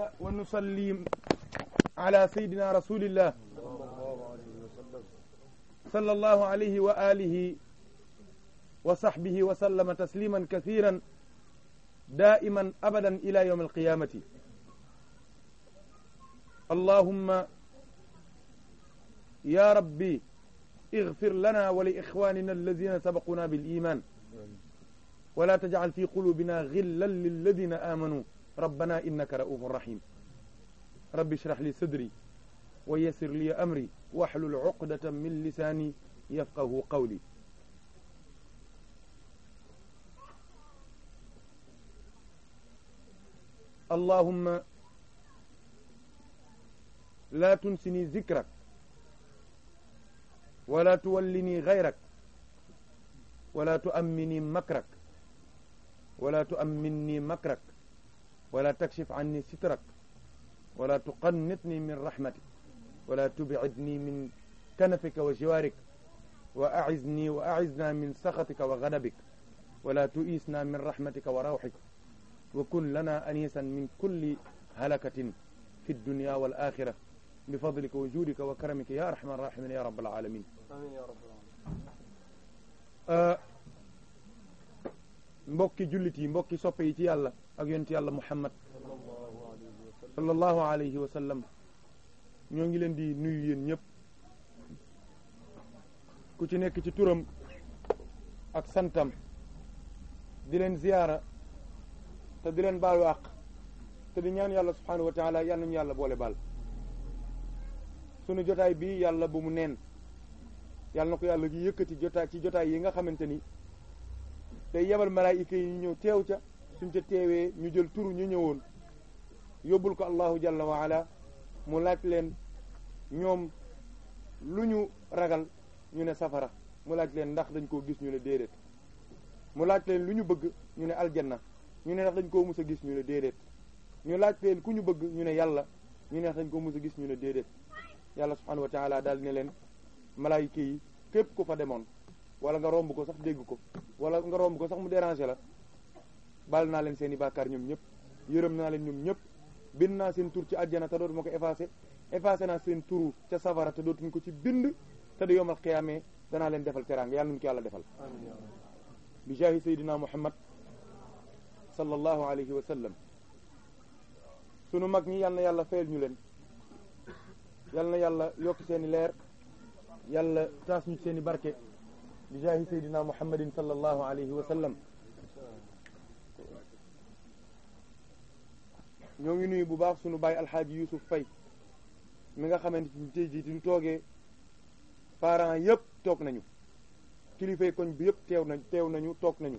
نصلي ونسلم على سيدنا رسول الله صلى الله عليه وآله وصحبه وسلم تسليما كثيرا دائما أبدا إلى يوم القيامة اللهم يا ربي اغفر لنا ولإخواننا الذين سبقونا بالإيمان ولا تجعل في قلوبنا غلا للذين آمنوا rabbana innaka raufun rahim rabbi ishrah li sadri wa yassir li amri wahlul uqdatan min lisaani yafqahu qawli allahumma laa tunsini zikrak wala tuwallini gayrak wala tuammini makrak wala tuamminni makrak wala takshif anni sitrak wala tuqannitni min rahmatik wala tub'idni min kanafika wa jiwarik wa a'izni wa a'iznaa min sakhatika wa ghadabik wala tu'isnaa min rahmatika wa rawhik wa kun lanaa aniisan min kulli halakatin fi dunya wal aaxira bi fadlika wa juudika wa karamika yaa arhamar raahimiin yaa rabbal aalamiin mbokki jullit yi mbokki soppe yi ci yàlla ak yonent yàlla muhammad sallallahu alayhi wa sallam ñoo ngi leen di nuyu yéen ñëpp ku ci nekk ci turam ak santam di leen ziyaara te di leen baalu àq te di ñaan yàlla subhanahu wa taala yal nañu yàlla boole baal sunu jotaay bi yàlla bu mu neen yàlla na ko yàlla gi yëkkati jotaay ci jotaay yi nga xamante ni day malaayika yi ñëw teew ca suñ ca teewee ñu jël turu ñu ñëwoon yóbbul ko allahu jalla wa ala mu laaj leen ñoom lu ñu ragal ñu ne safara mu laaj leen ndax dañ koo gis ñu ne déedéet mu laaj leen lu ñu bëgg ñu ne aljanna ñu ne ndax dañ koo mus a gis ñu ne déedéet ñu laaj leen ku ñu bëgg ñu ne yàlla ñu ne ndax dañ koo mus a gis ñu ne déedéet yàlla subhanahu wa taala daal ne leen malaayika yi képp ku fa demoon wala nga romb ko sax dégg ko wala nga romb ko sax mu déranger la baal naa leen seen i bàkkaar ñoom ñëpp yërëm naa leen ñoom ñëpp bind naa seen tur ci àjjana te dootuma ko effacé effacé naa seen turu ca safara te dootuñ ko ci bind te da yomal xiyaamee danaa leen defal teraanga yàlla nañu ko yàlla defal bi jaahi sayyidina muhammad sallallahu alayhi wa sunu mag ñi yal na yàlla fayal ñu leen yal na yàlla yokk seeni leer yàlla taas ñu seeni i barke bi jaahi sayyidina muhammadin sallallahu alayhi wa ñoo ngi nuyu bu baax sunu baay alxaaji Youssouf Faye mi nga xamante ni tey jii duñ toogee parent yëpp toog nañu kilifay koñ bi yëpp teew nañ teew nañu toog nañu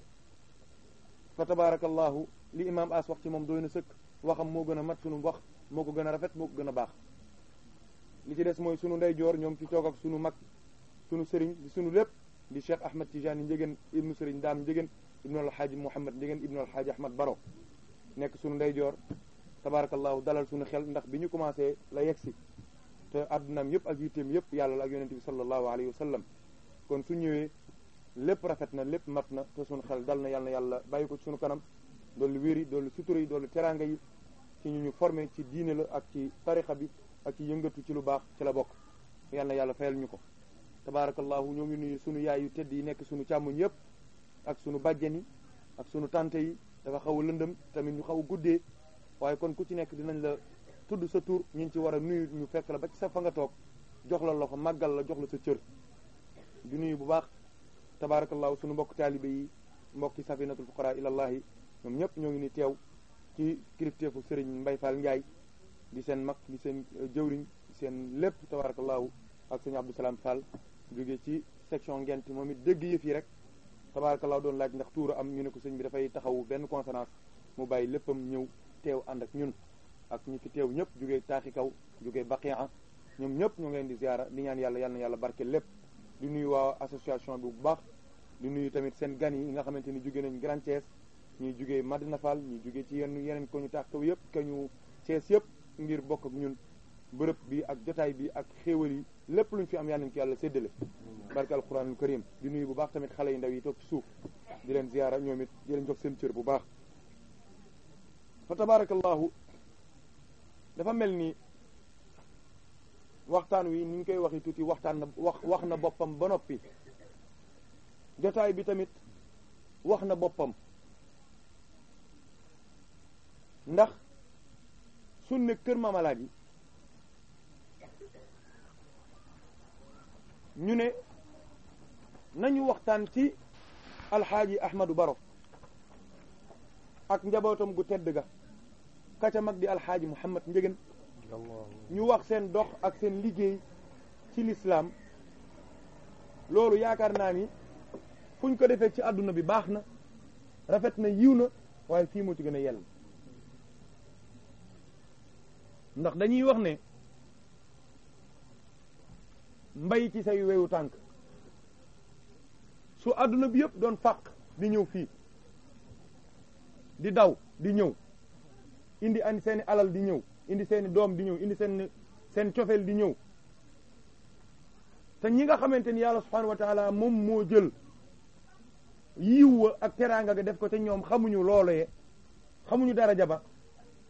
fa tabarakallahu li imam as wax ci moom doy na sëkk waxam moo gën a mat sunu wax moo ko gën a rafet moo ko gën a baax li ci des mooy sunu ndeyjoor ñoo ngi ci toog ak sunu mag sunu sëriñ sunu lépp di Cheikh Ahmed Tijani Njegen ibnu sëriñ Daam Njegen ibnu alxaaji Mouhamed Njegen ibnu alxaaji Ahmed Baro nekk sunu ndeyjoor tabarakallahu dalal suñu xel ndax bi ñu commencé la yegsi te addunaam yëpp ak yitteem yëpp yàlla la ak yonente bi sallallahu alayhi wa kon su ñëwee lépp rafet na lépp mat na te suñu xel dal na yàlla yàlla bàyyi ko ci suñu kanam doolu wér yi doolu sutura yi doolu teraanga yi ci ñu ñu formé ci diine la ak ci tarixa bi ak ci yëngatu ci lu baax ci la bokk yàlla yàlla fayal ñu ko tabarakallahu ñoo ngi nuyu suñu yaay yu tedd yi nekk suñu càmmuñ yëpp ak suñu bàjjen yi ak suñu tante yi dafa xaw a tamit ñu xaw guddee waaye kon ku ci nekk dinañ la tudd sa tur ñu ci war a nuyu ñu fekk la ba ci sa fa jox la loxo màggal la jox la sa cër di nuyu bu baax tabaarakallaahu suñu mbokk taalibe yi mbokki safinatul fuqaraa ilallahi ñoom ñëpp ñoo ngi ni teew ci kilifteefu sëriñ Mbay Fall Njaay di seen mag di seen euh, jëwriñ seen lépp tabaarakallaahu ak sëñ Abdou Salaam Fall jóge ci section ngent moom it dégg yëf yi rek tabaarakallaahu doon laaj ndax tuura am ñu ne ko sëñ bi dafay taxaw benn conférence mu bàyyi léppam ñëw teew ànd ak ñun ak ñu fi teew ñëpp jugee taaxi kaw jugee baqia ñoom ñëpp ñu ngi leen di ziara di ñaan yàlla yal yàlla barke lépp di nuyu waa association bi bu baax di nuyu tamit seen gan yi nga xamante ni jugee nañ Grand Thiès ñuy jugee Madina Fall ñuy jugee ci yenn yeneen ko ñu taax kaw yëpp ka ñu Thiès yëpp ngir bokk ak ñun bërëb bi ak jotaay bi ak xéewal yi lépp luñ fi am yal nañ ko yàlla séddale barke alquranul karim di nuyu bu baax tamit xale yi ndaw yi toog ci suuf di leen ziara ñoom it di leen seen cër bu baax fa tabarakallahu dafa mel ni waxtaan wi ni ñu koy waxi tuuti waxtaan wax wax na boppam ba noppi jotaay bi tamit wax na boppam ndax suñ ne kër mamalaaj yi ñu ne nañu waxtaan ci alxaaji Ahmadou Baro ak njabootam gu tedd ga ka mag di alxaaji Mouhamad Ndiéguène ñu wax seen dox ak seen liggéey ci lislaam loolu yaakaar naa ni fuñ ko defee ci àdduna bi baax na rafet na yiw na waaye fii moo ci gën a yell ndax dañuy wax ne mbay ci say wewu tànk su àdduna bi yëpp doon fàq di ñëw fii di daw di ñëw indi an seeni i alal di ñëw indi seeni doom di ñëw indi seen seen cofeel di ñëw te ñi nga xamante ni yàlla subhanahu wa moom moo jël yiw wa ak teraanga def ko te ñoom xamuñu loolee xamuñu daraja ba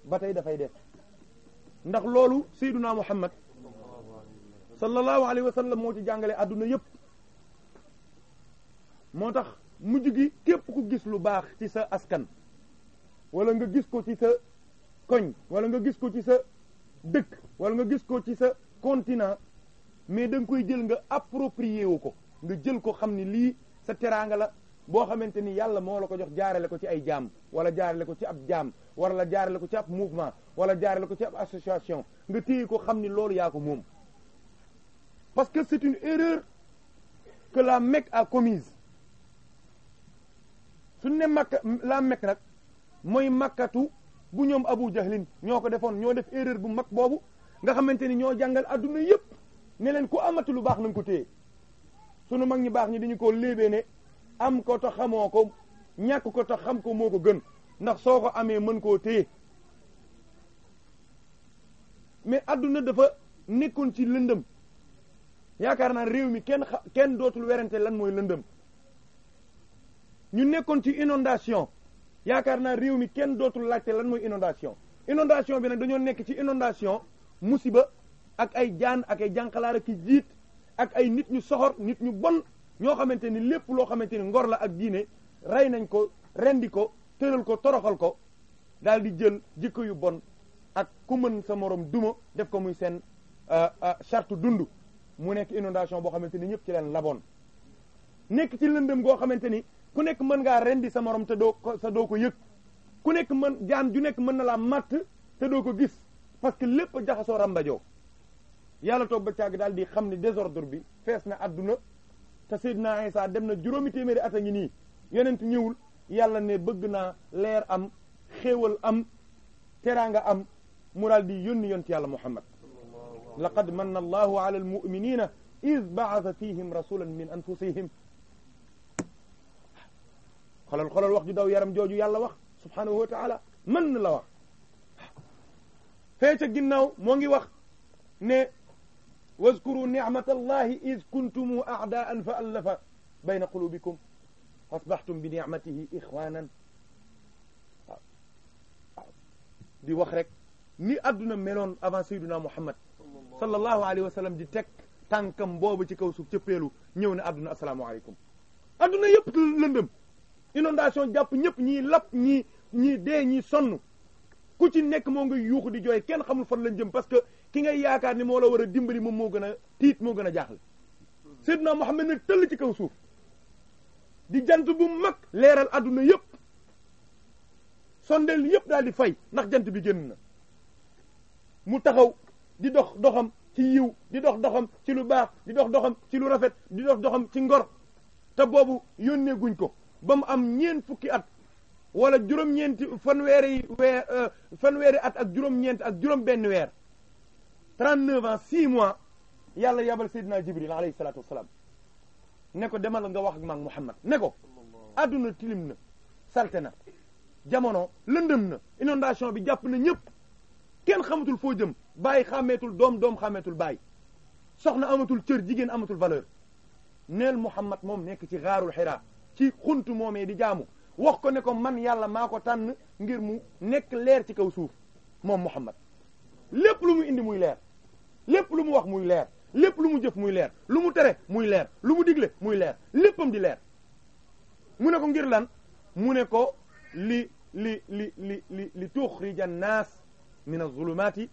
ba tey dafay def ndax loolu sayyiduna muhammad sallallahu alayhi wa sallam moo ci jàngale àdduna yépp moo tax mujj gi képp ku gis lu baax ci sa askan wala nga gis ko ci sa koñ wala nga gis ko ci sa dëkk wala nga gis ko ci sa continent mais da koy jël nga approprié wu ko nga jël ko xam ni lii sa teraanga la boo xamante ni yàlla moo la ko jox jaarale ko ci ay jaam wala jaarale ko ci ab jaam wala jaarale ko ci ab mouvement wala jaarale ko ci ab association nga téye ko xam ni loolu yaa ko moom parce que c'est une erreur que la Mecque à commise su ne Makka la Mecque nag mooy makkatu bu ñoom abu jahlin ñoo ko defoon ñoo def erreur bu mag boobu nga xamante ni ñoo jàngal adduna yépp ne leen ku amati lu baax na nga ko téye sunu mag ñi baax ñi dañu ko léebee ne am ko ta ko ñàkk ko ta xam ko moo ko gën ndax soo ko amee mën koo téye mais adduna dafa nekkoon ci lëndëm yaakaar naa réew mi kenn kenn dootul werante lan mooy lëndëm ñu nekkoon ci inondation yaakaar naa réew mi kenn dootul laajte lan mooy inondation inondation bi nag dañoo nekk ci inondation musiba ak ay jaan ak ay jànqalaar ak i jiit ak ay nit ñu soxor nit ñu bon ñoo xamante ni lépp loo xamante ni ngor la ak diine rey nañ ko rendi ko tëral ko toroxal ko daal di jël jikko yu bon ak ku mën sa morom duma def ko muy seen euh, euh, charte dund mu nekk inondation boo xamante ni ñëpp ci leen labon nekk ci lëndëm goo xamante ni ku nekk mën ngaa rendi sa morom te doo ko sa doo ko ku nekk mën jaan ju nekk mën na laa màtt te doo gis parce que lépp jaxasoo rambajoo yàlla toog ba càgg daal di xam ne désordre bi fees na adduna te Seydina Isa dem na juróomi téeméeri ata a ngi nii yonent ñëwul yàlla ne bëgg naa leer am xéewal am teraanga am mu daal di yónni yont yàlla Muhammad laqad manna allahu ala almuminina id ba'atha fihim rasulan min anfusihim xolal xolal wax ju daw yaram jooju yàlla wax subhanahu wa taala mën la wax fee ca ginnaaw moo ngi wax ne wazkuru nicmata allahi id kuntumu aadaan fa allafa bayna qulubikum wax rek ni adduna meloon avant sayduna muhammad sallallahu alayhi wa sallam di teg tànkam boobu ci kaw suuf cëppeelu ñëw ne adduna asalaamaaleykum adduna yëpp lëndëm inondation jàpp ñëpp ñi lap ñi ñii dee ñi sonn ku ci nekk moo nga yuuxu di jooy kenn xamul fan lañ jëm parce que ki ngay yaakaar ni moo la war a dimbali moom moo gën a tiit moo gën a jaaxle Seydina Muhammad nag tëll ci kaw suuf di jant bu mag leeral adduna yëpp sondeel yëpp daal di fay ndax jant bi génn na mu taxaw di dox doxam ci yiw di dox doxam ci lu baax di dox doxam ci lu rafet di dox doxam ci ngor te boobu yónnee guñ ko ba mu am ñeent fukki at wala juróom-ñeenti fanweeri weer euh, fanweeri at ak juróom-ñeent ak juróom-benn weer 39 ans 6 mois yàlla yabal Seydina Jibril alayhi salaatu wasalaam ne ko demal nga wax ak maag Muhammad ne ko adduna tilim na salte na jamono lëndëm na inondation bi jàpp na ñëpp kenn xamatul foo jëm bàyyi xàmmeetul doom doom xàmmeetul bàyyi soxna amatul cër jigéen amatul valeur neel Muhammad moom nekk ci xaarul xiraa ci xunt moomee di jaamu wax ko ne ko man yàlla maa ko tànn ngir mu nekk leer ci kaw suuf moom Muhammad lépp lu mu indi muy leer lépp lu mu wax muy leer lépp lu mu jëf muy leer lu mu tere muy leer lu mu digle muy leer léppam di leer mu ne ko ngir lan mu ne ko li li li li li li tuxrija an naas min az-zulumaati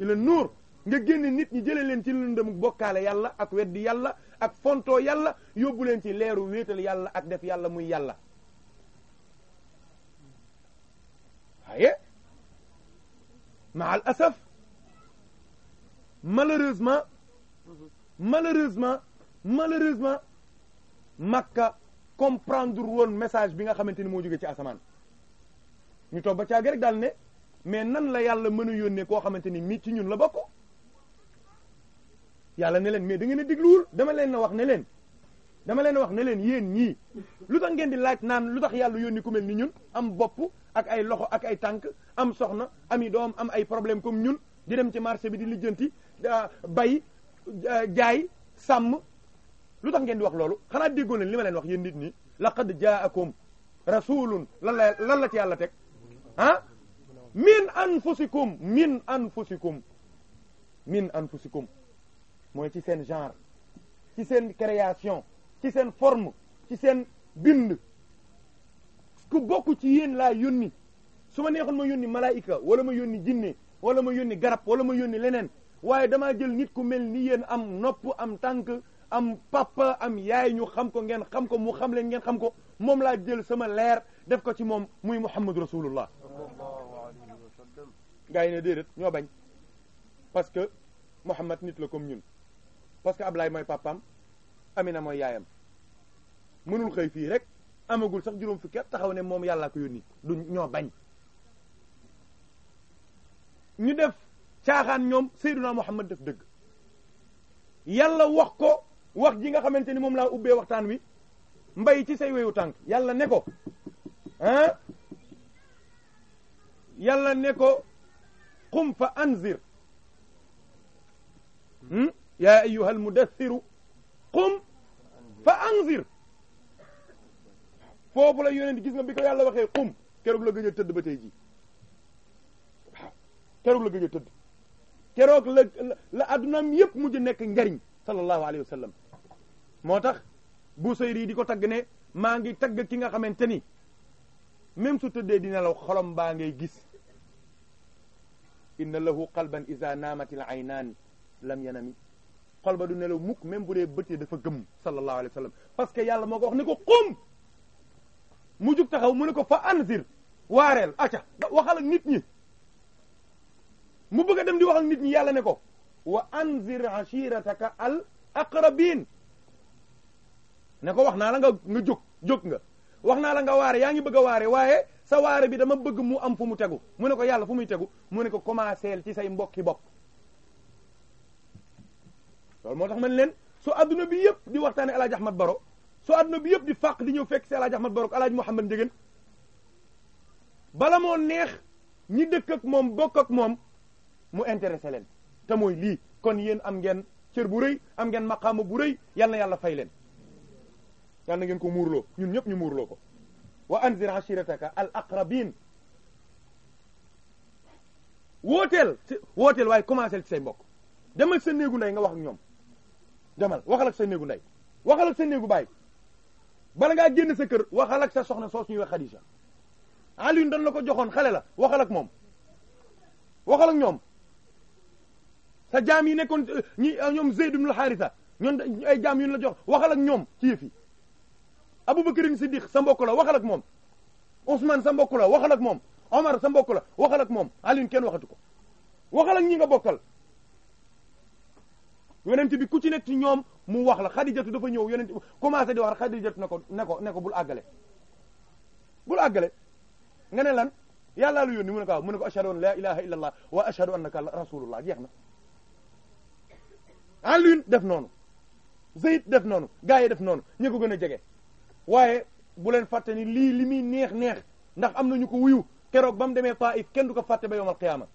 ila an-nuur nga génn nit ñi jëlee leen ci lu lëndëmu bokkaale yàlla ak weddi yàlla ak fontoo yàlla yóbbu leen ci leeru wéetal yàlla ak def yàlla muy yàlla waaye maal asaf malheureusement malheureusement malheureusement Makka comprendre woon message bi nga xamante ni moo jóge ci asamaan ñu toog ba caagi rek daal ne mais nan la yàlla mën a yónnee koo xamante ni mi ci ñun la bokk yàlla ne leen mais dangeen ngeen a dégluwul dama leen na wax ne leen dama leen wax ne leen yéen ñii lu tax ngeen di laaj naan lu tax yàlla yónni ku mel ni ñun am bopp ak ay loxo ak ay tànk am soxna ami doom am ay problème comme ñun di dem ci marché bi di lijjanti bay jaay sàmm lu tax ngeen di wax loolu xanaa déggoo leen li ma leen wax yéen nit ñi laqad jaakum rasulun lan la lan la ci yàlla teg ah min anfusikum min anfusikum min anfusikum mooy ci seen genre ci seen création ci seen forme ci seen bind ku bokk ci yéen laa yónni su ma neexoon ma yónni malaayika wala ma yónni jinne wala ma yónni garab wala ma yónni leneen waaye damaa jël nit ku mel ni yéen am nopp am tànk am papa am yaay ñu xam ko ngeen xam ko mu xam leen ngeen xam ko moom laa jël sama leer def ko ci moom muy Muhammad rasulullah gaa yi ne déedéet ñoo bañ parce que Muhammad nit la comme ñun parce que ab Ablaye mooy papaam Amina mooy yaayam mënul xëy fii rek amagul sax juróom fukki at taxaw ne moom yàllaa ko yónni du ñoo bañ ñu def caaxaan ñoom Seydina Muhammad def dëgg yàlla wax ko wax ji nga xamante ni moom laa ubbee waxtaan wi mbay ci say weyu tànk yàlla ne ko ah yàlla ne ko qum fa anzir hmm? yaa ayyuha almudassiru qum fa anzir foofu la yonent gis nga bi ko yàlla waxee qum keroog la gëj tëdd ba tey jii waaw keroog la gëj a tëdd keroog la la addunaam yépp mujj nekk njariñ sallallahu alayhi wa sallam moo tax Busayri di ko tagg ne maa ngi tagg ki nga xamante ni même su tëddee dina la xolom baa ngay gis inna lahu qalban iza naamatil aynaan lam yanami xol ba du nelaw mukk même bu dee bëtee dafa gëm sallallahu alayhi wa sallam parce que yàlla moo ko wax ne ko xum mu jug taxaw mu ne ko fa anzir waareel acca waxal ak nit ñi mu bëgg a dem di wax nit ñi yàlla ne ko wa anzir ashirataka al aqrabin ne ko wax naa la nga nga jóg jóg nga wax naa la nga waare yaa ngi bëgg waare waaye sa waare bi dama bëgg mu am fu mu tegu mu ne ko yàlla fu muy tegu mu ne ko commencé ci say mbokki bopp loolu moo tax man leen su adduna bi yëpp di waxtaane El Hadj Ahmad Baro su adduna bi yëpp di fàq di ñëw fekk si El Hadj Ahmad Baro ak El Hadj Mouhamed Ndiéguène bala moo neex ñi dëkk ak moom bokk ak moom mu intéressé leen te mooy lii kon yéen am ngeen cër bu rëy am ngeen maqaama bu rëy yal na yàlla fay leen yal ngeen ko muurloo ñun ñëpp ñu muurloo ko wa anzir ashirataka al aqrabin wooteel wooteel waaye commencé ci say mbokk demal sa néegu ndey nga wax ak ñoom demal waxal ak sa néegu ndey waxal ak sa néegu baay bala ngaa génn sa kër waxal ak sa soxna soo suñuy wax Xadija Alioune dañ la ko joxoon xale la waxal ak moom waxal ñoom sa jaam yi nekkoon ñi ñoom Zayd ibn Haritha ay jaam yu la jox waxal ak ñoom ci yëf yi Abubakar sa mbokk waxalak waxal ak moom Ousmane sa mbokk la waxal ak moom Omar sa mbokk la waxal moom Alioune kenn waxatu ko waxal ñi nga bokkal yonent bi ku ci nekk ci ñoom mu wax la xadijatu dafa ñëw yonent bi commencé di wax xadijatu ne ko ko ne ko bul àggale bul àggale nga ne lan yàllaa lu ni mu ne ko mu ne ko ashhadu an la ilaha illa allah wa ashhadu annaka rasulullah jeex na Ali def noonu Zayd def noonu gaa yi def noonu ñi ko a jege waaye bu leen fàtte ni lii li muy neex neex ndax am na ñu ko wuyu keroog ba mu demee Taif kenn du ko fàtte ba yowmal qiyaama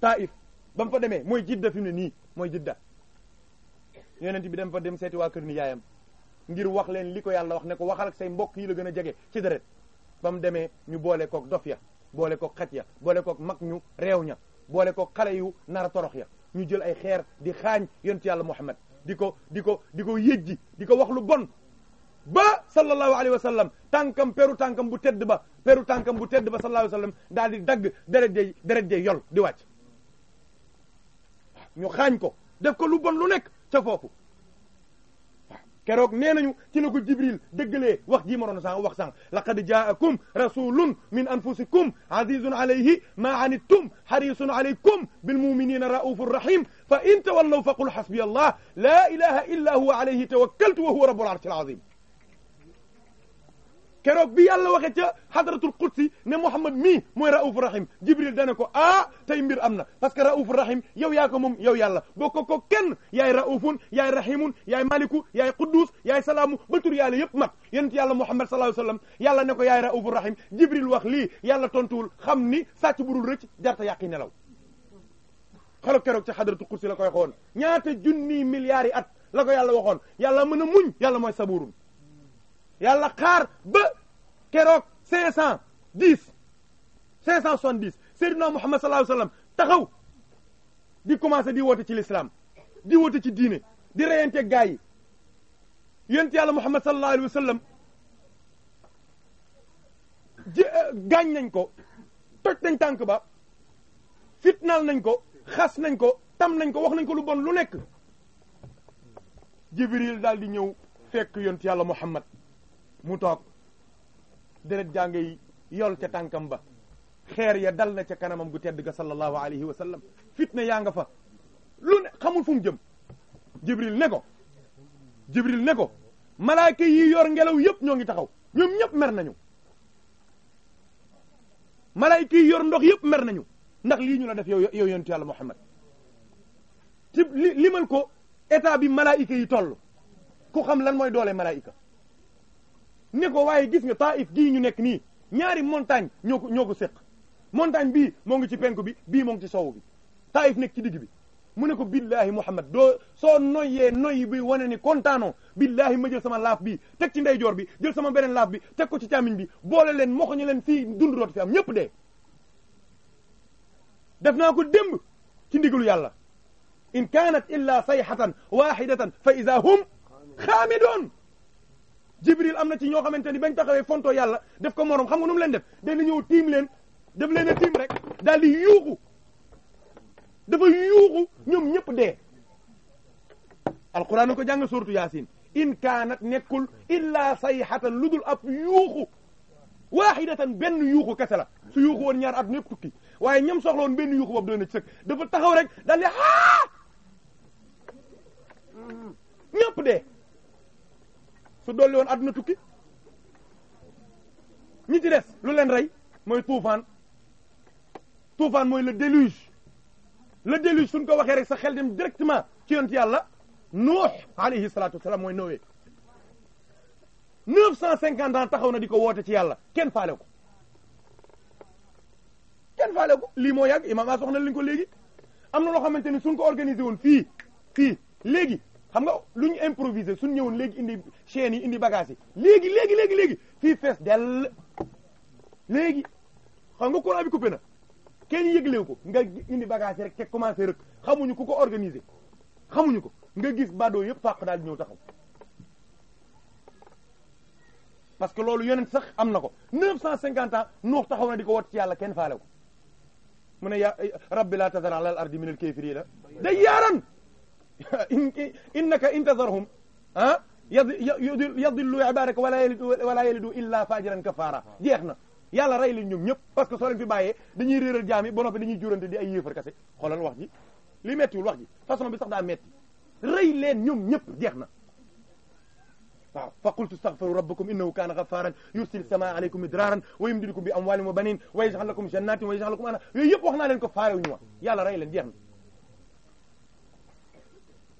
Taif ba mu fa demee mooy jidda fi mu ne nii mooy jidda yonent bi dem fa dem seeti waa kër ni yaayam ngir wax leen li ko yàlla wax ne ko waxal ak say mbokk yi la gën a jege ci deret ba mu demee ñu boole kook dof ya boole koog xet ya boole koog mag ñu réew ña boole koog xale yu nar a torox ya ñu jël ay xeer di xaañ yonent yàlla Muhammad di ko di ko di ko yëjji di ko wax lu bon ba sallallahu alayhi wa sallam tànkam peru tànkam bu tedd ba peru tànkam bu tedd ba sallallahu alayhi wa daal di dagg deret jey deret di wàcc ñu xaañ ko def ko lu bon lu nekk ca foofu waaw keroog nee nañu ci la ko jibril dëggalee wax ji maroon sànq wax sànq laqad jaakum rasulun min anfusikum azizun alayhi ma anittum harisun alaykum bil muminina raufur rahim fa in tawallaw faqul hasbiya allah la ilaha illa huwa alayhi tawakkaltu wa huwa rabbul arshil azim keroog bi yàlla waxe ca hadratul qudsi ne Muhammad mii mooy raouf rahim Jibril dane ko ah tey mbir am na parce que raouf rahim yow yaa ko moom yow yàlla boo ko ko kenn yaay raoufun yaay rahimun yaay maliku yaay quddus yaay salaamu ba tur yàlla yëpp mat yonent yàlla Muhammad sallallahu alayhi wasallam yàlla ne ko yaay raoufu rahim Jibril wax li yàlla tontuwul xam ni sàcc burul rëcc jarta yàqi nelaw xolo keroog ca hadratul qudsi la koy waxoon ñaata junni milliards at la ko yàlla waxoon yàlla mën a muñ yàlla mooy saburun yàlla xaar ba keroog cinq cent dix cinq cent soixante-dix Seydina Muhammad sallallahu alayhi wasallam taxaw di commencé di woote ci l'islam di woote ci diine di reyante gaa yi yent yàlla Muhammad sallallahu alayhi wasallam ji euh, gaañ nañ ko toj nañ tànk ba fitnaal nañ ko xas nañ ko tam nañ ko wax nañ ko lu bon lu nekk Jibril daal di ñëw fekk yont yàlla Muhammad mu toog deret jàngay yol ca tànkam ba xeer ya dal na ca kanamam gu tedd ga sallallahu alayhi wa sallam fitna yaa nga fa lu ne xamul fu jëm jibril ne ko jibril ne ko malaaka yi yor ngelaw yëpp ñoo ngi taxaw ñoom ñëpp mer nañu malaaka yi yor ndox yëpp mer nañu ndax lii ñu la def yow yow yontu yàlla muhammad ci limal ko état bi malaayika yi toll ku xam lan mooy doole malaayika ne ko waaye gis nga Taif gii ñu nekk nii ñaari montagne ñoo ko ñoo ko séq montagne bii moo ngi ci penku bi bii moo ngi ci soow bi Taif nekk ci digg bi mu ne ko billahi Muhammad doo soo noyyee noyyi bi wane ni kontaanoo billahi ma jël sama laaf bi teg ci ndeyjoor bi jël sama beneen laaf bi teg ci càmmiñ bi boole leen moo ñu leen fii dund root fi am ñëpp dee def naa ko démb ci ndigalu yàlla in kanat illa sayhatan wahidatan fa ida hum xaamidoon jibril am na ci ñoo xamante ni bañ taxawee fonto yàlla def ko morom xam nga nu mu leen def dana ñëw tiim leen def leen a tiim rek daal di yuuxu dafa yuuxu ñoom ñëpp dee alquran ko jàng suratu yaasin in kaanat nekkul illaa sayhatan lu dul ab yuuxu waahidatan benn yuuxu kese la su yuuxu woon ñaar at ñëpp tukki waaye ñam soxla woon benn yuuxu boobu doon ci sëkk dafa taxaw rek daal di aa dee su dolli woon àdduna tukki ñi ci des lu leen rey mooy tuufaan tuufaan mooy la déluge le déluge suñ ko waxee rek sa xel dem directement ci yonent yàlla nuux alayhi salaatu wasalaam mooy Noé neuf cent cinquante ans taxaw na di ko woote ci yàlla kenn faale ko kenn faale ko lii moo yàgg imaam a soxna li ñu ko léegi am na loo xamante ni suñ ko organisé woon fii fii léegi xam nga lu ñu improvisé suñ ñëwoon léegi indi chaînes yi indi bagages léegi léegi léegi léegi fii fees dell léegi xam nga courant bi coupé na kenn yëglew ko nga indi bagages rek te commencé rek xamuñu ku ko organisé xamuñu ko nga gis badoo yëpp fàq daal di ñëw taxaw parce que loolu yonent sax am na ko 950 ans nuux taxaw na di ko wat ci yàlla kenn faale ko mu ne ya rabbi la tazar ala min al kafirina innaka in tazarhum ah yadillu ibaadaka wala yalidu wala yalidu illa fajiran kafaara jeex na yàlla rey leen ñoom ñëpp parce que soo leen fi bàyyee dañuy réeral jaam yi ba noppi dañuy jurante di ay yéefar kase xoolal wax ji li méttiwul wax ji façon bi sax daa métti rey leen ñoom ñëpp jeex na waaw fa qultu astaghfiru rabbakum innahu kaana ghaffaran yursil samaa alaykum midraaran wa yumdidukum bi amwaalin wa baniin wa yaj'al lakum jannatin wa yaj'al lakum anhaar yooyu yëpp wax naa leen ko faarew ñu wa yàlla rey leen jeex na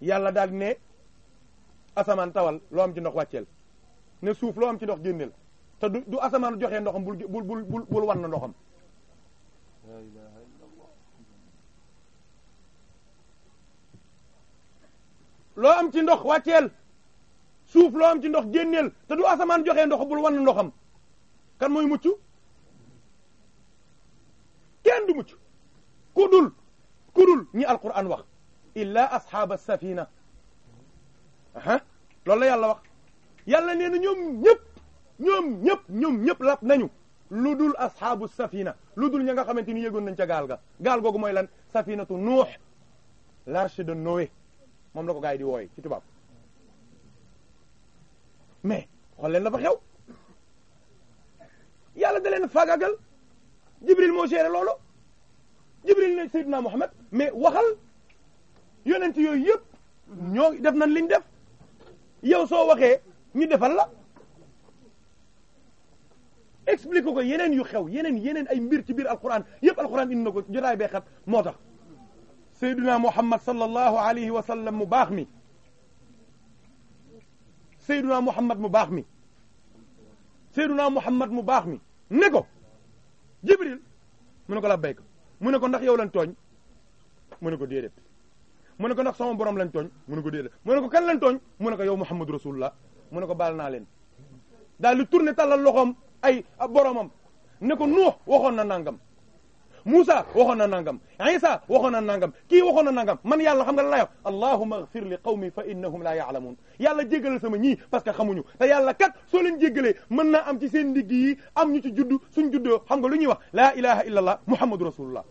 yàlla daal ne asamaan tawal loo am ci ndox wàcceel ne suuf loo am ci ndox génneel te du asamaan joxe ndoxam bul bul bul bul bul wan na ndoxam loo am ci ndox wàcceel suuf loo am ci ndox génneel te du asamaan joxe ndox bul wan ndoxam kan mooy mucc kenn du mucc ku dul ku dul ñi alquran wax illa asxaaba safina aha loolu la yàlla wax yàlla nee na ñoom ñëpp ñoom ñëpp ñoom ñëpp lap nañu lu dul asxaabu safina lu dul ña nga xamante ni yéegoon nañ ca gaal ga gaal googu mooy lan safinatu nuux l'arche de Noé moom la ko gars yi di wooye ci tubaab mais xool leen la fa xew yàlla da leen fagagal jibril moo géré loolu jibril ne sayyidina Muhammad mais waxal yonent yooyu yëpp ñoo def nañ liñ def yow soo waxee ñu defal la explique ko yeneen yu xew yeneen yeneen ay mbir ci biir alquran yëpp alquran indi na ko jotaay bee xat moo tax sayduna muhammad sallallahu alayhi wa sallam mu baax mi sayduna muhammad mu baax mi sayduna muhammad mu baax mi ne ko jibril mu ne ko la béyko mu ne ko ndax yow lan tooñ mu ne ko déedéet mu ne ko ndax sama borom lañ tooñ mu ne ko déedéet mu ne ko kan lañ tooñ mu ne ko yow Muhammadu Rasulullah mu ne ko baal naa leen daal di tourné tallal loxoom ay boromam ne ko Nuux waxoon na nangam Muusa waxoon na nangam Isa waxoon na nangam kii waxoon na nangam man yàlla xam nga la yow allahumma ighfir li qawmi fa innahum la ya'lamun yàlla jéggalal sama ñii parce que xamuñu te yàlla kat soo leen jéggalee mën naa am ci seen ndigg yi am ñu ci juddu suñ juddoo xam nga lu ñuy wax la ilaha illa allah muhammadu rasulullah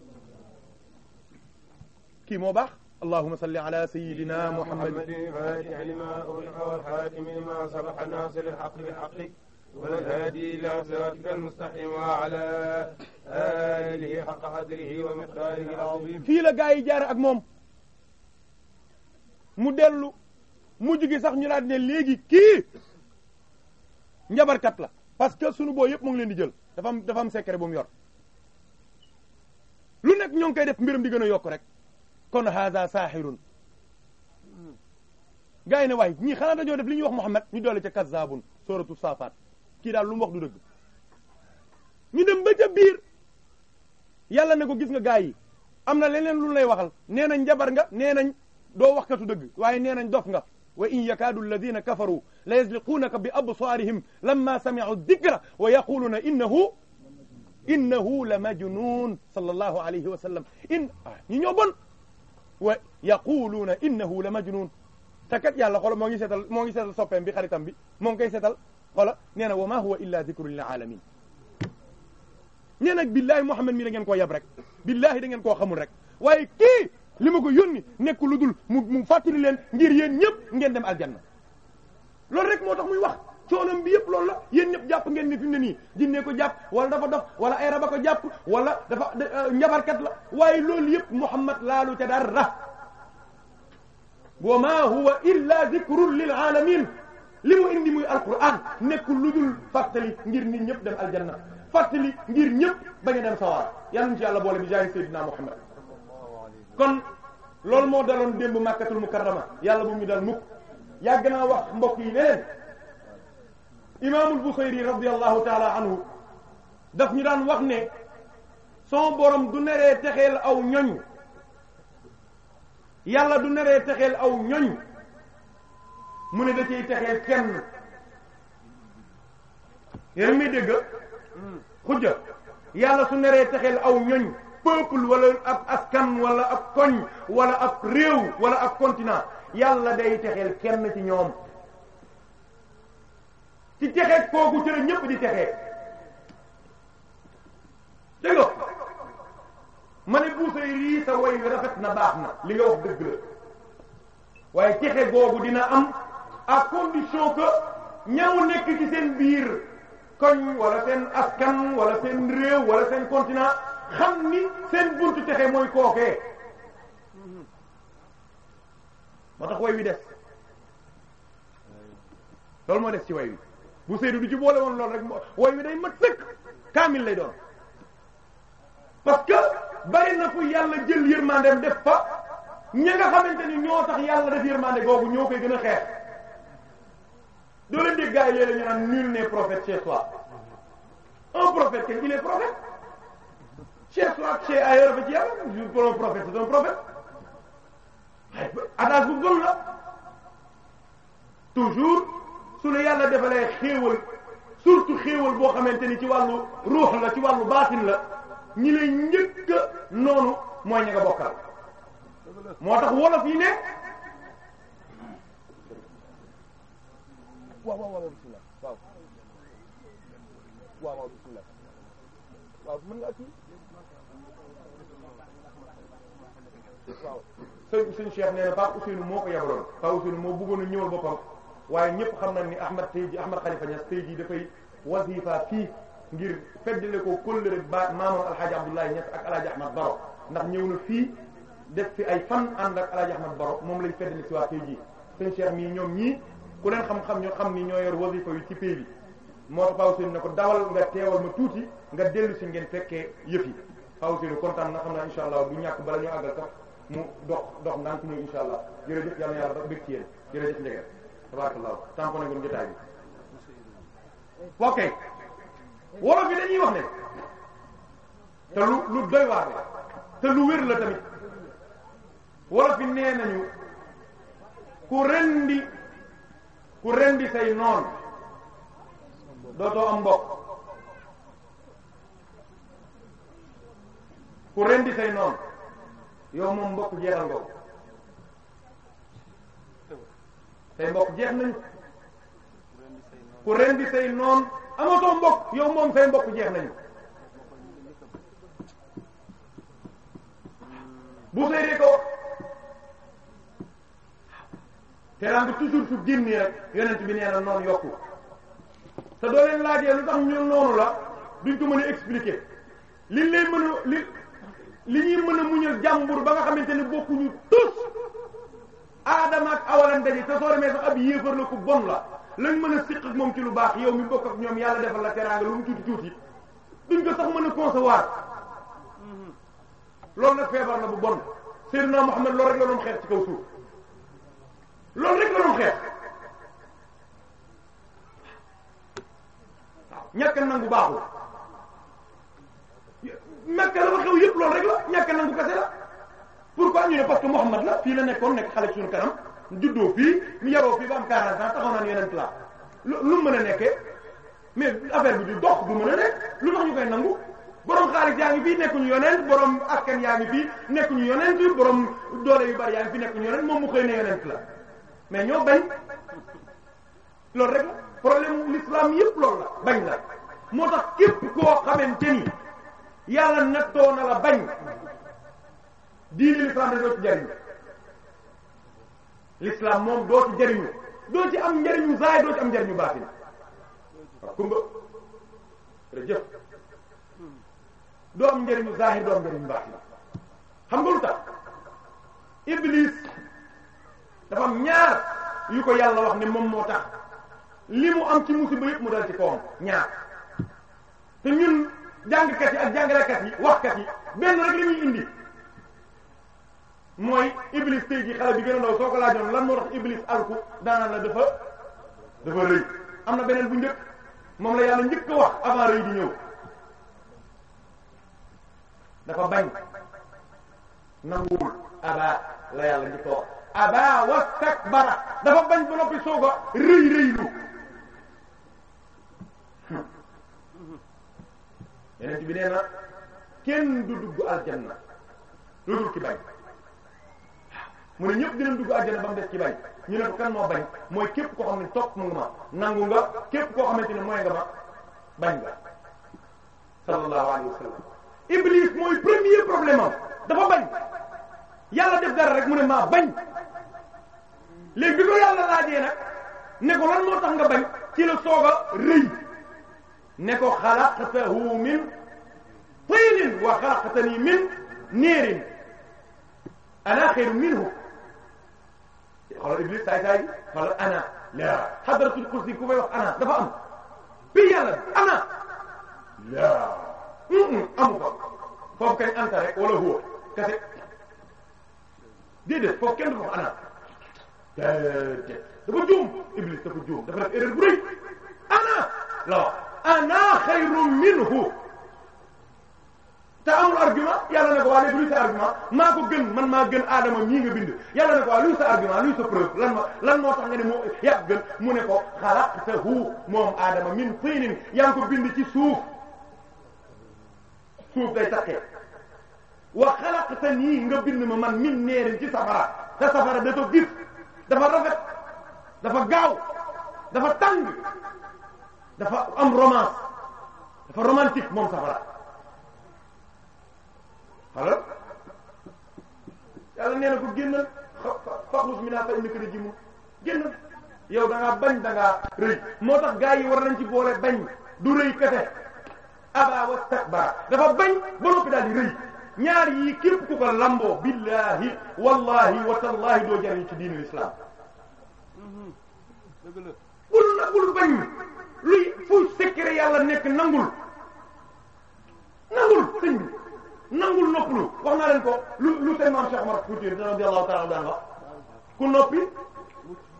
kii moo اللهم صل على سيدنا محمد الفاتح لما أغلق والحاكم لما صلح ناصر الحق بالحق والهادي إلى صراطك المستقيم وعلى آله حق قدره ومقداره العظيم fii la gaa yi jaar ak moom mu dellu mu gi sax ñu laat ne léegi kii njabarkat la parce que sunu boo yëpp mu ngi leen di jël dafa am dafa am secret mu yor lu nekk ñoo ngi koy def mbiram di gën a yokk rek kon haza saaxirun gars yi ne waaye ñii xanaa dañoo def li ñuy wax Muhammad ñu doole ca kazzabun suratu safat kii daal lu mu wax du dëgg ñu dem ba ca biir yàlla ne ko gis nga gars yi am na leneen lu lay waxal nee nañ njabar nga nee nañ doo waxkatu dëgg waaye nee nañ dof nga wa in yakaadu alladina kafaru la yasliquunaka bi absaarihim lamma sami'u dikra wa yaquluuna innahu innahu la majnun sallallahu alayhi wa in ah, ñi ñoo bon wa yaquluuna innahu la majnun te kat yàlla xolo moo ngi seetal moo ngi seetal soppeem bi xaritam bi moo ngi koy seetal xolo nee na wa ma huwa illa dhikrun lil alamin nee nag billaahi Muhammad mi da ngeen ko yab rek billaahi da ngeen koo xamul rek waaye kii li ma ko yónni nekk lu mu mu fàttali leen ngir yéen ñëpp ngeen dem aljanna loolu rek moo tax muy wax coonam bi yëpp lool la yéen ñëpp jàpp ngeen ni fi mu ne nii jinne ko jàpp wala dafa dof wala ay raba ko jàpp wala dafa euh, njabarkat la waaye loolu yëpp Muhammad laalu ca dara wa ma huwa illa dhikrun lil alamin li mu nekkul lu dul fàttali ngir nit ñëpp dem aljanna fàttali ngir ñëpp bañ a dem sawar yal nañu ci yàlla boole bi jaay sayyidina Muhammad kon loolu moo daloon démb makkatul mukarrama yàlla bu mu dal mukk yàgg wax mbokk yi imaamul Buxayri radiyallahu taala anhu daf ñu daan wax ne soo borom du neree texeel aw ñoñ yàlla du neree texeel aw ñoñ mu ne da ciy texeel kenn yéen may dégg xujja yàlla su neree texeel aw ñoñ peuple wala ab askan wala ab koñ wala ab réew wala ab continent yàlla day texeel kenn ci ñoom ci texeeg kooku cëre ñépp di texee dégg nga ma ne Busayri sa way rafet na baax na li nga wax dëgg la waaye texe googu dina am à condition que ñamu nekk ci seen biir koñ wala seen askan wala seen réew wala seen continent xam ni seen buntu texe mooy kookee moo tax way wi des loolu moo des ci way wi bu Seydou du ci boole woon loolu rek woy wi day mat sëkk kaamil lay doon parce que bari na fu yàlla jël yërmandeem def fa ña nga xamante ni ñoo tax yàlla def yërmande googu ñoo koy gën a xeex doo leen dégg gars yi léeg-léeg ñu naan prophète chez soi un prophète kenn il est prophète chez soi chez ailleurs fa ci yàlla je pour un prophète c'est la toujours su la yàlla defalee xéewal surtout xéewal boo xamante ni ci wàllu ruux la ci wàllu baatin la ñi lay njëkk a noonu mooy ña nga bokkal moo tax wolof yi ne waaw waaw waaw bismillah waaw waaw waaw nee na Pape Ousseynou moo ko yabaloon Pape Ousseynou moo bëggoon ñëwal boppam waaye ñëpp xam nañ ni Ahmad tey jii Ahmad Khalifa Niass tey jii dafay wasifa fii ngir feddale ko kóllëre ba maamam alxaaji Abdoulaye Niass ak alaaji Ahmad Baro ndax ñëw na fii def fi ay fan ànd ak alaaji Ahmad Baro moom lay feddale si waa tey jii seen cheikh mii ñoom ñii ku leen xam-xam ñoo xam ni ñoo yor wasifa yi ci pays bi moo tax Paw Seen ne ko dawal nga teewal ma tuuti nga dellu si ngeen fekkee yëf yi Paw Seen kontaan na xam naa incha allah du ñàkk bala ñu àggal sax mu dox dox ndànk ñëw incha allah jërëjëf yàlla na tabarakallah tamponné ngeen jotaay bi ok wolof yi dañuy wax ne te lu lu doy waar la te lu wér la tamit wolof yi nee nañu ku rendi ku rendi say noon dootoo am mbokk ku rendi say noon yow moom mbokk jeexal nga say mbokk jeex nañu ku rendi say noon amatoo mbokk yow moom say mbokk jeex nañu bu sëy ko teram bi toujours su génnee rek yonent bi nee na noonu yokku te doo leen laajee lu tax ñu noonu la duñ ko mën a expliquer liñ lay li li ñuy mën a muñal jàmbur ba nga xamante ne bokkuñu tous aadama ak awalan daje te soo demee sax ab yéefar la ku bon la lañ mën a siq ak moom ci lu baax yow mi bokk ak ñoom yàlla defal la teraanga lu mu tuuti tuuti duñ ko sax mën a concevoir loolu nag feebar la bu bon Seydina Muhammad loolu rek la doon xeex ci kaw suuf loolu rek la doon xeex waaw ñàkk nangu baaxul ñàkk la ba xew yëpp loolu rek la ñàkk nangu kese la pourquoi ñu ne parce que Mouhamad la fii la nekkoon nekk xale suñu kanam juddoo fii ñu yaroo fii ba am 40 ans taxaw la lu lu mën a nekkee mais affaire bi du dox du mën a nekk lu tax ñu koy nangu borom xaalis yaa ngi fii nekkuñu yonent borom askan yaa ngi fii nekkuñu yonent borom doole yu bari yaa ngi nekk nekkuñu yonent moom mu xëy ne yonent la mais ñoo bañ loolu rek problème l'islam yépp loolu la bañ la moo tax képp koo xamante ni yàlla nattoo na la bañ dix mille francs doo ci jariñu l'islam moom doo ci jariñu doo ci am njariñu zaay doo ci am njariñu baatin waaw kumba jëf doo am njariñu zahir doo am njariñu baatin xam nga lu tax iblis dafa am ñaar yu ko yàlla wax ne moom moo tax li mu am ci musiba yëpp mu dal ci kawam ñaar te ñun jàngkat yi ak jàngalekat yi waxkat yi benn rek la ñuy indi mooy iblis tey jii xale bi gën a ndaw soo ko laajoon lan moo tax iblis alku daanaan la dafa dafa rëy am na beneen bu njëkk moom la yàlla njëkk a wax avant rëy di ñëw dafa bañ nanguwul abaa la yàlla njëkk a wax abaa wastakbara dafa bañ ba noppi soo ko rëy rëylu yeneen bi nee kenn du dugg aljanna lu dul ki bañ mu ne ñëpp dinañ dugg àjjana ba mu des ci bañ ñu ne ko kan moo bañ mooy képp koo xam ne topp mu nga ma nangu nga képp koo xamante ne mooy nga ma bañ nga sallallahu alayhi wa sallam iblis mooy premier problème am dafa bañ yàlla def dara rek mu ne maa bañ léegi bi ko yàlla laajee nag ne ko lan moo tax nga bañ ci la soog rëy ne ko xalaqtahu min tiinin wa xalaqtani min niirin ana xayrun minhu xoolal Iblis saay saay xoolal ana laa hadratul kursi ku fay wax ana dafa am bi yàlla ana laa amu ko foofu kañ anta rek wala huwa kese déedéet foofu kenn du ko ana déedéet dafa juum Iblis dafa juum dafa def erreur bu rëy ana la ana xayrun minhu te amul argument yàlla ne ko waa argument maa ko gën man maa gën aadama mii nga bind yàlla ne ko waa lan ma lan moo tax nga ne moo yàgg gën mu ne ko xalaqtahu moom aadama min tinin yaa ngi ko bind ci suuf suuf day taqee wa xalaqtani nga bind ma man min neerin ci safara te safara dafa gis dafa rafet dafa gaaw dafa tàng dafa am romance dafa romantique moom safara xala yàlla nee na ko génnal faxus mi naa fa innaka rajim génnal yow da ngaa bañ da rëy moo tax gaa yi war nañ ci boole bañ du rëy kese aba wastakbara dafa bañ ba noppi daal di rëy ñaar yii képp ku ko lamboo billahi wallahi wa tallahi doo jariñ ci diinul islam mm-hmm. bul nangul bañ luy fu secret yàlla nekk nangul nangul sëñ nangul noppalu wax naa leen ko lu lu seen maam Cheikh Omar Fouti radiyallahu ta'ala daan wax ku noppi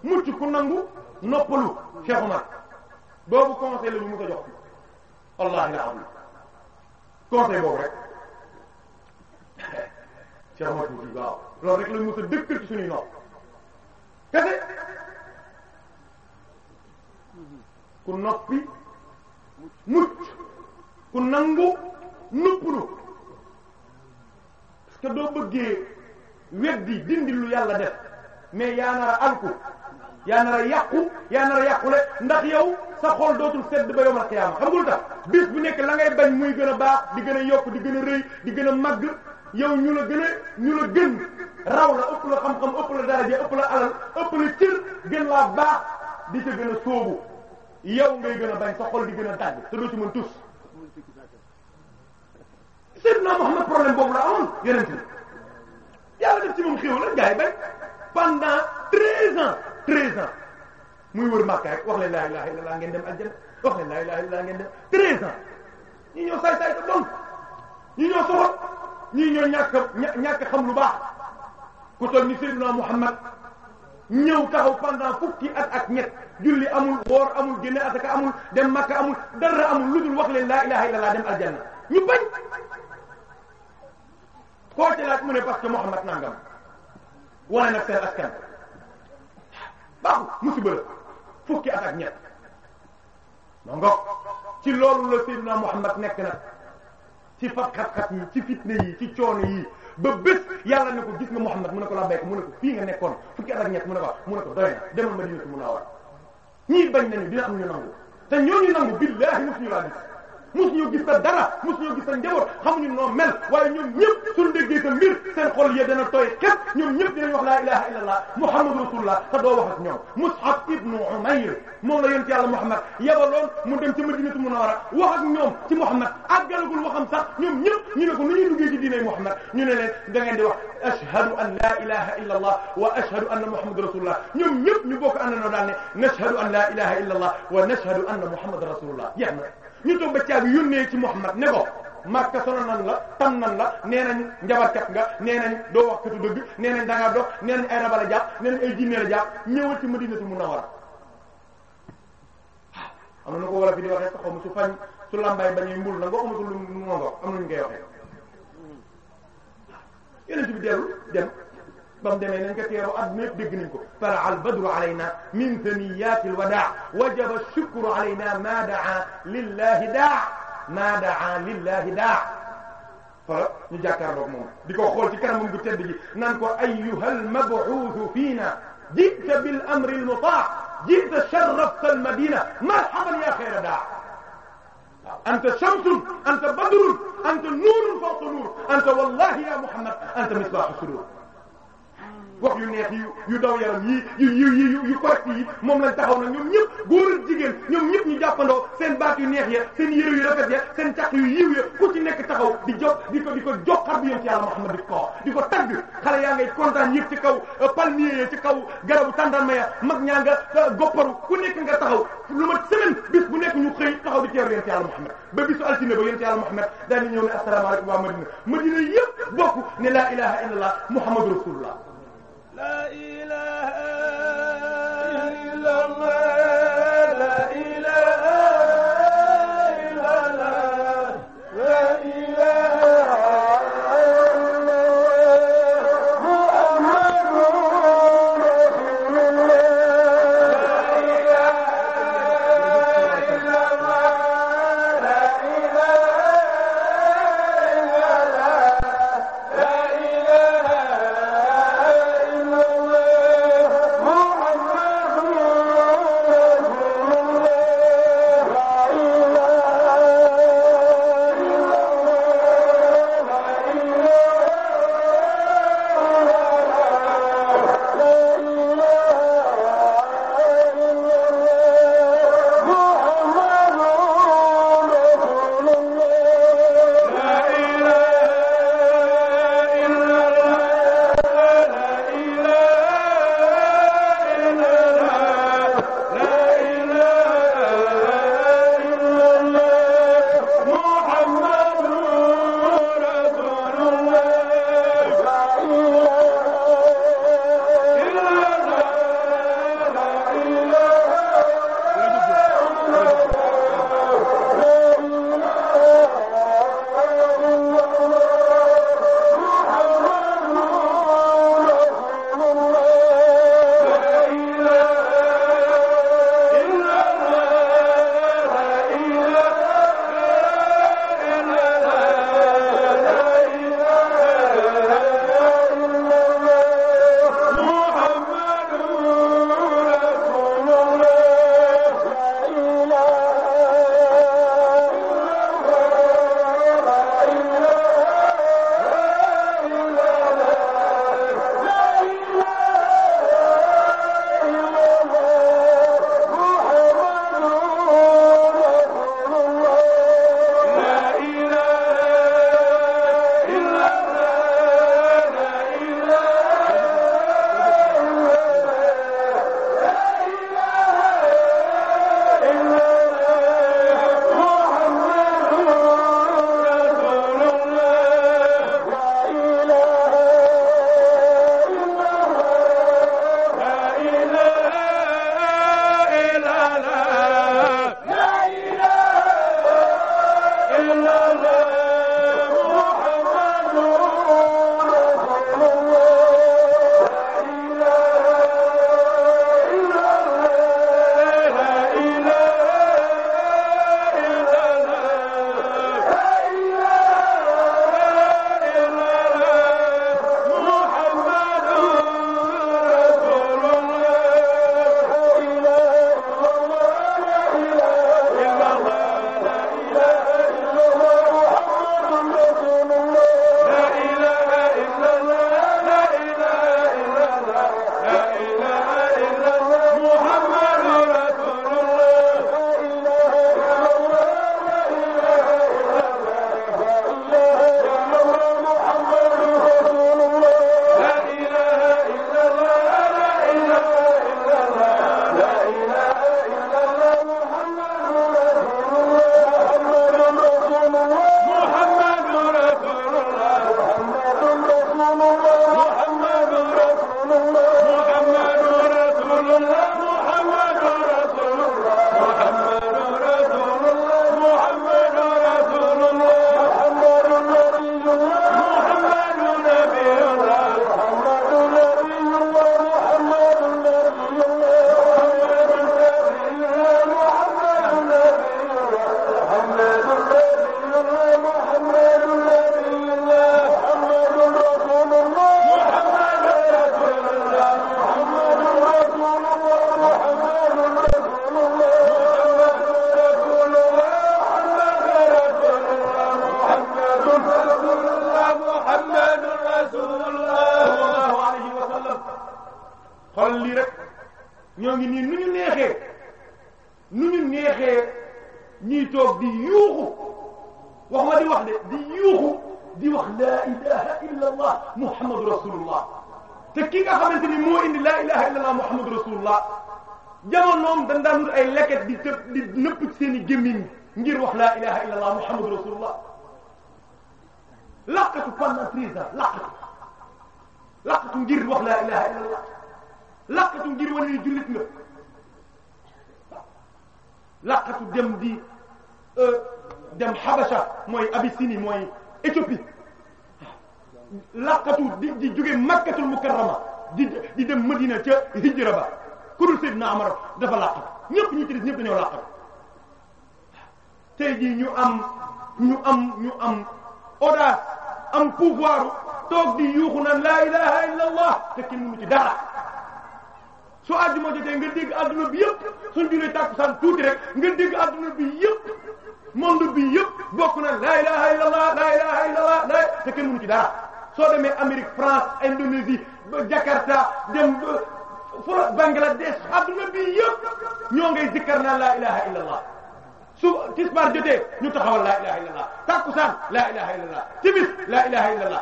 mucc ku nangu noppalu Cheikh Omar boobu conseil la ñu mu ko jox wallahi la am conseil boobu rek Cheikh Omar Fouti waaw loolu rek la mu sa dëkkal ci suñuy kese ku noppi mucc ku nangu noppalu te doo bëggee weddi dindi lu yàlla def mais yaa nar alku yaa nar a yàqu yaa nar yàqule ndax yow sa xol dootul sedd ba yawmal qiyaama xam nga lu tax bis bu nekk la ngay bañ muy gën a baax di gën a yokk di gën a rëy di gën a màgg yow ñu la gën a ñu la gën raw la ëpp la xam-xam ëpp la daraja ëpp la alal ëpp la cër gën laa baax di ca gën a sóobu yow ngay gën a bañ sa xol di gën a dagg te doo ci mën tus Seydina Muhammad problème boobu la amoon yonent bi yàlla def ci moom xéw la gars yi bañ pendant treize ans treize ans muy wër Makka rek wax leen laa ilaha illallah ngeen dem aljanna wax leen laa ilaha illallah ngeen dem treize ans ñi ñoo saay saay sa bon ñi ñoo soxot ñi ñoo ñàkk ñàkk xam lu baax ku toll ni Seydina Muhammad ñëw taxaw pendant fukki at ak ñett julli amul woor amul génne asaka amul dem Makka amul dara amul lu dul wax leen laa ilaha illallah dem aljanna ñu bañ koo ci laaj mu ne parce que Mouhamad nangam wane nag seen askan baaxul musiba la fukki at ak ñett donc ci loolu la Seydina Mouhamad nekk na ci fat xat-xat yi ci fitne yi ci coono yi ba bés yàlla ne ko gis nga Mouhamad mu ne ko la béykat mu ne ko fii nga nekkoon fukki at ak ñett mu ne ko mu ne ko doy na demal Madinatu Munawwara ñii bañ nañu dina am ñu nangu te ñooñu nangu billaahi mosuñu laa gis. mosuñoo gis sa dara mosuñoo gis sa njaboot xamuñu noo mel waaye ñoom ñëpp suñu déggee sa mbir seen xol ya dana tooy xet ñoom ñëpp dinañ wax laa ilaha illallah muhammadu rasulullah te doo wax ak ñoom mus'ab ibnu umayr moom la yonent yàlla muhammad yabaloon mu dem ci madinatu munawwara wax ak ñoom ci muhammad àggalagul waxam sax ñoom ñëpp ñu ne ko nu ñuy duggee ci diine muhammad ñu ne leen da ngeen di wax ashhadu an laa ilaha illallah wa ashhadu anna muhammadu rasulullah ñoom ñëpp ñu bokk àndandoo daal ne nashhadu an laa ilaha illallah wa nashhadu anna muhammadan rasulullah jeex na ñu toog ba caabi yónnee ci Muhammad ne ko Makka sono nan la tam nan la nee nañ njabarkat nga nee nañ doo wax katu dëgg nee nañ da ngaa dox nee nañ ay raba la jàpp nee nañ ay jinne la jàpp ñëwal ci Madinatu Munawwara ah, am na ko wala fi di waxee xaw ma su fañ su lambaay bañuy mbul na nga amatul lu mu ngoog am nañu koy waxee yeneen ci bi dellu dem. ba mu demee nañ ko teeroo adduna yëpp dégg nañ ko tala al badru alayna min thaniyati al wadaa wajaba shukru alayna ma daa lillahi daa ma daa lillahi daa fala ñu jàkkaarloog moom di ko xool ci kanamam gu tedd gi naan ko ayyuha al mab'uuth fiina jita bil amri al mutaa jita sharrafta al madina marhaban ya xayra daa anta shamsun anta badrun anta nuurun fawqa nuur anta wallahi ya muhammad anta misbaahu suruur wax yu neex yu yu daw yaram yii yu yu yu yu correct yi moom lañ taxaw nag ñoom ñëpp góor ak jigéen ñoom ñëpp ñu jàppandoo seen baat yu neex ya seen yére yu rafet ya seen caq yu yiiw ya ku ci nekk taxaw di jox di ko di ko jox xar bi yéen ci ko di ko tagg xale yaa ngay kontaan yëpp ci kaw euh, palmier ya ci kaw garabu tàndarma ya mag ñaa nga euh, gopparu ku nekk nga taxaw lu mat semaine bis bu nekk ñu xëy taxaw di teeru yéen ci yàlla Muhammad ba bisu altine ba yéen ci yàlla Muhammad daal di ñëw ne asalaamaaleykum waa Madina Madina yëpp bokk ne la ilaha illallah Muhammadu la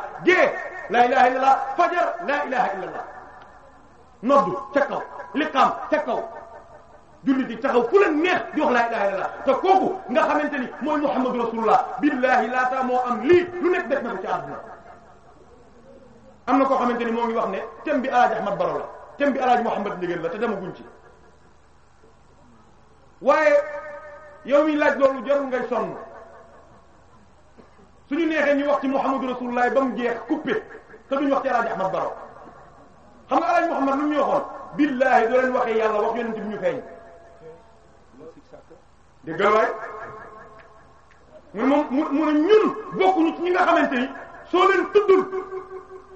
faatiha gée laa ilaha illa allah fajar laa ilaha noddu ca kaw liqaam ca kaw julli di taxaw fu la neex di wax laa ilaha illa allah te kooku nga xamante ni mooy muhammadu rasulullah billahi laataa moo am lii lu nekk def na ko ci àdduna am na ko xamante ni moo ngi wax ne thème bi alaaji ahmad baro la thème bi alaaji muhammad njegéen la te dama guñ ci yow mi laaj loolu jarul ngay sonn su ñu neexee ñu wax ci Muhammadu Rasulullah ba mu jeex coupé te duñu wax ci Alaaji Ahmad Baro xam nga Alaaji Muhammad lu ñu waxoon billaahi doo leen waxee yàlla wax yonent bi ñu feeñ déggal waay mu moom mu mu ne ñun bokkuñu ci ñi nga xamante ni soo leen tuddul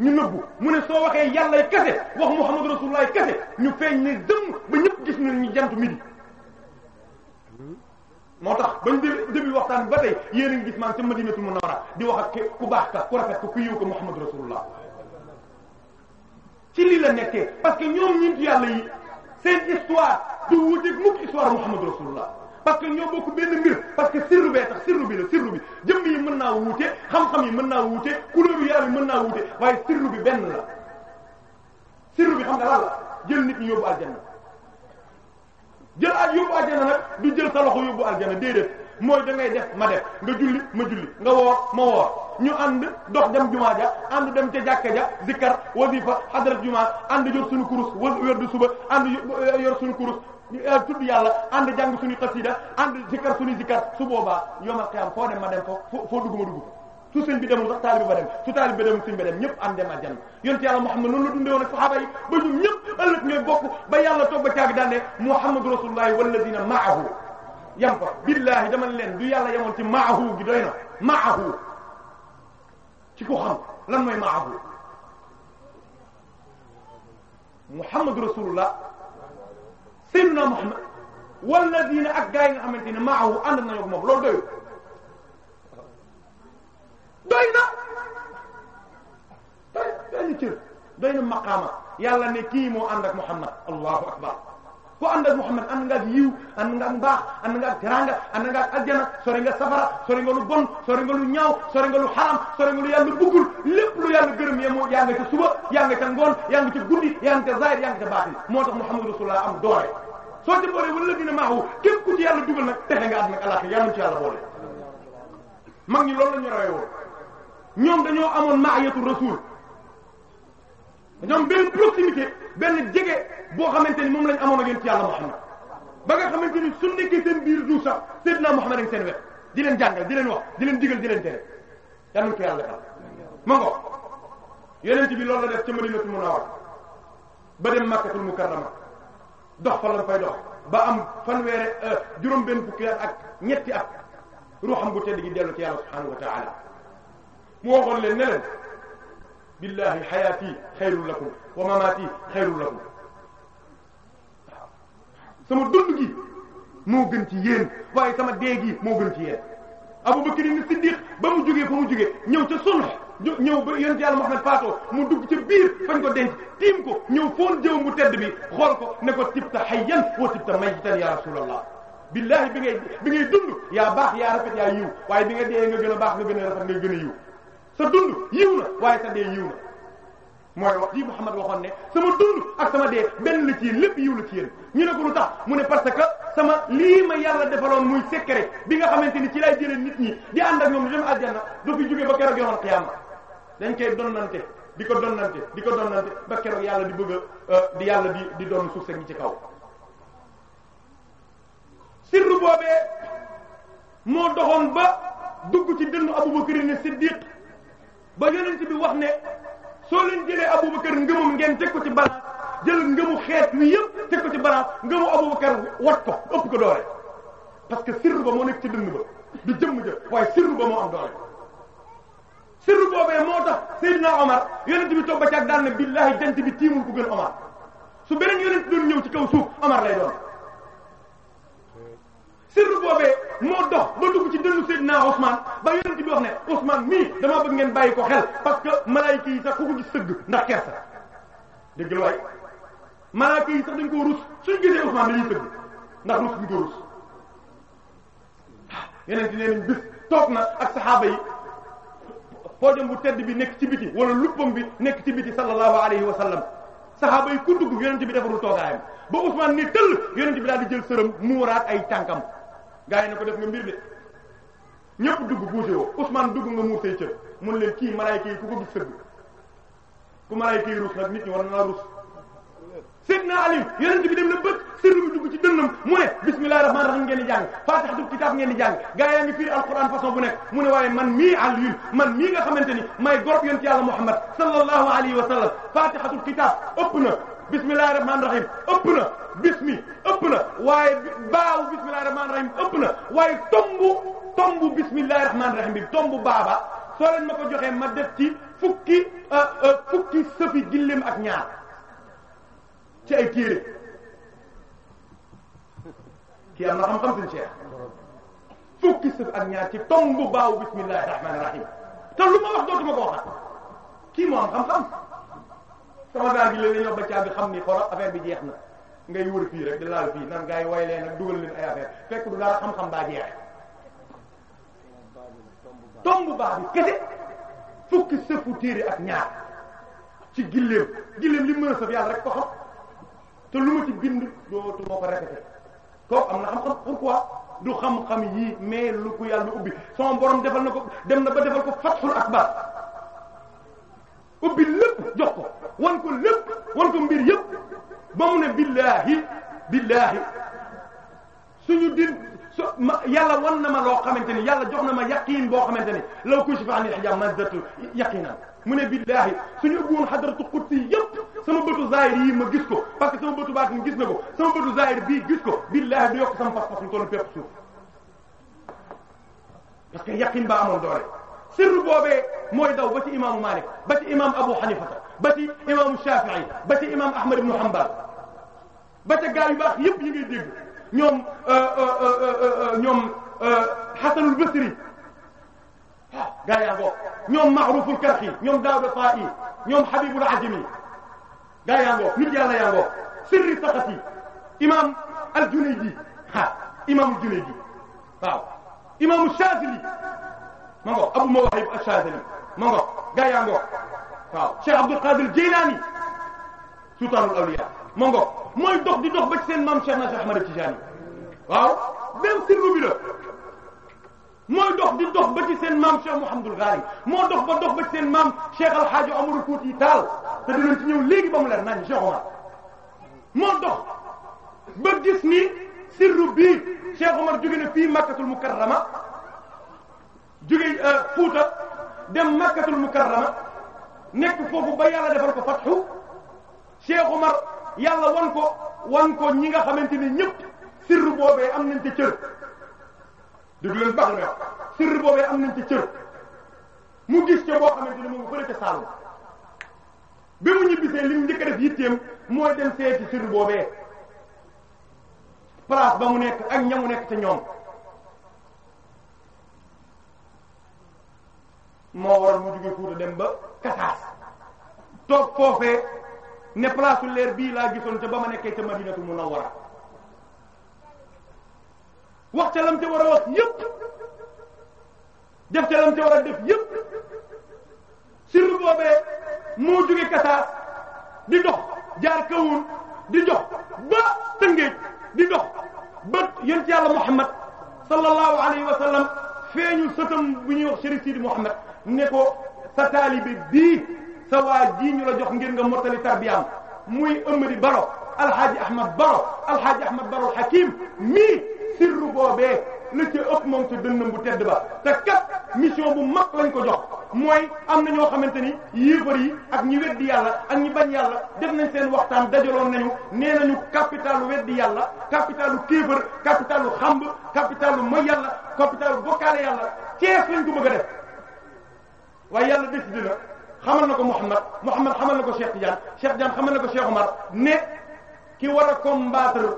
ñu nëbbu mu ne soo waxee yàllay kese wax Muhammadu Rasulullah kese ñu feeñ ne dëmm ba ñëpp gis nañ ñu jant midi moo tax bañ dé début waxtaan ba tey yéen a ngi gis man ca Madinatul Munawwara di wax ak ku baax ka ku rafet ka ku yiw ko Muhammad Rasulullah ci la nekke parce que ñoom ñint yàlla yi seen histoire du wuteeg mukk histoire Muhammad Rasulullah parce que ñoo bokk benn mbir parce que sirru bee tax sirru bi la sirru bi jëmm yi mën naa wuute xam-xam yi mën naa wuute couleur yaram yi mën naa wuute waaye sirru bi benn la sirru bi xam nga la jël nit ñi yóbbu aljanna jël ak yóbbu aljana nag du jël sa loxo yóbbu aljana déedéet mooy da ngay def ma def nga julli ma julli nga woor ma woor ñu ànd dox dem jumaa ja ànd dem ca jàkka ja zikkar wasifa xadrat jumaa ànd yor suñu kurus werdu suba ànd yor eh, suñu kurus eh, tudd yàlla ànd jàng suñu xasida ànd zikkar suñu zikkar su boobaa yomal xiyam foo dem ma dem foo foo dugg ma dugg su sëñ bi demul sax taalib ba dem su taalib ba demul sëñ ba dem ñëpp am dem aljanna yonent yàlla Muhammad noonu la dundee woon ak sahaaba ba ñoom ñëpp ëllëg ñooy bokk ba yàlla toog ba caag daan ne Muhammadu rasulullahi walladina maahu yam fa billahi dama leen du yàlla yemoon ci maahu gi doy na maahu ci ko xam lan mooy maahu Muhammadu rasulullah sayyiduna Muhammad walladina ak gaa yi nga xamante ne maahu ànd nañu ak doy na doy doy na maqaama yàlla ne kii moo ànd ak Muhammad allahu akbar ku ànd ak Muhammad ànd nga ak yiw ànd nga ak mbaax ànd nga ak teranga ànd nga ak aljana sori nga safara sori nga lu bon sori nga lu ñaaw sori nga lu xaram sori nga lu yàlla bëggul lépp lu yàlla gërëm ya moo yaa nga ca suba yaa nga ca ngoon yaa nga ca guddi yaa nga ca zahir yaa nga moo tax Muhammad rasulullah am doole soo ci boole wala dina maaxu képp ku ci yàlla dugal nag texe nga am nag alaaka yàlla ci yàlla boole mag ñi loolu la woo ñoom dañoo amoon maayatu rasul dañoo am benn proximité benn jege boo xamante ni moom lañ amoon ak yonent yàlla Muhammad ba nga xamante ni su nekkee seen biir du sax Seydina Muhammad ak seen wet di leen jàngal di leen wax di leen digal di leen tere yal nañu ko yàlla defal ma ngo yonent bi loolu la def ca Madinatul Munawwara ba dem Makkatul Mukarrama dox fa la fay dox ba am fanweere euh, juróom benn fukki at ak ñetti at ruuxam bu tedd gi dellu ci yàlla subhaanahu wa ta'ala mu waxoon leen ne leen billahi xayaati xayrul lakum wa mamaati xayrul lakum waaw sama dund gi moo gën ci yéen waaye sama dee gi moo gën ci yéen Abubakar ni Siddiq ba mu jógee fa mu jógee ñëw ca sulh ñëw ba yonent Yàlla Muhammad faatoo mu dugg ca biir fañ ko denc tiim ko ñëw foon jëw bu tedd bi xool ko ne ko tibta hayyan wa tibta mayyitan ya rasulallah billahi bi ngay bi ngay dund yaa baax yaa rafet yaa yiw waaye bi nga dee nga gën a baax nga gën a rafet nga gën sa dund yiw na waaye sa dee yiw na mooy wax li Muhammad waxoon ne sama dund ak sama dee benn la ci yéen lépp yiw la ci yéen ñu ne ko lu tax mu ne parce que sama lii ma yàlla defaloon muy secret bi nga xamante ni ci lay jëlee nit ñi di ànd ak ñoom ñu dem aljanna du fi jóge ba keroog yoon xiyaama dañ koy donnante di ko donnante di ko donnante ba keroog yàlla di bëgg a euh, di yàlla di di doon suuf gi ci kaw sirru boobee moo doxoon ba dugg ci dënnu Abubakar ne Siddiq ba yonent bi wax ne soo leen jëlee Aboubacar ngëmam ngeen teg ko ci balance jël ngëmu xeet wi yëpp teg ko ci balance ngëmu Aboubacar wat ko ëpp ko doole parce que sirru ba moo nekk ci dënn ba du jëmm jëf waaye sirru ba moo am doole sirru boobee moo tax Seydina Omar yonent bi toog ba ci ak daan na billaahi jant bi tiimul ku gën Omar su beneen yonent doon ñëw ci kaw suuf Omar lay doon sirru boobee moo dox ba dugg ci dënnu Seydina Ousmane ba yonent bi wax ne Ousmane mii damaa bëgg ngeen bàyyi ko xel parce que malaayika yi sax ku ko gis sëgg ndax kersa déggal waay malaayika yi sax dañ koo rus suñ gisee Ousmane dañuy sëgg ndax rus bi ko rus yeneen ti neenañ bis toog na ak saxaaba yi poojam bu tedd bi nekk ci biti wala luppam bi nekk ci biti sallallahu alayhi wa sallam saxaaba yi ku dugg yonent bi defarul toogaayam ba Ousmane ni tëll yonent bi daal di jël sërëm muuraat ay tànkam gaa yi ne ko def nga mbir de ñëpp dugg bougé woo Ousmane dugg nga muur say cër mun leen kii malaayka yi ku ko gis sëgg ku malaayka yi ruus nag nit ñi war naa ruus Seydina Ali yonent bi dem na bët sirru bi dugg ci dënnam mu ne bismillahir rahmanir rahim ngeen di jàng faatixatul kitaab ngeen di jàng gaa yaa firi alquran façon bu nekk mu ne waaye man mii Ali man mii nga xamante ni may gorob ci yàlla Muhammad sallallahu alayhi wa sallam faatixatul kitaab ëpp na bismillahi rahmaani na bismi ëpp na waaye baaw bismillahi rahmaani rahim ëpp na waaye tombu tombu bismillahi tombu baaba soo leen ko joxee ma def fukki euh, euh, fukki sëfi ak ñaar ci ay téere am na xam-xam suñu Cheikh fukki sëfi ak ñaar ci tombu baaw bismillahi rahmaani lu ma wax dootuma ko waxaat kii am xam-xam. sama gaa gi léeg-léeg ba caabi xam ni xoro affaire bi jeex na ngay wër fii rek di laal fii nan gaa yi nag dugal leen ay affaire fekk du dara xam-xam baa jeex tomb baax bi kese fukki sëfu téere ak ñaar ci gilleem gilleem li mën a yàlla rek ko xam te lu ma ci bind dootu moo ko répété kooku am na xam-xam pourquoi du xam-xam yii mais lu ko yàlla ubbi sama borom defal na ko dem na ba defal ko fatxul akbar ubbi jox ko wan ko lépp wan ko mbir yëpp ba mu ne billaahi billaahi suñu din su ma yàlla wan na ma loo xamante ni yàlla jox na ma yaqiin boo xamante ni law kushifa anil hijaab mazdadtu yaqiinan mu ne billaahi suñu ubbi woon hadratu qudsi yëpp sama bëtu zahir yi ma gis ko parce que sama bëtu baatin gis na ko sama bëtu zahir bi gis ko billaahi du yokk sama pas-pas lu tollu pepp suuf parce que yaqiin ba sirru boobee mooy daw ba ci imaamu Malik ba ci imaamu Abu Hanifa ba ci imaamu Shafi'i ba ci imaamu Ahmad ibn Hanbal ba ca gaa yu baax yëpp yi ngay dégg ñoom euh, euh, euh, ñoom Hasanul Basri waaw ah, gaa yaa ngoo ñoom Ma'ruful Karxi ñoom Daawud Ta'i ñoom Habibul Ajmi gaa yaa ngoo nit yàlla yaa ngoo sirri Saqati imaam al-Junaydi ha ah, imaamul Junaydi waaw imaamu Shaadili ma ngo Abu Mawahib Ash-Shadhili ma ngo gaa yaa ngo waaw Cheikh Abdul Qadir Jilani Sultanul Awliya ma ngo mooy dox di dox ba ci seen maam Cheikh Nasir Ahmad Tijani waaw même sirru bi la mooy dox di dox ba ci seen maam Cheikh Mouhamadul Ghali moo dox ba dox ba ci seen maam Cheikh Al Hadj Omar Fouti Tall te dinañ ci ñëw léegi ba mu leer nañ Cheikh Omar moo dox ba gis ni sirru bii Cheikh Omar jóge na fii Makkatul Mukarrama jóge euh, Fuuta dem Makkatul Mukarrama nekk foofu ba yàlla defal ko fatxu Cheikh yàlla wan ko wan ko ñi nga xamante ni ñëpp boobee am nañ ca cër déglu leen baax na sirru boobee am nañ ca cër mu gis ca boo xamante ni moom fële ca Saalum bi mu ñibbisee li mu njëkk a def yitteem mooy dem seeti sirru boobee place ba mu nekk ak ña mu nekk ca ñoom. moo waral mu jóge Fuuta dem ba Kasaas toog foofee ne place leer bii laa gisoon te ba ma nekkee ca Madinatul Munawwara wax ca lam ca war a wax yépp def ca lam ca war def yépp sirru boobee moo jóge Kasaas di dox jaar Kawun di dox ba Tëngéej di dox ba yent yàlla Muhammad sallallahu alayhi feeñu sëtam bu ñuy wax Chérif Sidi Muhammad ne ko sa taalibe bii sa waa ji ñu la jox ngir nga mottali tarbiyaam muy Amari Baro alxaaji Ahmad Baro alxaaji Ahmad Baro Hakim mii sirru boobee la ca ëpp moom te dënnam bu tedd ba te kat mission bu mag lañ ko jox mooy am na ñoo xamante ni yéefar yi ak ñi weddi yàlla ak ñi bañ yàlla def nañ seen waxtaan dajaloon nañu nee nañu capitalu weddi yàlla capitalu kéefër capitalu xamb capitalu moy yàlla capitalu bokkaale yàlla Cees lañ ko bëgg a def waaye yàlla def di xamal na ko Mouhamad Mouhamad xamal na ko Cheikh Tidiane Cheikh Tidiane xamal na ko Cheikh Omar ne ki war a combattre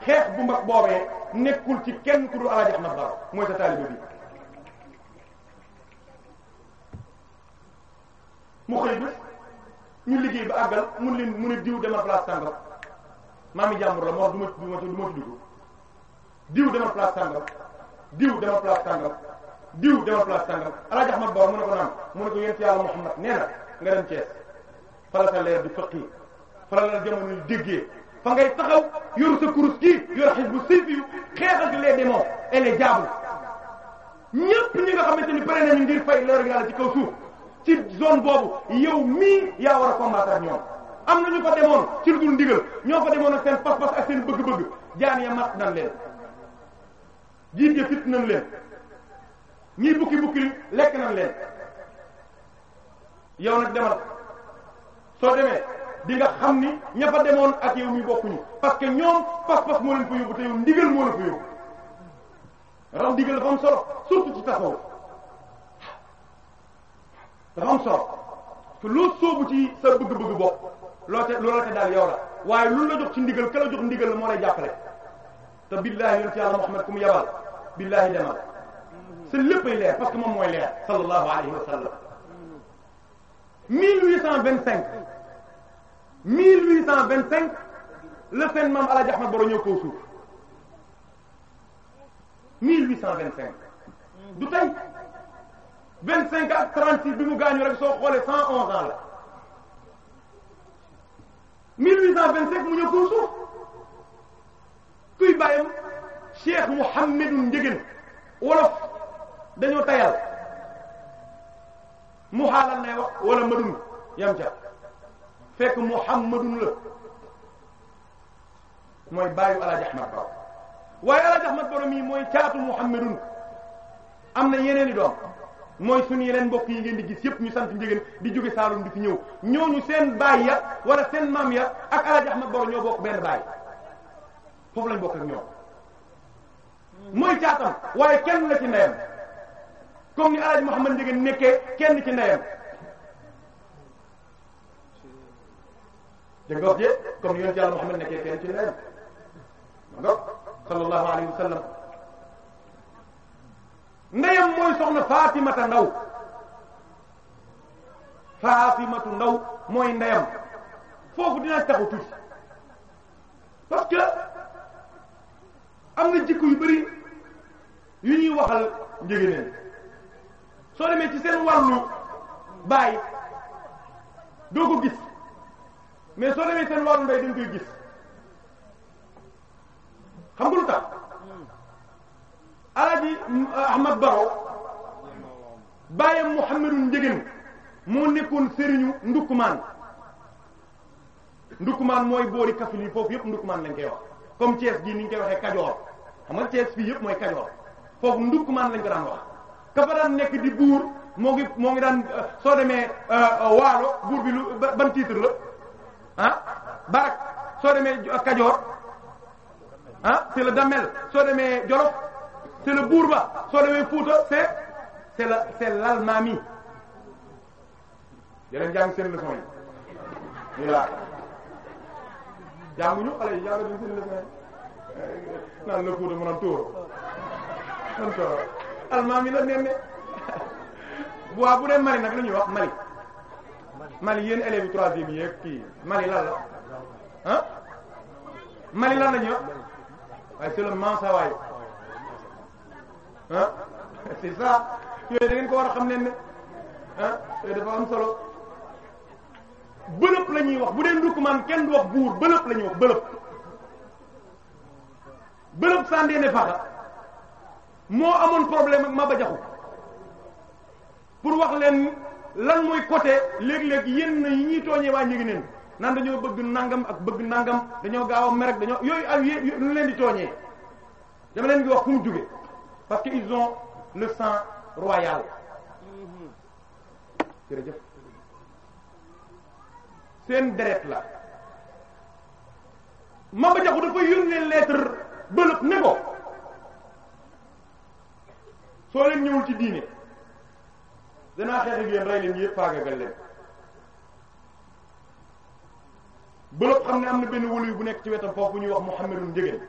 xeex bu mag boobee nekkul ci kenn ku dul Alaaji Ahmad Baro mooy sa taalibe bi mu xëy bi ñu liggéey ba àggal leen mu ne diw demal place sàngam maami jàmbur la moo du ma du du ma tudd ko diw demal place sàngam diw demal place sàngam diw demal place tàngam alaaji ahmad bor mu ne ko naan mu ne ko yent yàlla muhammad nee nga dem Thiès fala leer di fëqii fala la jamono yu déggee fa ngay taxaw yor sa kurus kii yor xisbu sayfi yu xeexal di les démons et les ñépp ñi nga xamante ni pare nañu ngir fay leer yàlla ci kaw suuf ci zone boobu yow mii yaa war a combattre ñoom am na ñu fa demoon ci lu dul ndigal ñoo fa demoon ak seen pas-pas ak seen bëgg-bëgg jaan ya mat nan leen jiit ya fit nan ñii bukki bukki lekk na leen yow nag demal soo demee di xam ni ña fa demoon ak yow mi bokkuñu parce que ñoom pas-pas moo leen fa yóbbu te yow ndigal moo leen fa yóbbu raw dafa am solo surtout ci tasawuf dafa am solo te loo sóobu ci sa bëgg-bëgg bopp loo te loola te daal yow la waaye lu la jox ci ndigal ka la jox ndigal moo lay jàppale te billaahi yonent yàlla Muhammad ku mu yabal billaahi demal te léppay leer parce que moom mooy leer sallallahu alayhi wa sallam 1825 1825 la seen maam El Hadj Ahmed Boro ñëw kaw suuf 1825 du tey 25 ak 36 bi mu gaañu rek soo xoolee 111 ans la 1825 mu ñëw kaw suuf kuy bàyyam Cheikh Mouhamadou Ndiéguène wolof. dañoo tayal mu xaalal nay wax wala madun yam ca fekk muhammadun la mooy bàyyu alaaji ahmad ba waaye alaaji ahmad borom yi mooy caatu muhammadun am na yeneen i doom mooy suñu yeneen mbokk yi ngeen di gis yépp ñu sant njëgën di jóge saalum di fi ñëw ñooñu seen baay ya wala seen maam ya ak alaaji ahmad borom ñoo bokk benn baay foofu lañ bokk ak ñoom mooy caatam waaye kenn la ci ndeyam comme ni alaaji Mouhamad Ndieguene nekkee kenn ci ndeyam dégg nga wax jee comme ni yonent yàlla Mouhamad nekkee kenn ci ndeyam ma nga sallallahu alayhi wa sallam ndeyam mooy soxna Fatimata Ndaw Fatimatu Ndaw mooy ndeyam foofu dinaa taxu tuuti parce que am na jikko yu bari yu ñuy waxal Ndieguene soo demee ci seen wàllu baay doo ko gis mais soo demee seen wàllu ndey dañ koy gis xam nga lu tax alaji eh, Ahmad Baro baayam Muhammadu Njëgën moo nekkoon sëriñu Ndukkumaan Ndukkumaan mooy boori Kaffrine yi foofu yëpp Ndukkumaan lañ koy wax comme Thiès gii ni ñu koy waxee Kajoor xam nga Thiès fii yëpp mooy Kajoor foofu Ndukkumaan lañ ko daan wax ka daan nekk di buur moo ngi moo ngi daan euh, soo demee euh, euh, waalo buur bi lu ban titre la ah soo demee kajoor ah le damel soo demee jolof c'est buur ba soo demee fuuta c'est c'est la c'est l'almaami yeneen jàng seen leçon yi voilà jànguñu xale yi jàng seen leçon naan la fuuta mu naan tóor almaami la nenne waaw bu dee Mali nag lañuy wax Mali Mali yéen élèves yi troisième kii Mali lan la Mali lan la wax waaye c'est le mansawaay c'est ça yooyu da ko war a xam ne ne dafa am solo bëlëb lañuy wax bu dee ndukkumaan kenn du wax buur bëlëb la ñuy wax bëlëb bëlëb sandene fata moo amoon problème ak Maba Jaxu pour wax leen lan mooy côté léeg-léeg yenn yi ñuy tooñee waa ñu ngi neen naan dañoo bëgg nangam ak bëgg nangam dañoo gaaw a mer dañoo yooyu ay lu leen di tooñee dama leen di wax fu mu jóge parce que ils ont le sang royal seen deret la Maba Jaxu dafa yónnee lettre bëlëb ne ko soo leen ñëwul ci diine danaa xeex ak yéen rey leen yépp faagagal leen bëlëb xam ne am na benn wëlu bu nekk ci wetam foofu ñuy wax Muhammadun Njëgéen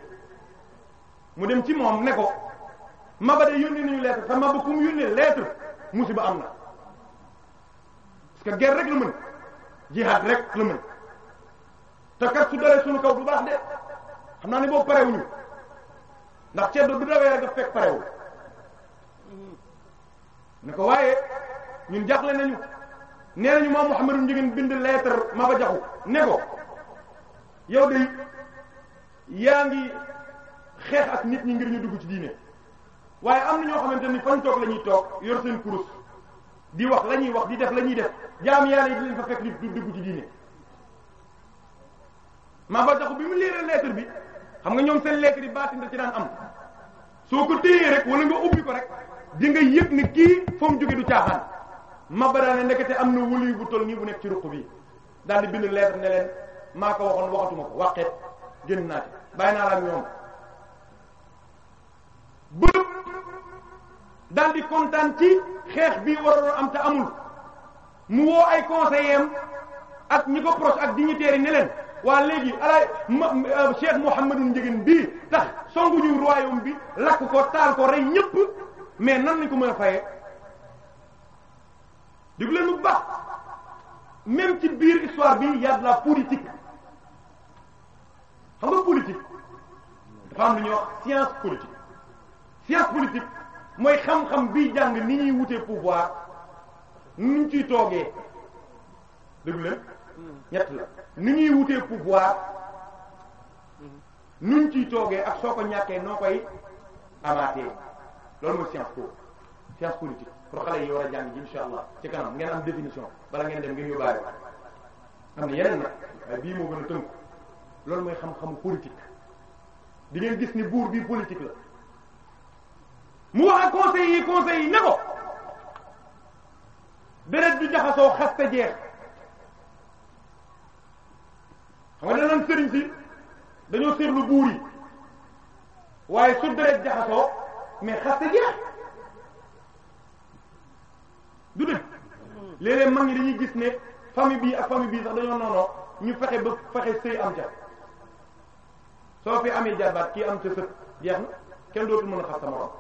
mu dem ci moom ne ko maba de yónnee nañu lettre te maba ku mu yónnee lettre musiba am na parce que guerre rek la mën jihad rek la mën te kat su dalee suñu kaw du baax de xam naa ne boobu parewuñu ndax ceddo du dawee rek daf fekk parewul ne ko waaye ñun jaaxle nañu nee nañu moom Mouhamadou Ndieguene bind lettre Maba Jaxu ne ko yow de yaa ngi nit ñi ngir ñu dugg ci diine waaye am na ñoo xamante ni fañ toog la ñuy toog yor seen kurus di wax la ñuy wax di def la ñuy def jaam yàlla yi di leen fa fekk nit du dugg ci diine Maba Jaxu bi mu liire lettre bi xam nga ñoom seen lettre yi baatin da ci daan am soo ko téyee rek wala nga ubbi ko rek di nga yëg ne kii foo mu jóge du caaxaan ma ba daane ndekete am na wulu bu toll nii bu nekk ci ruq bi daal di bind lettre ne leen maa ko waxoon waxatuma ko waxeet génn naa ci bàyyi naa la ñoom bu daal di kontaan ci xeex bii waroon am te amul mu woo ay conseillers ak ñi ko proche ak dignitaires yi ne leen waa léegi alaay euh, Cheikh Mouhamadou Ndiéguène bii tax songuñu royaume bi lakk ko taal ko rey ñëpp mais nan lañ ko mën a fayee déglu leen bu baax même ci biir histoire bi y a de la politique xam nga politique dafa am lu ñuy wax science politique science politique mooy xam-xam biy jàng ni ñuy wutee pouvoir ni ñu ciy toogee déglu leen ñett la ni ñuy wutee pouvoir ni ñu ciy toogee ak soo ko ñàkkee noo koy amaatee. loolu mooy science po pour xale yi war a jàng ji insha allah ci kanam ngeen am définition bala ngeen dem ngeen yóbbaale am na yeneen nag waaye moo gën a tënku loolu mooy xam-xamu politique di gis ni buur bi politique la mu wax ak conseil yi ne ko deret du jaxasoo xasta jeex xam nga danañ sëriñ si dañoo seetlu buur waaye su deret jaxasoo mais xaste jeex du dëgg léeg-léeg mag ñi dañuy gis ne famille bi ak famille bii sax dañoo noonoo ñu fexe ba fexe sëy am ca soo fi amee jarbaat kii am ca sët jeex na kenn dootu mën a xas sa morom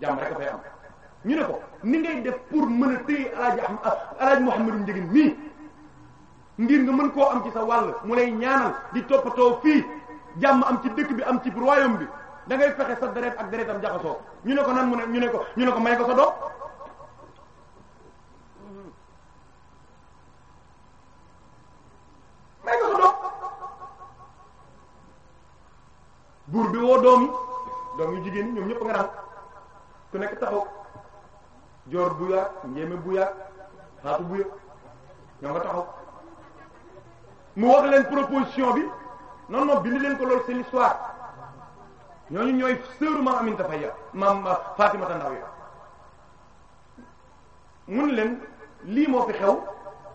jàmm rek a am ñu ne ko ni ngay def pour mën a téye alaaji am alaaji Muhammadu Njëgin mii ngir nga mën koo am ci sa wàll mu lay ñaanal di toppatoo fii jàmm am ci dëkk bi am ci royaume bi da ngay fexe sa deret ak deretam jaxasoo ñu ne ko nan mu ne ñu ne ko ñu ne ko may ko sa doom may ko sa doom buur bi woo doom yi doom yu jigéen ñi ñoom ñëpp nga raxas ku nekk taxaw joor bu yaat njéeme bu yaat xaatu bu ñoo nga taxaw mu wax leen proposition bi noon non bind leen ko loolu c'est l'histoire ñooñu ñooy sœuru maam Aminta Faye ya maam Fatimata Ndaw ya mun leen lii moo fi xew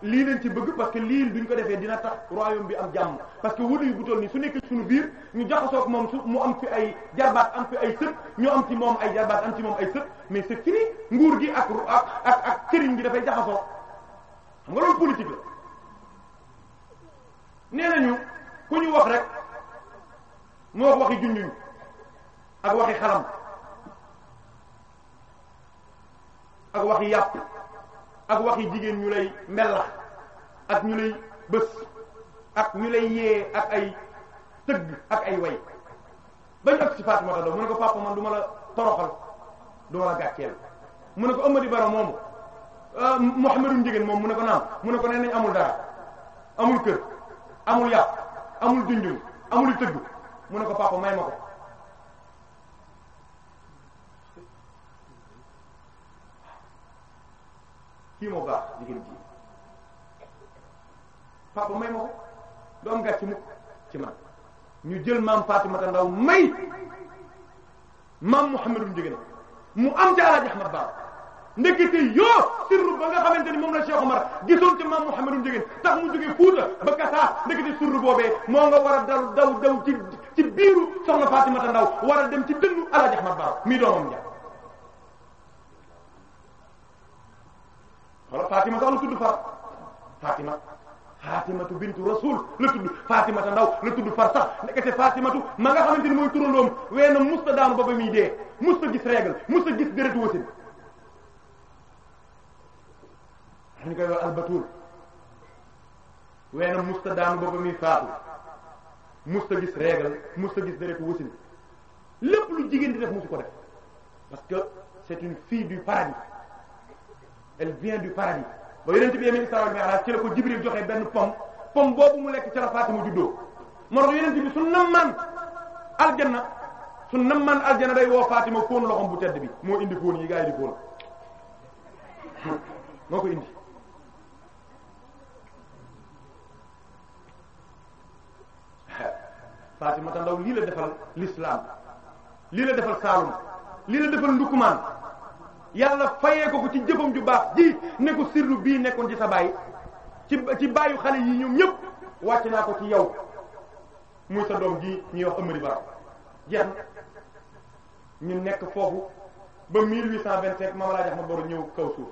lii leen ci bëgg parce que lii duñ ko defee dina tax royaume bi am jàmm parce que wólu yu bu nii su nekk suñu biir ñu jaxasook moom su mu am fi ay jarbaat am fi ay sët ñu am ci moom ay jarbaat am ci moom ay sët mais c'est fini nguur gi ak ak ak ak sëriñ bi dafay jaxasoo xam nga loolu politique nee nañu ku ñu wax rek moo waxi junjuñu ak waxi xalam ak waxi yàpp ak waxi jigéen ñu lay melax ak ñu lay bës ak ñu lay yee ak ay tëgg ak ay way bañ ak ci Faatumata Ndaw mu ne ko papa man du la toroxal du la gàcceel mu ne ko Amady Baro moomu euh, Mouhamadou Ndiéguène moom mu ne ko naam mu ne ko nee amul dara amul kër amul yàpp amul junjum amul tëgg mu ne ko papa may ma ko kii moo baax jigéen ji papa may ma ko du am gàcc ci man ñu jël maam Faatumata Ndaw may maam Muhammadum Njigéen mu am ca Alaaji Ahmad Ba ndekete yoo sirru ba nga xamante ni moom la Cheikh Omar gisoon ci maam Muhammadum Njigéen tax mu jógee Fuuta ba Kasaar ndekete sirru boobee moo nga war a daw daw daw ci ci biiru soxna a dem ci dënnu Alaaji Ahmad Ba mi doomam ja wala Fatima sax la tudd far Fatima Fatimatu bintu rasul la tudd Fatimata ndaw la tudd far sax ndekete Fatimatu ma nga xamante turandoom weena musta daanu ba ba muy dee musta gis régal musta gis déretu wasin dañu koy wax albatul weena musta daanu ba ba muy faatu lu jigéen di def musu ko def parce que c'est une fille du paradis elle vient du paradis ba yonent bi yemeen Isra wal Mi'raj ci ko Jibril joxe benn pomme pomme boobu mu lekk ci la Fatima juddoo moo tax yonent bi su nammaan aljanna su nammaan aljanna day woo Fatima fóon loxom bu tedd bi moo indi fóon yi gaa yi di fóon moo ko indi Fatima ta ndaw lii la defal l'islam lii la defal Saalum lii la defal Ndukumaan yàlla fayee ko ko ci jëfam ju baax ji ne ko bii nekkoon ci sa baay ci ba ci baayu xale yi ñoom ñëpp wàcc naa ko ci yow muy sa doom gi ñuy wax Amari Ba jeex ñu nekk foofu ba 1825 Maam Alaaji Ahmad Baro ñëw kaw suuf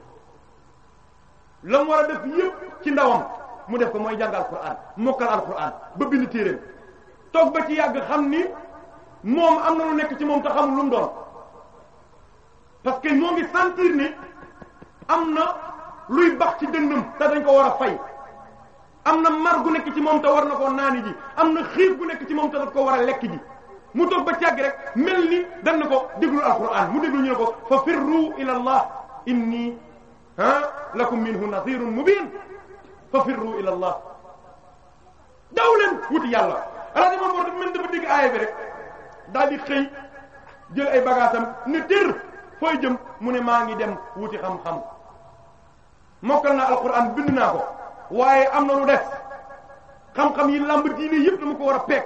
la mu war a def yëpp ci ndawam mu def ko mooy jàng alquran mokkal alquran ba bind téereem toog ba ci yàgg xam ni moom am na lu nekk ci moom te xamul lu mu doon. parce que moo ngi sentir am na luy bax ci dënnam te dañ ko war a fay am na mar gu ki ci moom te war na koo naani ji am na xiif gu nekk ci moom ta daf ko war a lekk ji mu toog ba càgg rek mel ni dan na ko déglu alquran mu déglu ñu ne ko fa firru ila allah inni ha lakum minhu nadhirun mubin fa firru ila allah daw leen wuti yàlla ala dama war di xëy jël ay bagaasam ne tër fooy jëm mu ne maa ngi dem wuti xam-xam mokkal naa alxuraan bind naa ko waaye am na lu des xam-xam yi lamb diine yëpp dama ko war a peeg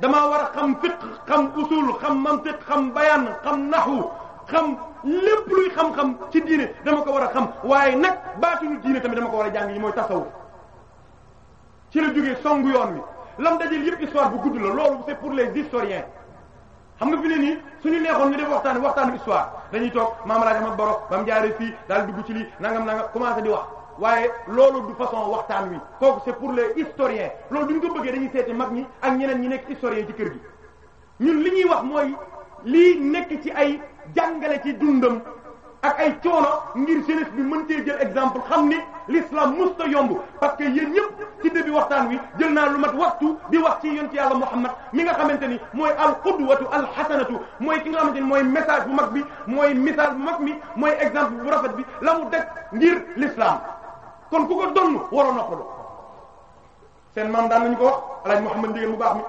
damaa war a xam fiqh xam usul xam mantiq xam bayaan xam naxu xam lépp luy xam-xam ci diine dama ko war a xam waaye nag baatuñu diine tamit dama ko war a jàng yi mooy tasawuf ci la jógee songu yoon wi lam dajel yëpp histoire bu gudd la loolu c'est pour les historiens xam nga fi ne nii suñu neexoon ñu def waxtaan waxtaanu histoire dañuy toog maamalaaj ma boro ba mu jaaree fii daal dugg ci lii nangam nangam commencé di wax waaye loolu du façon waxtaan wi kooku c'est pour les historiens loolu duñ ko bëggee dañuy seeti mag ñi ak ñeneen ñi nekk historiens ci kër gi ñun li ñuy wax mooy lii nekk ci ay jàngale ci dundam ak ay coono ngir jeunesse bi mën cee jël exemple xam ni l'islam musta yomb parce que yéen ñëpp ci début waxtaan wi jël naa lu mat waxtu di wax ci yonent yàlla Muhammad mi nga xamante ni mooy alqudwatu alxasanatu mooy ki nga xamante ni mooy message bu mag bi mooy misaal bu mag bi mooy exemple bu rafet bi la mu def ngir l'islam kon ku ko donn waroon na ko seen maam daan nañu ko wax alaaj Muhammad Ndieguène bu baax mi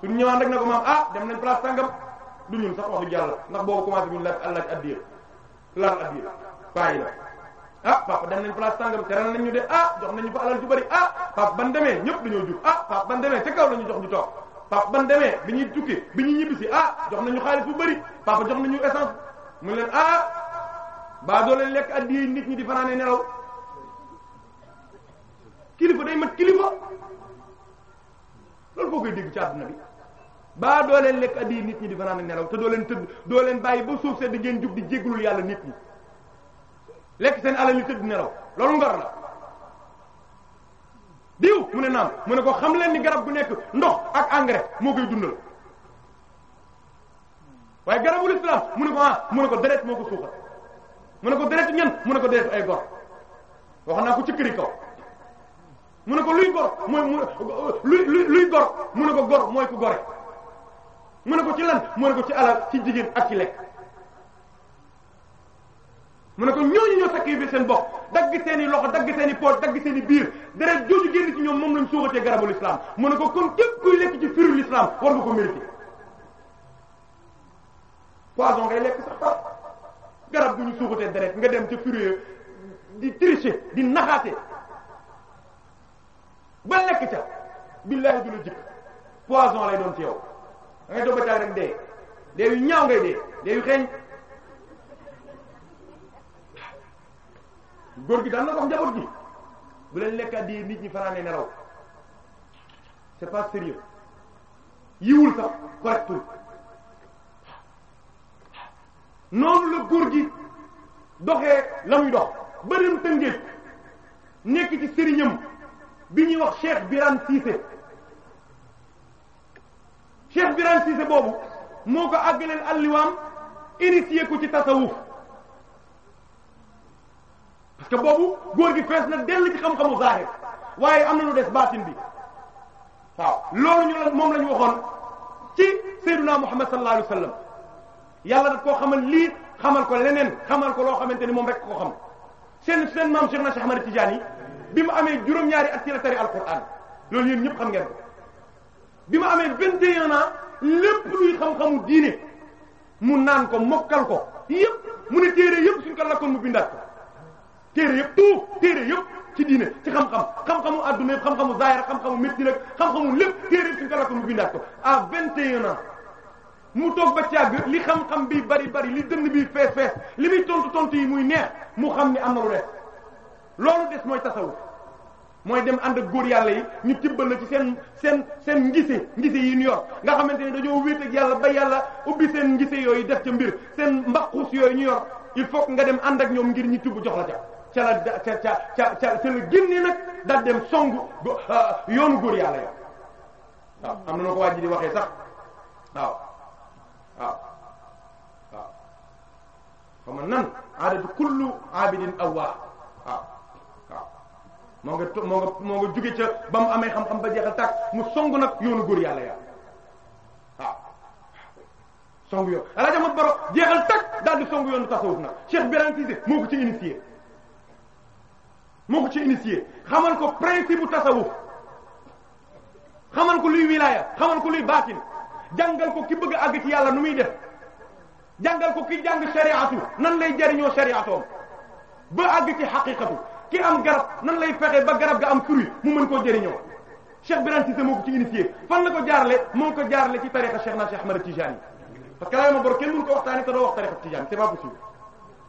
suñu ñëwaan dak na ko maam ah dem nañ place sàngam du ñun sax wax dëgg yàlla ndax boobu commencé buñu laaj àllaaj laal ab yéen bàyyi la ah papa dem nañ place tàngam teral nañ ñu de a ah, jox nañ ñu fa alal ju bari ah papa ban demee ñëpp dañoo jug ah papa ban demee ca kaw la ñu jox ñu toog papa ban demee bi ñuy tukki bi ñuy ñibbisi a ah, jox nañu xaalis bu bari papa jox nañu essence mu leen a ah, baa doo leen lekk addiya nit ñi di fanaane nelaw kilifa day mat kilifa loolu foo koy dégg ci àdduna bi. baa doo leen lekk addi nit ñi di fanaan nelaw te doo leen tëdd doo leen bàyyi ba suuf sedd ngeen jub di jéglul yàlla nit ñi lekk seen alal yi tëdd nelaw loolu ngor la diw mu ne naam mu ne ko xam leen ni garab gu nekk ndox ak engrais moo koy dundal waaye garabul islam mu ne ko ah mu ne ko deret moo ko suuxat mu ne ko deret ñan mu ne ko deret ay gor wax naa ko ci këri kaw mu ne ko luy gor mooy mu luy luy gor mu ne ko gor mooy ku gore mu ne ko ci lan mu ne ko ci alal ci jigéen ak ci lekk mu ne ko ñooñu ñoo sacrifier seen bopp dagg seen loxo dagg seeni i pooj dagg seen i biir deret jooju génn ci ñoom moom lañ suuxatee garabul islam mu ne ko kon képp kuy lekk ci firul islam war nga ko mérité poison ngay lekk sax garab bu ñu suuxatee deret nga dem ca furieux di tricher di naxaate ba lekk ca billaahi du la jikk poison lay doon ci yow da ngay doog ba rek dee dee yu ñaaw ngay dee dee yu xeeñ góor gi daan na wax njaboot gi bu leen lekk addi nit ñi fanaanee nelaw c'est pas sérieux yiwul sax correctul noonu la góor gi doxee la muy dox bërim tëngéej nekk ci sëriñam bi ñuy wax Cheikh Biram Cissé Cheikh Birane Cissé boobu moo ko àggaleel alliwaam initié ko ci tasawuf parce que boobu góor gi fees na dell ci xam-xamu zahir waaye am na lu des baatin bi waaw loolu ñu la moom la ñu waxoon ci Seydina Muhammad sallallahu alayhi wasallam yàlla daf koo xamal lii xamal ko leneen xamal ko loo xamante ni moom rekk ko xam sen seen maam Cheikh na Cheikh Ahmad Tidiane yi bi mu amee juróom-ñaari at ci la tari alquran loolu yéen ñëpp xam ngeen bi ma amee vingt et un ans lépp luy xam-xamu diine mu naan ko mokkal ko yëpp mu ne téere yëpp suñ ko lakkoon mu bindaat ko téere yëpp tout téere yëpp ci diine ci xam-xam xam-xamu adduna yëpp xam-xamu zaahir xam-xamu médecine ak xam-xamu lépp téere yëpp suñ ko lakkoon mu bindaat ko à vingt et un ans mu toog ba càgg li xam-xam bi bari bari li dënn bi fees fees li muy tontu tontu yi muy neex mu xam ni am na lu des loolu des mooy tasawuf mooy dem ànd ak góor yàlla yi ñu tibbal na ci seen seen seen ngise ngise yi nu yor nga xamante ni dañoo wéet ak yàlla ba yàlla ubbi seen ngise yooyu def ca mbir seen mbaquus yooyu ñu yor il faut nga dem ànd ak ñoom ngir ñu tibb jox la ca ca la ca ca ca ca ca la génne nag daal dem songu ah, yoonu góor yàlla ya waaw am na na ko waa ji di waxee sax waaw waaw waaw xam nan aadatu kullu abidin awwaa moo nga moo nga moo nga jóge ca ba mu amee xam-xam ba jeexal tàkk mu song nag yoonu góor yàlla ya waaw song yoon alaja ma jeexal tàkk daal di song yoonu tasawuf nag Cheikh Birahim Cissé moo ko ci initié moo ko ci initié xamal ko principe tasawuf xaman ko luy wilaya xamal ko luy baatin jàngal ko ki bëgg a àgg ci yàlla nu muy def jàngal ko ki jàng shariatu nan lay jariñoo shariatoom ba àgg ci xaqiqatu ki am garab nan lay fexe ba garab ga am fruit mu mën koo jëriñoo Cheikh Birane Cissé moo ko ci initié fan la ko jaarale moo ko jaarale ci tariqa Cheikh na Cheikh Ahmed Tijani parce que laa ma bor kenn mënu ko waxtaane te doo wax tariqa Tijani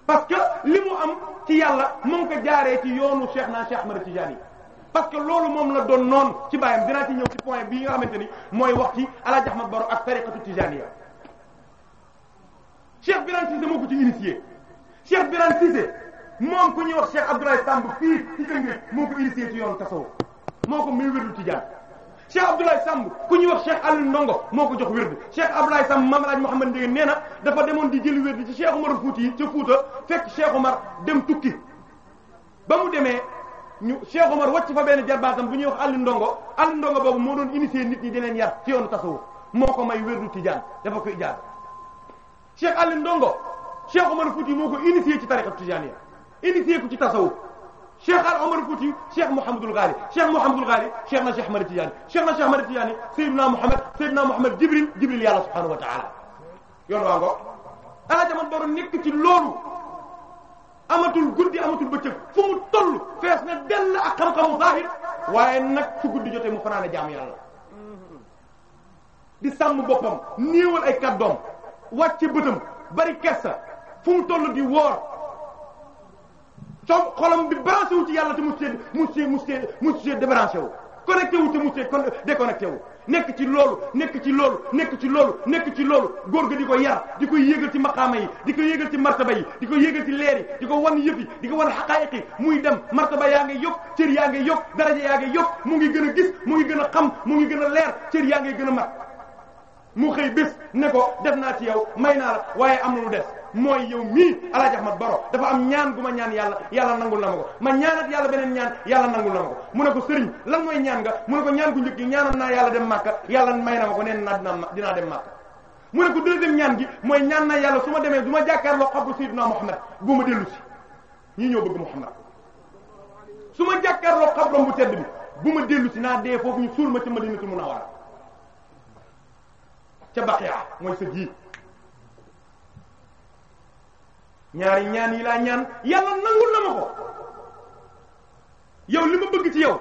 parce que li mu am ci yàlla moo ko jaaree ci yoonu Cheikh na Cheikh Ahmed Tijani parce que loolu moom la doon noonu ci bàyyam dinaa ci ñëw ci point bii nga xamante ni mooy wax ci Alaaji Ahmad Baro ak tariqatu Tijaniya Cheikh Birane Cissé moo ko ci initié Cheikh Birane Cissé moom ku ñuy wax Cheikh Abdoulaye Samb fii ci Tëngéej moo ko initié ci yoonu tasawuf moo ko muy wérdu tijaan Cheikh Abdoulaye Samb ku ñuy wax Cheikh Aliou Ndongo moo ko jox wérdu Cheikh Abdoulaye Samb Mame Alhaji Mouhamed Ndieguène nee na dafa demoon di jëli wérdu ci Cheikh Omar Fouti yi ca Fouta fekk Cheikh Omar dem tukki ba mu demee ñu Cheikh Omar wàcc fa benn jarbaatam bu ñuy wax Aliou Ndongo Aliou Ndongo boobu moo doon initié nit ñi di leen ci yoonu tasawuf moo ko may wérdu tijaan dafa koy jaar Cheikh Aliou Ndongo Cheikh Omar Fouti moo ko ci tariqa tijaaniyya initié ko ci tasawuf cheikh al omar Fouti cheikh Mouhamadul Ghali cheikh Mouhamadul Ghali cheikh na cheikh Ahmad Tidiane cheikh na cheikh Ahmad Tidiane Seydina Mouhamed Seydina Mouhamed Jibril Jibril yàlla subhanahu wa taala yoon waa ngo ala jaman baro nekk ci loolu amatul guddi amatul bëccëg fu mu toll fees na dell ak xam-xamu zahir waaye nag fu guddi jotee mu fanaane jaam yàlla di sàmm boppam néewal ay kàddoom wàcce bëtam bari kersa fu mu toll di woor soo xolam bi branché wu ci yàlla te mu see mu see mu see mu see débranché wu connecté wu te mu see con déconnecté nekk ci loolu nekk ci loolu nekk ci loolu nekk ci loolu góor ga di ko yar di ko yéegal ci maqaama yi di ko yéegal ci martaba yi di ko yéegal ci leer yi di ko wan yëf yi di ko wan xaqaayiq yi muy dem martaba yaa ngi yokk cër yaa ngi yokk daraja yaa ngi mu ngi gën a gis mu ngi gën a xam mu ngi gën a leer cër yaa ngi gën a mat mu xëy bés ne ko def naa ci yow may naa la waaye am na des mooy yow mii alaaji ma baro dafa am ñaan gu ma ñaan yàlla yàlla nangul na ma ko ma ñaanat yàlla beneen ñaan yàlla nangul na ma ko mu ne ko sëriñ lan mooy ñaan nga mu ne ko ñaan ku njëkk gi ñaanal naa yàlla dem màkka yàlla may na ma ko neen naa dinaa dinaa dem màkka mu ne ko deuxième ñaan gi mooy ñaan naa yàlla su ma demee du ma jàkkaarloo xabru sayyidina muhammad bu ma dellu si ñii ñoo bëgg muhammad su ma jàkkaarloo xabram bu tedd bi bu ma dellu si naa dee foofu ñu suul ma ca madinatu munawwara ca baqiya mooy sa ji ñaari ñaan yi laa ñaan yàlla nangul na ma ko yow li ma bëgg ci yow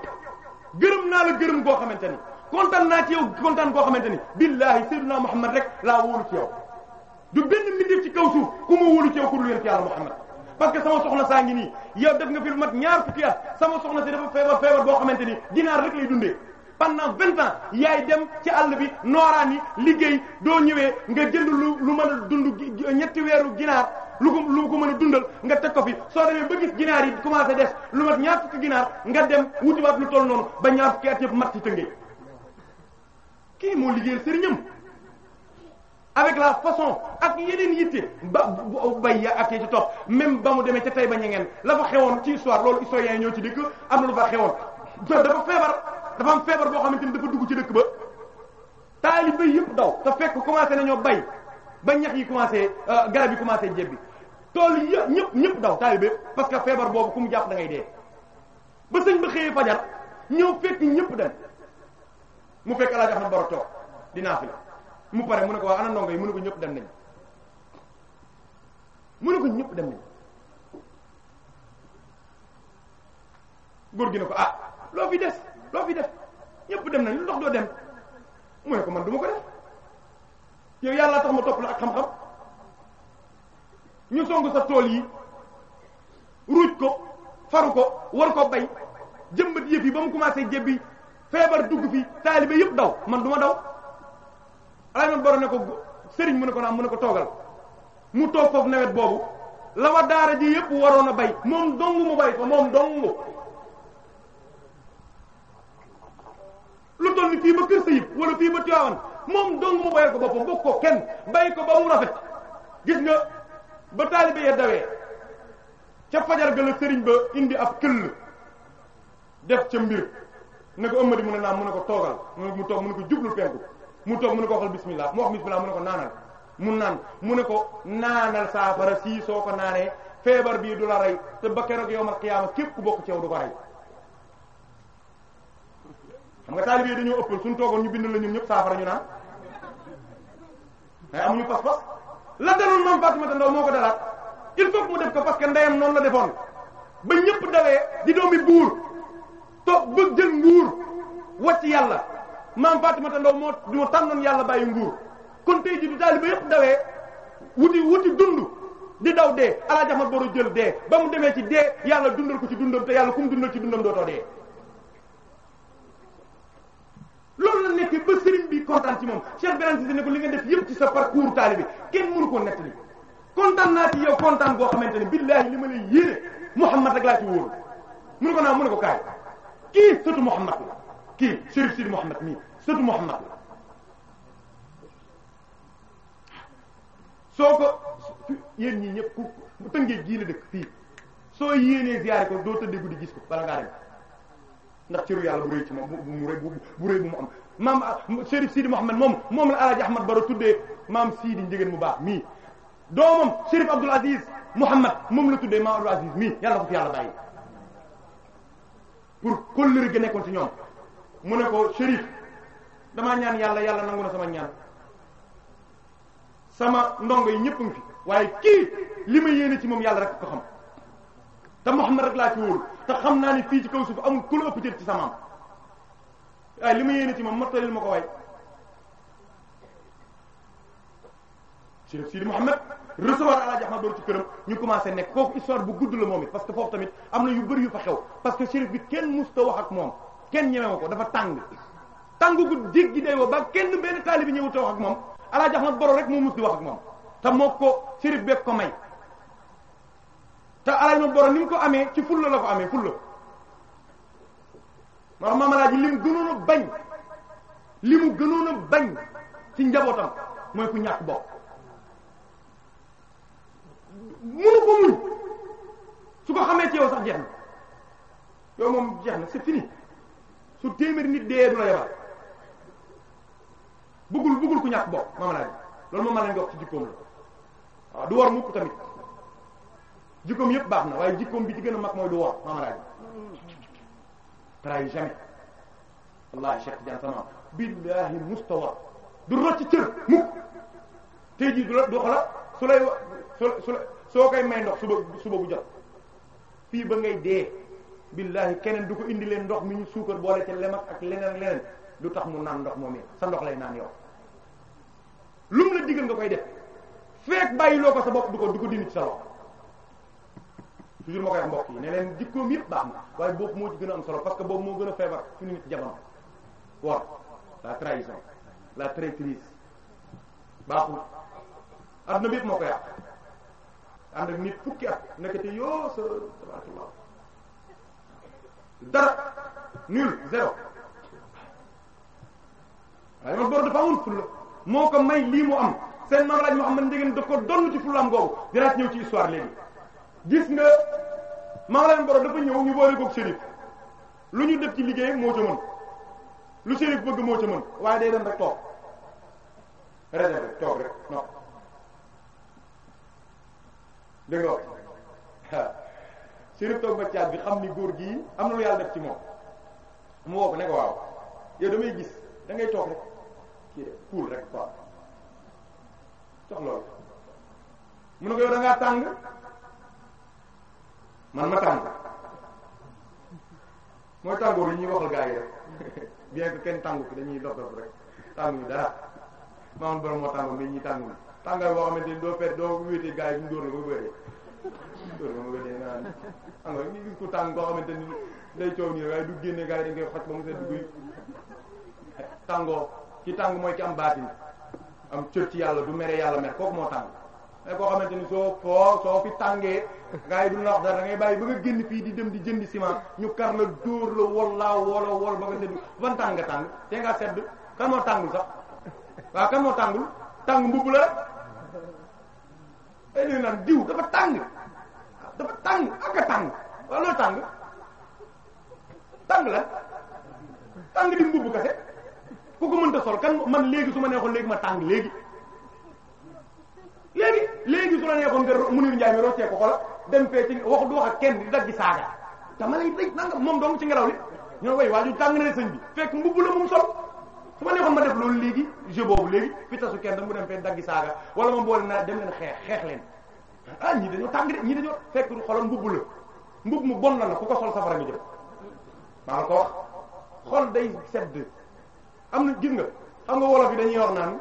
gërëm naa la gërëm goo xamante ni kontaan naa ci yow kontaan goo xamante ni billahi sayyidina muhammad rek laa wóolu ci yow du benn mbindeef ci kaw suuf ku ma wóolu ci yow ku dul que sama soxna saa ngi nii yow def nga fi lu mat ñaar fukki at sama soxna si dafa feebar feebar boo xamante ni dinaar rek lay dundee pendant vingt ans yaay dem ci àll bi nooraan liggéey doo ñëwee nga jël lu lu ma a dund ñetti weeru ginaar lu ko lu ko mën a dundal nga teg ko fi soo demee ba gis ginaar yi commencé des lu mat ñaar fukki ginaar nga dem wutiwaat lu toll noonu ba ñaar fukki at yëpp mat ci tëngee kii moo liggéeyal sëriñam avec la façon ak yeneen yitte ba bu bay ya ak yi ci topp même ba mu demee ca Taïba Niangène la fa xewoon ci histoire loolu historiens yi ñoo ci dikk am na lu fa xewoon dafa feebar dafa am feebar boo xamante ni dafa dugg ci dëkk ba taaliba yëpp daw te fekk commencé nañoo bay ba ñax yi commencé euh, garab yi commencé jebbi tool yëpp ñëpp ñëpp daw taalibe parce que feebar boobu ku mu jàpp da ngay dee ba sëñ ba xëyee fajar ñëw fekk ñëpp dem mu fekk alaaj Ahmad Baro toog dinaa fi la mu pare mu ne ko waa ana ndongo yi mu ne ko ñëpp dem nañ ne ko ñëpp dem nañ góor gi ne ko ah loo fi des loo fi def ñëpp dem nañ lu ndox doo dem mu ne ko man du ma ko def yow yàlla tax ma topp la ak xam-xam ñu song sa tool yi ruuj ko faru ko war ko bay jëmbat yëf yi ba mu commencé jébbi feebar dugg fi taalibe yëpp daw man du ma daw alay man boro ne ko sëriñ mu ne ko naam mu ne ko toogal mu toog foofu nawet boobu la wa daara ji yëpp waroon a bay moom dong mu bay fa moom dong mu lu toll ni fii ba kër Sayib wala fii ba Tiwaawan moom dong mu bayal ko boppam bokk ko kenn bay ko ba mu rafet gis nga ba taalibe ya dawee ca fajar ga la sëriñ ba indi ab këll def ca mbir ne ko ëmmadi mu ne naam mu ne ko toogal mu toog mu ne ko jublu penku mu toog mu ne ko waxal bismillah mu wax bismillah ne ko naanal mu naan mu ne ko naanal saafara sii soo ko naanee feebar bii du la rey te ba keroog yowmal képp ku bokk ci yow du ko rey xam nga taalibe dañoo ëppal suñ toogoon ñu bind la ñun ñëpp saafara ñu naan mais amuñu pas-pas la daloon maam Faatumata Ndaw moo ko dalaat il faut que mu def ko parce que ndeyam noonu la defoon ba ñëpp dawee di doomi buur toog bëgg jël nguur wàcc yàlla maam Faatumata Ndaw moo moo tànnoon yàlla bàyyi nguur kon tey ji du taaliba yëpp dawee wuti wuti dund di daw dee alaajaxmat boro jël dee ba mu demee ci dee yàlla dundal ko ci dundam te yàlla ku mu dundal ci dundam dootoo dee loolu la nekkee ba sëriñ bi kontaan ci moom Cheikh Birame Cissé ne ko li nga def yëpp ci sa parcours taalibe kenn mënu ko nettali kontaan naa ci yow kontaan goo xamante ne billaahi li ma lay yéene Mouhamad rek laa ci wóor mënu ko naa mënu ko kaay kii sëtu Mouhamad la kii Chérif Sidi Mouhamad mii sëtu Mouhamad la soo ko yéen ñii ñëpp ku bu tëngee jii la dëkk fii soo yéenee ziyaare ko doo tëddee guddi gis ko bala ngaa ndax cëru yàlla bu rëy ci moom bu bu bu rëy bu mu am maam Chérif ah, Sidi Mouhamed moom moom la alaaji Ahmad Baro tuddee maam Sidi njigéen mu baax mii doomam Chérif Abdoul Aziz Mouhamed moom la tuddee maam Abdoul Aziz mii yàlla ko fi yàlla bàyyi pour kóllëre gi nekkoon ci ñoom mu ne ko Chérif damaa ñaan yàlla yàlla nangu na sama ñaan sama ndongo yi ñëpp ngi fi waaye kii li ma yéene ci moom yàlla rek ko xam te Muhammad rek laa ci wóolu te xam naa ne fii ci kaw suuf amul ku la ëpp cër ci samaam waaye li ma yéene ci moom mottalil ma ko waay Cheikh Sidi Mouhamed recevoir Alaaji Ahmad door ci këram ñu commencé nekk foofu histoire bu gudd la moom parce que foofu tamit am na yu bëri yu fa parce que shérif bi kenn mus ta ak moom kenn ñemewu ko dafa tàng tàng gu jéggi day woo ba kenn benn taalibe ñëwut a wax ak moom Alaaji Boro rek moo mus di wax ak moom te moo ko shérif beeg ko may te alal ma borom ni mu ko amee ci fulla la ko amee fulla moo tax mamalaa ji li mu gënoon bañ li mu gënoon a bañ ci njabootam mooy ku ñàkk bokk munu ko muñ su ko xamee ci yow sax jeex na yow moom jeex na c'est fini su téeméeri nit dee du la yabal bëggul bëggul ku ñàkk bokk mamalaa loolu mamalaa nga wax ci jikkoom la waaw du war mukk tamit jikkoom yëpp baax na waaye jikkoom bi ci gën a mag mooy du wor maam rajo trahi jamais wallahi Cheikh Tidiane sama la su lay su soo koy may ndox suba suba bu jot fii ba ngay dee billahi keneen du ko indi leen ndox mi ñu suukar boole ca lem ak leneen ak leneen lu tax mu naan ndox moom it sa ndox lay naan yow lum la digal nga koy def feek bàyyi loo ko sa bopp du ko du ko dindi sa loxo toujours ma koy wax mbokk yi ne leen jikkoom yëpp baax na waaye boobu moo ci gën a am solo parce que boobu moo gën a feebar fu ñu nit jamono wor la trahison la traîtrise baaxul adduna bi yëpp moo ko yàq ànd ak nit fukki at nekkati yoo sa tabarakallah dara nul zéro waaye ma góor dafa amul fulla moo ko may lii mu am seen maam laaj Muhammad Ndieguene da ko donn ci fullaam googu dinaa ñëw ci histoire léegi gis nga Mawlana Borom dafa ñëw ñu boole shérif lu ñu def ci liggéey moo ca mën lu shérif bëgg moo ca mën waaye day dem rek toog toog rek non dégg nga shérif toog ba caat bi xam ni góor gii am na lu yàlla def ci moom mu woo ko ne ko waaw yow damay gis da toog rek kii rek kuul rek quoi jox loolu mun na ko yow da tàng. man ma tàng mooy tàngoor yi ñuy waxal gaa yi rek bien que kenn tàngu ko dañuy dof dof rek tànguñu dara ñu dóor nga ba xam nga ñu gis koo xamante ni day coow tàngoo ki tàng mooy ki am baatin am cër ci yàlla du mere yàlla mer kooku moo tàng mais eh, koo xamante ni soo soo soo fi tàngee gars yi duñ la wax dara da ngay bàyyi ba nga génn fii di dem di jëndi ciment ñu kar la dóor la wol laa wol wol ba nga sedd ban tàng tàng te nga sedd kan moo tàngul sax waaw kan moo tàng mbubb la rek ay li dafa tàng dafa tàng ak a tàng waaw loolu tàng tàng la tàng di mbubb kese ku ko mënta sol kan man léegi su ma neexoon léegi ma tàng léegi léegi léegi su la nekkoon nga Mounir Ndiaye mi roccee ko xola dem fee ci wax du wax ak kenn di dagg saaga te ma lay dégg nanga moom dong ci ngelaw li ñoo way waaju tàng na sëñ bi fekk mbubb la moom sol su ma nekkoon ma def loolu léegi jeu boobu léegi fi tasu kenn da dem fee dagg saaga wala moom boole naa dem leen xeex xeex leen ah ñii tàng de ñii dañoo fekk du xolam mbubb mbubb mu bon la la ku ko sol safara mi jëm maa ngi ko wax xol day sedd am na gis nga xam nga wolof yi dañuy wax naan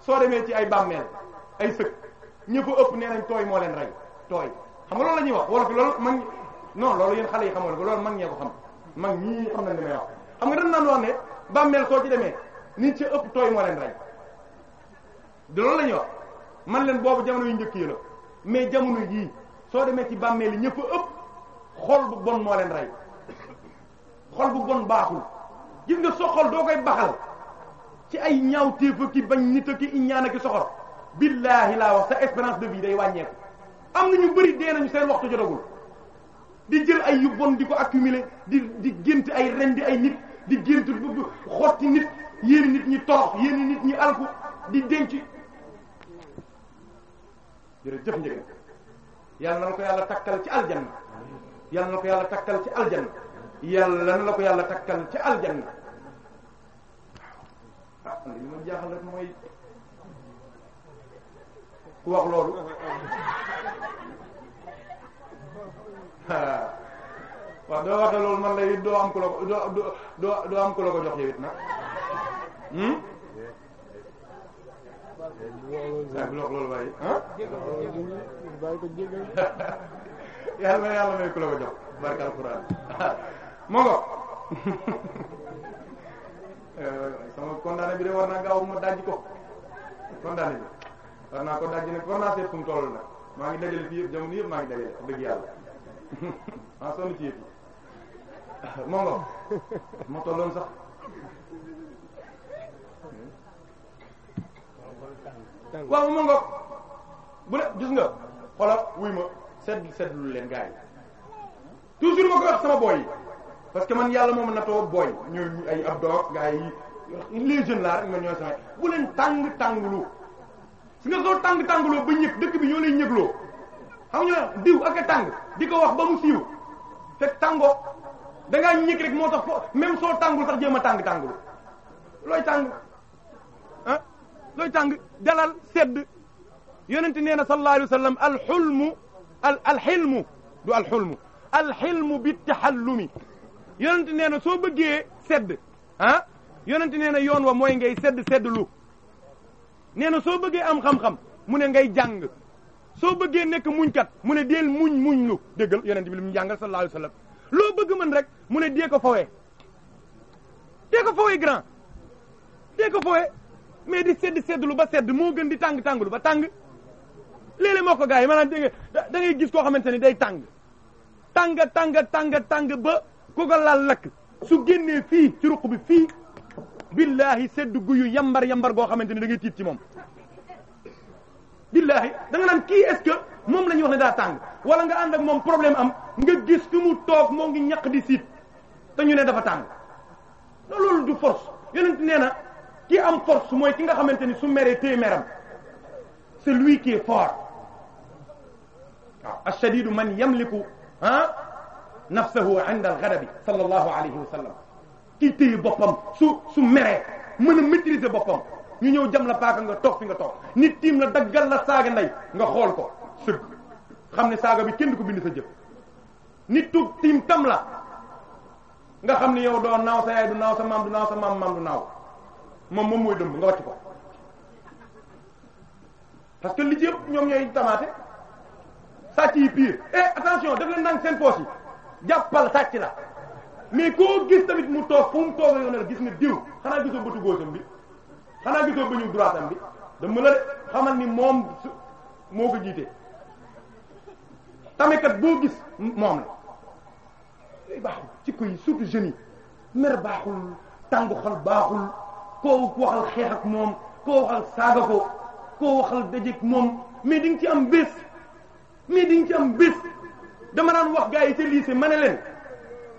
soo demee ci ay bàmmeel ay sëkk ñëpp ëpp nee nañ tooy moo leen rey tooy xam nga loolu la ñuy wax wolof yi loolu man non loolu yéen xale yi xamoon ko loolu mag ñee ko xam mag ñii xam nañ li may wax xam nga dañ naan wax ne bàmmeel soo ci demee nit ci ëpp tooy moo leen rey de loolu la ñuy wax man leen boobu jamono yu njëkk yi la mais jamono yii soo demee ci bàmmeel yi ñëpp ëpp xol bu bon moo leen rey xol bu bon baaxul gis nga soxol doo koy baxal ci ay ñaaw téefa ki bañ nit a ki ñaana ki soxor billaahi laa wax sa espérance de vie day wàññeeku am na ñu bari dee nañu seen waxtu jotagul di jël ay yu bon di ko accumuler di di gént ay rendi ay nit di gént bu xotti nit yéen nit ñi torox yéen nit ñi alku di denc jërëjëf njëkk yàlla na ko yàlla takkal ci aljanna yàlla na la ko yàlla takkal ci aljanna yàlla na la ko yàlla takkal ci aljanna ah, mooy ku wax loolu waaw doo waxee loolu man lay doo am ku la ko doo doo doo am ku la ko jox yow it nag hmm? ah bu loolu waaye ah. yàlla na yàlla la ko jox barka alxuraan moo ko eh, sama condamné bi de war naa gaaw ma daj ko condamné bi. wax naa ko dajji nag war naa seet fu mu toll nag maa ngi dajale fii yëpp jamono yëpp maa ngi dajale dëgg yàlla ah sonn ci yëpp yi moo ngo ma tolloon sax waaw ma ngo bu ne gis nga xoolal wuy ma sedd seddlu leen gars yi toujours ma koy wax sama boy yi parce que man yàlla moom natoo boy ñooy ay ab doog gars yi les jeunes laa rek nga ñooy sama bu leen tàng tànglu su nga soo tàng tàngloo ba ñëg dëkk bi ñoo lay ñëgloo xam nga diw ak tàng di ko wax ba mu siiw fekk tàngoo da ngaa ñëg rek moo tax fo même soo tàngul sax jéem a tàng tàngul looy tàng ah? looy tàng dalal sedd yonent nee na sallallahu alayhi wa sallam alxulmu al alxilmu du alxulmu alxilmu bi taxallumi yonent nee soo bëggee sedd ah yonent nee na yoon wa mooy ngay sedd sedd lu nee na soo bëggee am xam-xam mu ne ngay jàng soo bëggee nekk muñkat mu ne deel muñ muñ lu déggal yonent bi lu mu jàngal sallallahu alayhi wasallam loo bëgg mën rek mu ne dee ko fawee dee ko fawee grand dee ko fawee mais di sedd sedd lu ba sedd moo gën di tàng tàng lu ba tàng léeg-léeg moo ko gars yi maanaam da ngay gis koo xamante ni day tàng tàng tàng tàng tàng ba ku ko laal lakk su génnee fii ci ruq bi fii billaahi sedd guyu yambar yambar goo xamante ne da ngay ci moom billaahi da nga naan kii est moom la ñuy wax ne daa tàng wala nga ànd ak moom problème am nga gis fi mu toog moo ngi ñaq di siit te ñu ne dafa tàng loolu du force yonent nee na ki am force mooy ki nga xamante ni su meree téye meram c'est lui qui est fort waaw ash man yamliku ah nafsahu inda al-ghadabi sallallahu alayhi kiy téye boppam su su meree mën a maîtriser boppam ñu ñëw jam la paaka nga toog fi nga toog nit tiim la daggal la saaga ndey nga xool ko sëgg xam ne saaga bi kenn du ko bind sa jëf nit tu tiim tam la nga xam ne yow doo naaw sa yaay du naaw sa maam du naaw sa maam maam du naaw moom moom mooy dëmb nga wàcc ko parce que li yëpp ñoom ñooy tamaate sàcc yi pire eh attention def leen nang seen poche yi jàppal sàcc la mais koo gis tamit mu toog fu mu toog yow nag gis nga diw xanaa gisoo bëtu góosam bi xanaa gisoo bëñu droit am bi dama la xamal ni moom moo ko jiite tamekat boo gis moom la day baaxul ci koy surtout jeunes yi mer baaxul tàngu xol baaxul koo waxal xeex moom koo waxal saaga koo waxal dajeek moom mais di nga ci am bés mais di nga ci am bés dama naan wax gaa yi ca lycée ma leen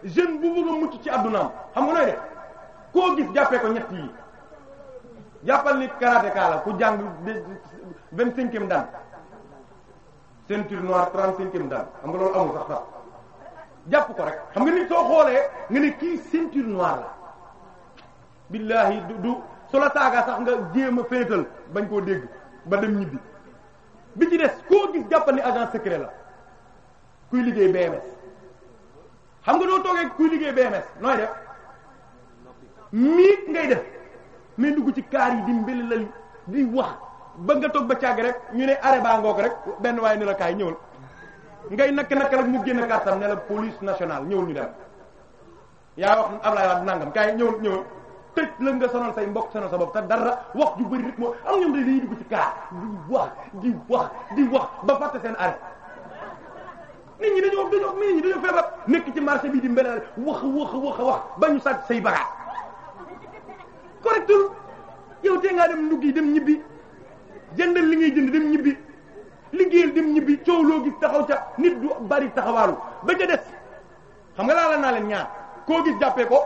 jeune bu bëgg mucc ci addunaam xam nga nooy def koo gis jàppee ko ñett yi jàppal ni karatéka la ku jàng vingt-cinquième dan ceinture noire trente-cinquième dan xam nga loolu amul sax sax jàpp ko rek xam nga nit soo xoolee nga ne kii ceinture noire la billaahi du du su la saaga sax nga jéem a féetal bañ koo dégg ba dem ñibbi bi ci des koo gis jàppal ni agent secret la kuy liggéey BMS xam nga doo toogee kuy liggéey BMS nooy def miig ngay def mais dugg ci kaar yi di mbililal di wax ba nga toog ba càgg rek ñu ne arrêt baa ngoog rek benn waaye ni la kaay ñëwal ngay nakk nakk rek mu génn kàttan ne la police nationale ñëwul ñu dem yaa wax Ablaye Wade nangam kaay ñëwul ñëwul tëj la nga sonal say mbokk sonal sa bopp te dara wax ju bëri rek moo am ñoom de dañuy dugg ci kaar di wax di wax di wax ba fàtte seen arrêt nit ñi dañoo dañoo nit ñi dañoo feebar nekk ci marché bi di mbelaale wax wax wax wax ba ñu sàcc say bagaas correctul yow tee ngaa dem ndugg yi dem ñibbi jëndal li ngay jënd dem ñibbi liggéeyal dem ñibbi coow loo gis taxaw ca nit du bari taxawaalu ba ca des xam nga laalal naa leen ñaar koo gis jàppee ko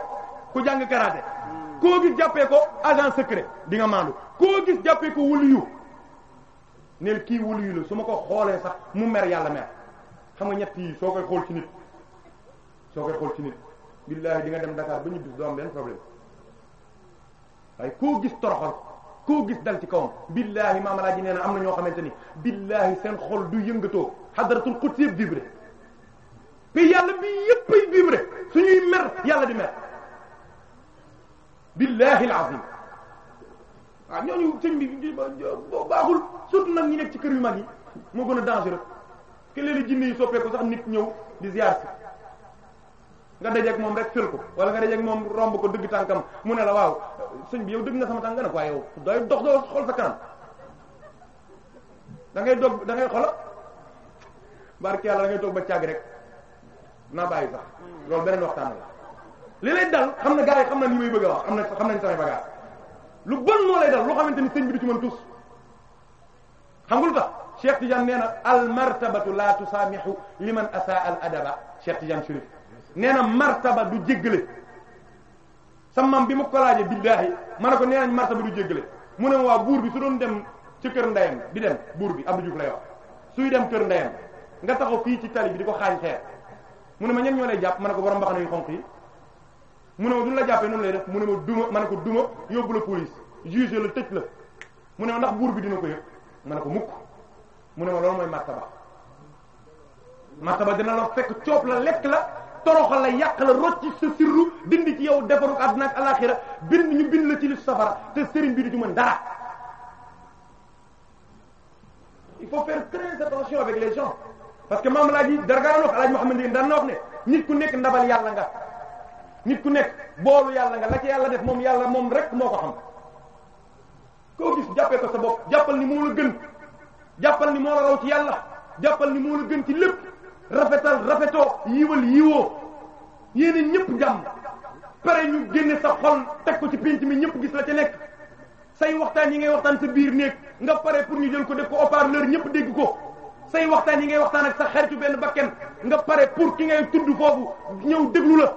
ku jàng karaté koo gis jàppee ko agent secret di nga maandu koo gis jàppee ko wulu yu neel kii wulu la su ma ko xoolee sax mu mer yàlla mer xam nga ñett yi soo koy xool ci nit billaahi di nga dem Dakar ba ñu bis doo am problème waaye koo gis toroxal koo gis dal ci kawam billaahi maam alaaji nee na am na ñoo xamante ni billaahi seen xol du yëngatoo xadaratul xut yëpp vibré te yàlla bi yëpp ay vibré suñuy mer yàlla di mer billaahi alazim ñooñu sëñ baaxul surtout nag ñi nekk ci kër yu mag yi moo gën a dangereux que léeg-léeg jinne yi soppeeku sax nit ñëw di ziar si nga dajeeg moom rek fil ko wala nga dajeeg moom romb ko dëgg tànkam mu ne la waaw sëñ bi yow dëgg nga sama tànk nga ne ko waaye yow dox doo xool sa kanam da ngay doog da ngay xola yàlla da ngay toog ba caag rek naa bàyyi sax loolu beneen waxtaan la li lay dal xam na gars yi xam na ni may bëgg a wax xam na xam nañ samay bagage lu bon moo lay dal loo xamante ni sëñ bi du ci mën tus Cheikh Tidiane nee na al martabatu la tusaamihu liman asaa al adaba Cheikh Tidiane Chérif nee na martaba du jéggale sama mam bi ma ko laajee billaahi ma ne ko nee nañ martaba du jéggale mu ne ma waa buur bi su doon dem ci kër ndeyam di dem buur bi Abdou Diouf lay wax suy dem kër ndeyam nga taxaw fii ci tali bi di ko xaañ xeer mu ne ma ñen ñoo lay jàpp ma ne ko borom mbaxana yu xonq yi mu ne ma duñ la jàppee noonu lay def mu ne ma duma ma ne ko duma yóbbu la police la tëj la mu ne ma buur bi dina ko yëg ma ne ko mukk mu ne ma loolu mooy martaba martaba dina la fekk coob la lekk la toroxal la yàq la rocci sa sirru dindi ci yow defaru àdduna ak alaxira bind ñu bind la ci li safara te sëriñ bi du ci mën dara il faut faire très attention avec les parce que maam laaj yi dara daan wax alaaj Muhammad yi daan na wax ne nit nekk ndabal yàlla nga nit ku nekk boolu yàlla nga la ci yàlla def moom yàlla moom rek moo ko xam koo gis jàppee ko sa bopp jàppal ni moo la gën jàppal ni moo la raw ci yàlla jàppal ni moo la gën ci lépp rafetal rafetoo yiiwal yiiwoo yéene ñëpp jàmm pare ñu génne sa xol teg ko ci pénc mi ñëpp gis la ci nekk say waxtaan yi ngay waxtaan sa biir néeg nga pare pour ñu jël ko def ko haut-parleur ñëpp dégg ko say waxtaan yi ngay waxtaan ak sa xaritu benn bakken nga pare pour ki ngay tudd foofu ñëw déglu la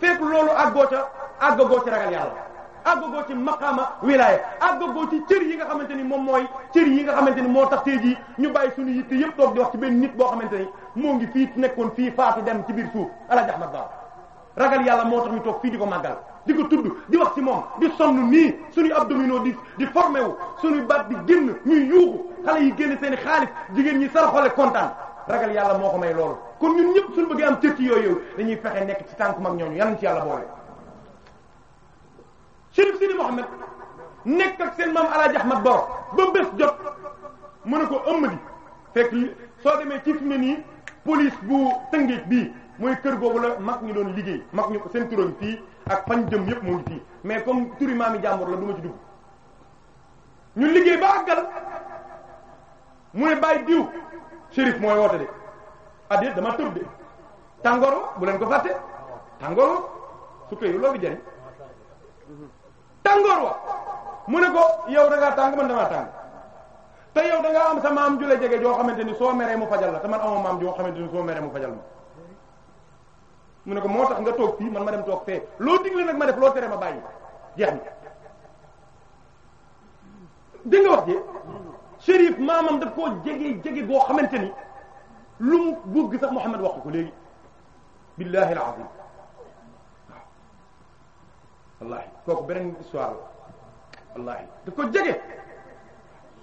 fekk loolu àggoo ca àggagoo ci ragal yàlla àggagoo ci maqaama wilaaya àggagoo ci cër yi nga xamante ni moom mooy cër yi nga xamante ni moo tax tey jii ñu bàyyi suñu yitte yëpp toog di wax ci benn nit boo xamante ni moo ngi fii nekkoon fii faatu dem ci biir suuf ala jaxmat ba ragal yàlla moo tax ñu toog fii di ko màggal di ko tudd di wax ci moom di sonn nii suñuy abdominaux di di formé wu suñuy baat di génn ñuy yuuxu xale yi génn seen i xaalis jigéen ñi sara xole kontaan ragal yàlla moo ko may loolu kon ñun ñëpp suñu bëggee yooyu dañuy fexe nekk ci tànk mag ñooñu yàlla ci yàlla boole Chérif Sidi Mohamed nekk ak seen maam Alaaji Ahmad Boro ba bés jot mu ne ko ëmm di fekk soo demee ci fi mu ne nii police bu Tëngéej bii mooy kër googu la mag ñu doon liggéey mag ñu seen turam fii ak fañ jëm yëpp moo fii mais comme turi maami jàmbur la du ma ci dugg ñu liggéey ba àggal mu ne bàyyi diw Chérif mooy woote de addeet dama tëb de tàngoor bu leen ko fàtte tàngoor su koy loolu jariñ tàngoor wa mu ne ko yow da ngaa tàng man damaa tàng te yow da ngaa am sa maam ju jege joo xamante ni soo meree mu fajal la te man amoo maam joo xamante ni soo meree mu fajal ma mu ne ko moo tax nga toog fii man ma dem toog fee loo digle ma def loo tere ma bàyyi jeex na dégg nga wax ji Chérif maamam daf koo jege jege boo xamante ni lu mu bëgg sax Muhammad wax ko léegi billahi al wallaahi kooku beneen histoire la wallaahi daf ko jege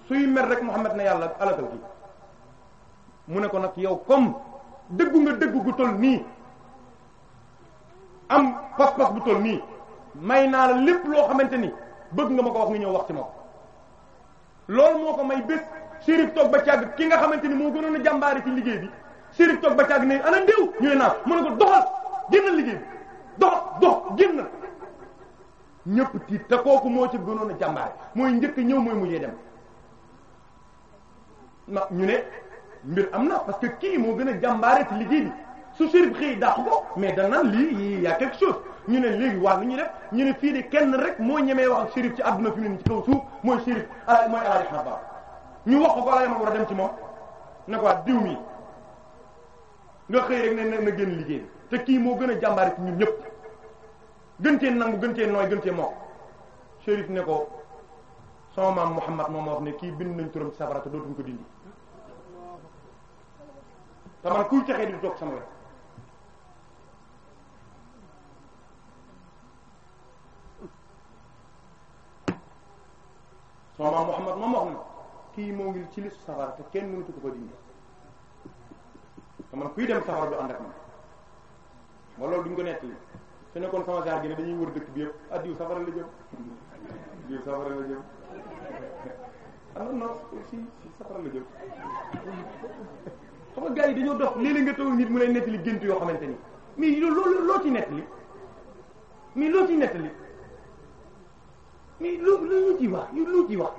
suy mer rek Muhammad na yàlla alakal gi mu ne ko nag yow comme dëggu nga dëggu gu toll nii am pas-pas bu toll nii may naa la lépp loo xamante ni bëgg nga ma ko wax nga ñëw wax ci ma ko loolu moo ko may bés Chérif toog ba càgg ki nga xamante ni moo gënoon a jàmbaari ci liggéey bi Chérif toog ba càgg ne ana ndiw ñu ne naa mu ne ko doxal génnal liggéey bi dox dox génnal ñëpp tiit te kooku moo ci gënoon a jàmbaare mooy njëkk ñëw mooy mujjee dem na ñu ne mbir am na parce que kii moo gën a jàmbaare ci liggéey bi su sérib xëy dàq ko mais dana lii y a quelque chose ñu ne léegi waa lu ñu def ñu ne fii de kenn rek moo ñemee wax ak ci àdduna fi mu ne ci kaw suuf mooy sérif mooy alaaji xaas ba ñu wax ko ko alaay ma a dem ci moom ne ko diw mi nga xëy rek ne na génn liggéey bi te kii moo gën a jàmbaare ci ñun ñëpp gën cee nangu gën cee nooy gën cee mokk shérif ne ko sama maam Muhammad moom wax ne kii na kii moo ngi ci listu safara te kenn mënatu ko fa dindi te man kuy dem safara du ànd ak man ma loolu duñ ko nettali su nekkoon sama gaal gi ne dañuy wër dëkk bi yëpp ah diw la jëm diw safara la jëm am ah, ko non si si safara la jëm xam nga dañoo dox léeg nga toog nit mu lay nettali gént yoo xamante ni mais loolu loo ci nettali mais loo ci nettali mais loo loo ñu ci ci wax.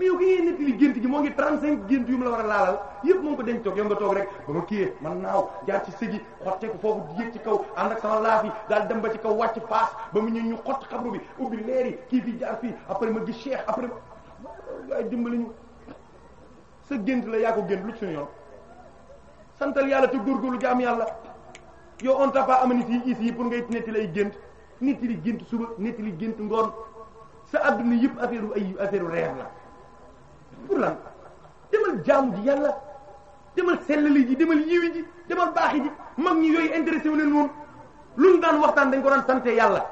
mais yow ki ngay nettali gént gi moo ngi 35 gént yu mu la war a laalal yëpp moom ko denc toog yow nga toog rek ba ma kii man naaw jaar ci sëgi xotteeku foofu yéeg ci kaw ànd ak sama laaf yi daal dem ba ci kaw wàcc paas ba mu ñëw ñu xott xabru bi ubbi leer yi kii fii jaar fii après ma gis cheikh après ma dimbali ñu sa gént la yaa ko gént lu ci suñu yoon santal yàlla te góorgóorlu jaam yàlla yow on a pas amené fii ici pour ngay nettali ay gént nettali gént suba nettali gént ngoon sa adduna yëpp affaire ay affaire rêve la pour lan demal jaamu ji yàlla demal sellali ji demal yiwi ji demal baaxi ji mag ñi yooyu intéressé wu leen woon lu ñu daan waxtaan dañ ko daan sante yàlla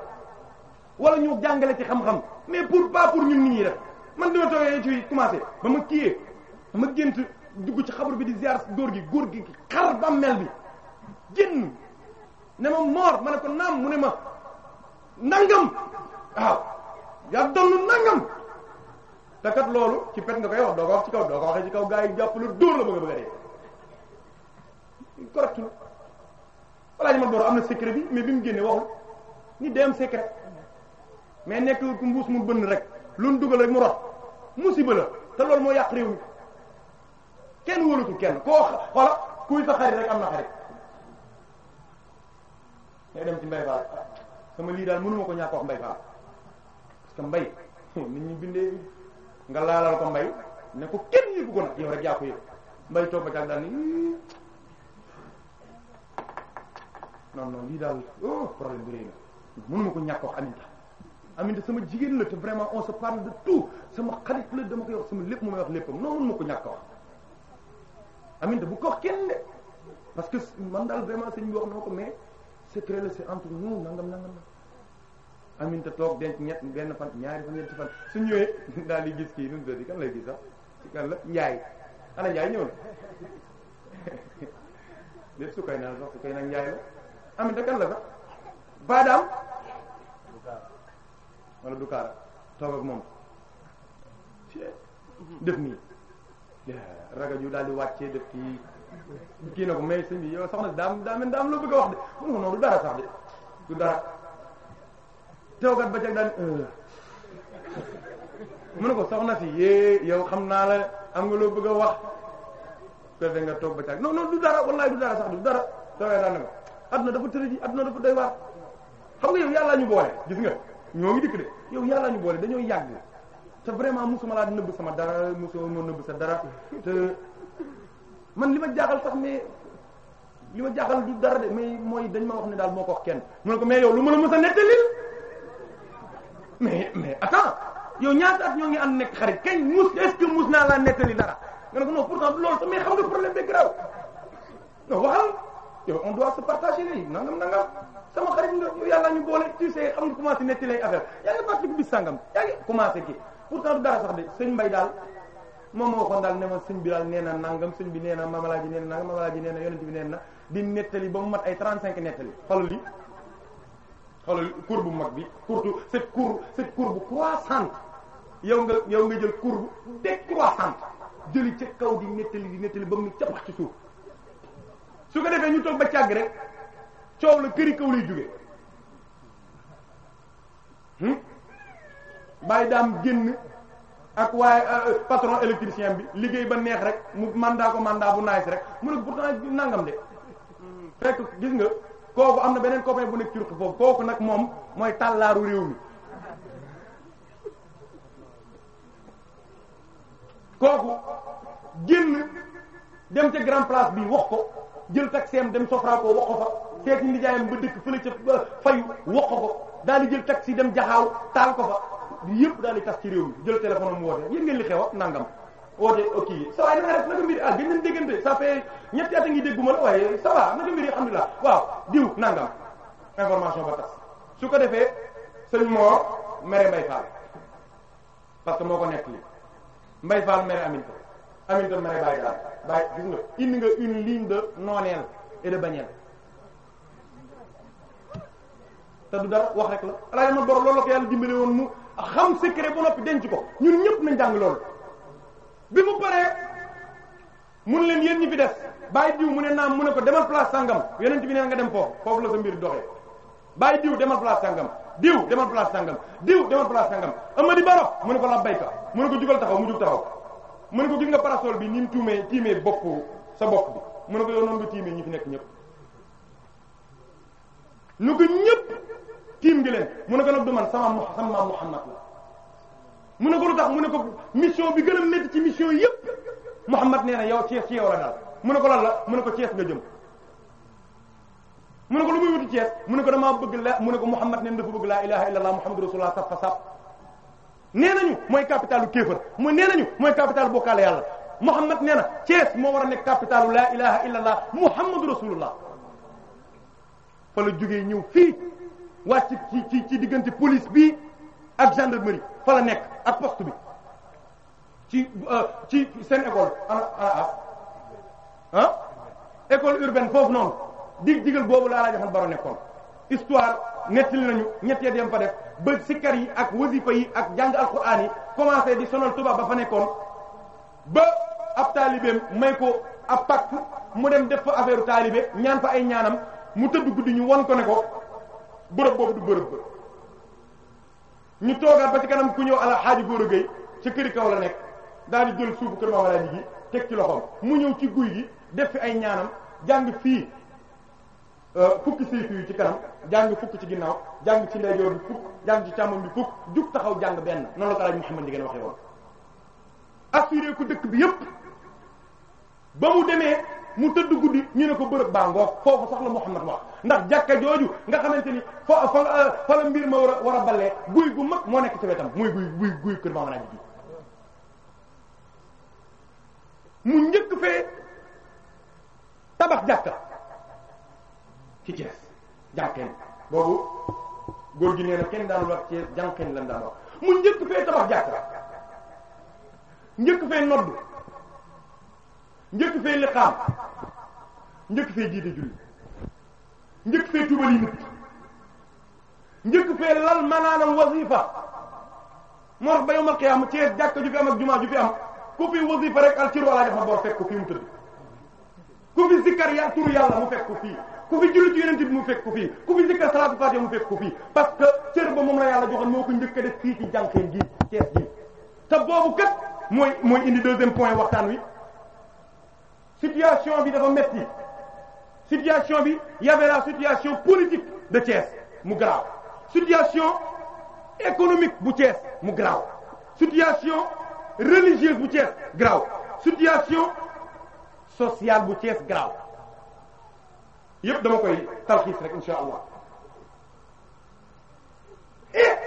wala ñu jàngale ci xam-xam mais pour pas pour ñun nit ñi def man dama toogee ci commencé ba ma kiyee ma gént dugg ci xabru bi di ziar góor gi góor gi xar mel bi génn ne ma moor ma ne ko naam mu ne ma nangam waaw yaa doon nangam te loolu ci pet nga koy wax doo ko wax ci kaw doo ko waxee ci kaw gaa yi jàpp lu dóor la bëgg a bëgg a dee correct la walaa ñu man am na secret bi mais bi mu génne waxul ni dem secret mais nekk ku mbuus mu bënn rek lu mu dugal rek mu rot musiba la te loolu moo yàq réew mi kenn wóolutul kenn koo xoola kuy sa xarit rek am na xarit ngay dem ci mbay faal sama lii daal mënuma ko ñàkk wax mbay faal parce que mbay nit ñi bindee nga laalal ko mbay ne ko kenn yëgu ko nag yow rek yaa ko yëg mbay toog ba càag daal ni non non lii daal oh problème bi réy na mënuma ko ñàkk wax aminta aminta sama jigéen la te vraiment on se parle de tout sama xarit la dama koy wax sama lépp mu may wax léppam non mënuma ko ñàkk wax aminta bu ko wax kenn de parce que man daal vraiment sëñ bi wax na ko mais secret la c'est entre nous nangam nangam Aminta toog denc ñett benn fan ñaari fan ñetti fan su ñëwee daal di gis kii nu mu tëddee kan lay gis sax kan la Ndiaye ana Ndiaye ñëw na lépp su koy la Aminta kan la sax Baadaam wala Dukaara toog ak moom def nii raga ju daal di wàccee def kii kii na ko mais sëñ bi yow soxna daa daa mel daa am loo bëgg a wax de mun noonu du dara sax de du dara. teewkat ba jeg daan euh. mu ne ko soxna si yée yow xam naa la am nga loo bëgg a wax fefe nga toog ba caag non non du dara wallahi du dara sax du dara tawee daan na ko adduna dafa tërë ji adduna dafa doy waar xam nga yow yàllaa ñu boole gis nga ñoo ngi dikk de yow yàllaa ñu boole dañoo yàgg te vraiment mosuma laa nëbb sama dara mosoo moo nëbb sa dara te man li ma jaaxal sax mais li ma jaaxal du dara de mais mooy dañ ma wax ne daal moo ko kenn mu ko mais ma la mais mais attends yow ñaata at ñoo ngi ànd nekk xarit kañ mus est-ce que mus naa laa nettali dara nga ne ko non pourtant loolu sax mais xarit nga yàlla ñu boole tu sais xam nga commencé netti lay yaa ngi fàttali ko bis sangam yaa ngi commencé kii pourtant du dara sax de sëñ Mbay daal moom moo waxoon daal ne ma sëñ bi daal nee na nangam sëñ bi nee na mamalaaji nee na nangam mamalaaji nee na yonent bi nee di nettali ba mu mat ay 35 nettali xoolal xoolal courbe bu mag bi courbe cette courbe cette courbe croissante yow nga yow nga jël courbe décroissante jëli ca kaw di nettali di nettali ba mu capax ci suuf su ko defee ñu toog ba càgg rek coow la këri kaw lay jóge hmm? bàyyi daam génn ak waaye euh, euh, patron électricien bi liggéey ba neex rek mu mandat ko mandat bu naaj rek mu ne bu nangam de fekk gis nga kooku am na beneen copain bu nekk ci ruq foofu kooku nag moom mooy tàllaaru réew mi kooku génn dem ca grand place bi wax ko jël taxeem dem sofra ko wax ko fa seeti nijaayam ba dëkk fële ca fayu wax ko ko daal di jël taxi dem jaxaaw taal ko fa yépp daal di tas ci réew mi jël téléphone am woote yéen ngeen li xew a nangam woote kii sa waay na nga def naka mbiri ah gën nañ déggante ça fait ñetti at a ngi dégguma la waaye ça va naka mbiri alhamdulilah waaw diw nangam information ba su ko defee sëñ moo mere Mbaye Fall parce que moo ko nekk li Mbaye Fall mere Aminta Aminta mere Baye daal Baye gis nga indi nga une ligne de nooneel et de bañeel te du dara wax rek la alaa yama boro loolu la ko yàlla dimbale woon mu xam secret ba noppi denc ko ñun ñëpp nañ jàng loolu bi mu paree mun leen yéen ñi fi des bàyyi diw mu ne naa mu ne ko demal place sàngam yonent bi ne nga dem foofu foofu la sa mbir doxee bàyyi diw demal place sangam diw demal place sangam diw demal place sangam amadi baro mu ne ko labbayka mu ne ko jugal taxaw mu jug taxaw mu ne ko gis nga parasol bi ni mu tuumee tiimee bopp sa bopp bi mu ne ko yow noonu nga tiimee ñi fi nekk ñëpp nu ko ñëpp tiim gi leen mu ne ko nag du man sama sama Muhammad la mu ne ko lu tax mu ne ko mission bi gën a métti ci mission yépp Muhammad nee na yow Cees ci yow la daal mu ne ko lan la mu ne ko Cees nga jëm mu ne ko lu muy wuti Cees mu ne ko damaa bëgg la mu ne ko Muhammad nee na dafa bëgg laa ilaha illallah Muhammadu rasulullah saf fa saf nee nañu mooy capitalu kéefër mooy nee nañu mooy capitalu bokkaale yàlla Muhammad nee na Cees moo war a nekk capitalu laa ilaha illallah Muhammadu rasulullah fa la jógee ñëw fii wàcc ci ci ci diggante police bi ak gendarmerie fa la nekk ak poste bi ci euh, ci seen école ah ah école urbaine foofu noonu dig digal boobu laa laa joxoon baro nekkoon histoire nettali nañu ñett ya dem fa def ba sikkar yi ak wasifa yi ak jàng alquran yi commencé di sonal tubaab ba fa nekkoon ba ab taalibeem may ko ab pàcc mu dem def fa affaire taalibe ñaan fa ay ñaanam mu tëdd guddi ñu won ko ne ko bërëb boobu du bërëb ñu toogaat ba ci kanam ku ñëw alxaaji góor a géy ca këri kaw la nekk daal di jël suufu kër ma walla ji teg ci loxoom mu ñëw ci guy gi def fi ay ñaanam jàng fii euh, fukki saytu yu ci kanam jàng fukk ci ginnaaw jàng ci ndeyjoor bi fukk jàng ci càmmoñ bi fukk jug taxaw jàng benn noonu la ko alaaji Muhammad Ndieguene waxee woon assuré ko dëkk bi yépp ba mu demee mu tëdd guddi ñu ne ko bërëb baa ngoog foofu sax la Muhammad wax ndax jàkka jooju nga xamante ni fa fa fa la mbir ma war a war guy gu mag moo nekk ci wetam muy guy guy guy kër Maam Alaaji bi mu njëkk fee tabax jàkka ci Thiès jànkeen boobu góor gi nee na kenn daan wax Thiès jànkeen lan daan wax mu njëkk fee tabax jàkka njëkk fee noddu njëkk fee liqaam njëkk fee jiite julli njëkk fee tubal yi nit njëkk fee lal manaanam wasifa moo tax ba yowmal qiyaama Cees jàkka ju fi am ak jumaa ju fi am ku fi wasifa rek al ciru alaa ma boor fekk ko fii mu tëdd ku fi zikkar ya turu yàlla mu fekk ko fii ku fi julli ci yonent bi mu fekk ko fii ku fi zikkar salaatu faatiha mu fekk ko fii parce que cër ba moom la yàlla joxoon moo ko njëkk def fii ci jànkeen gi Cees gi te boobu kat mooy mooy indi deuxième point waxtaan wi situation bi dafa metti situation bi y avait la situation politique de Thiès mu grave situation économique bu Thiès mu graaw situation religieuse bu Thiès grave situation sociale bu Thiès grave yépp dama koy talxiis rek insha allah et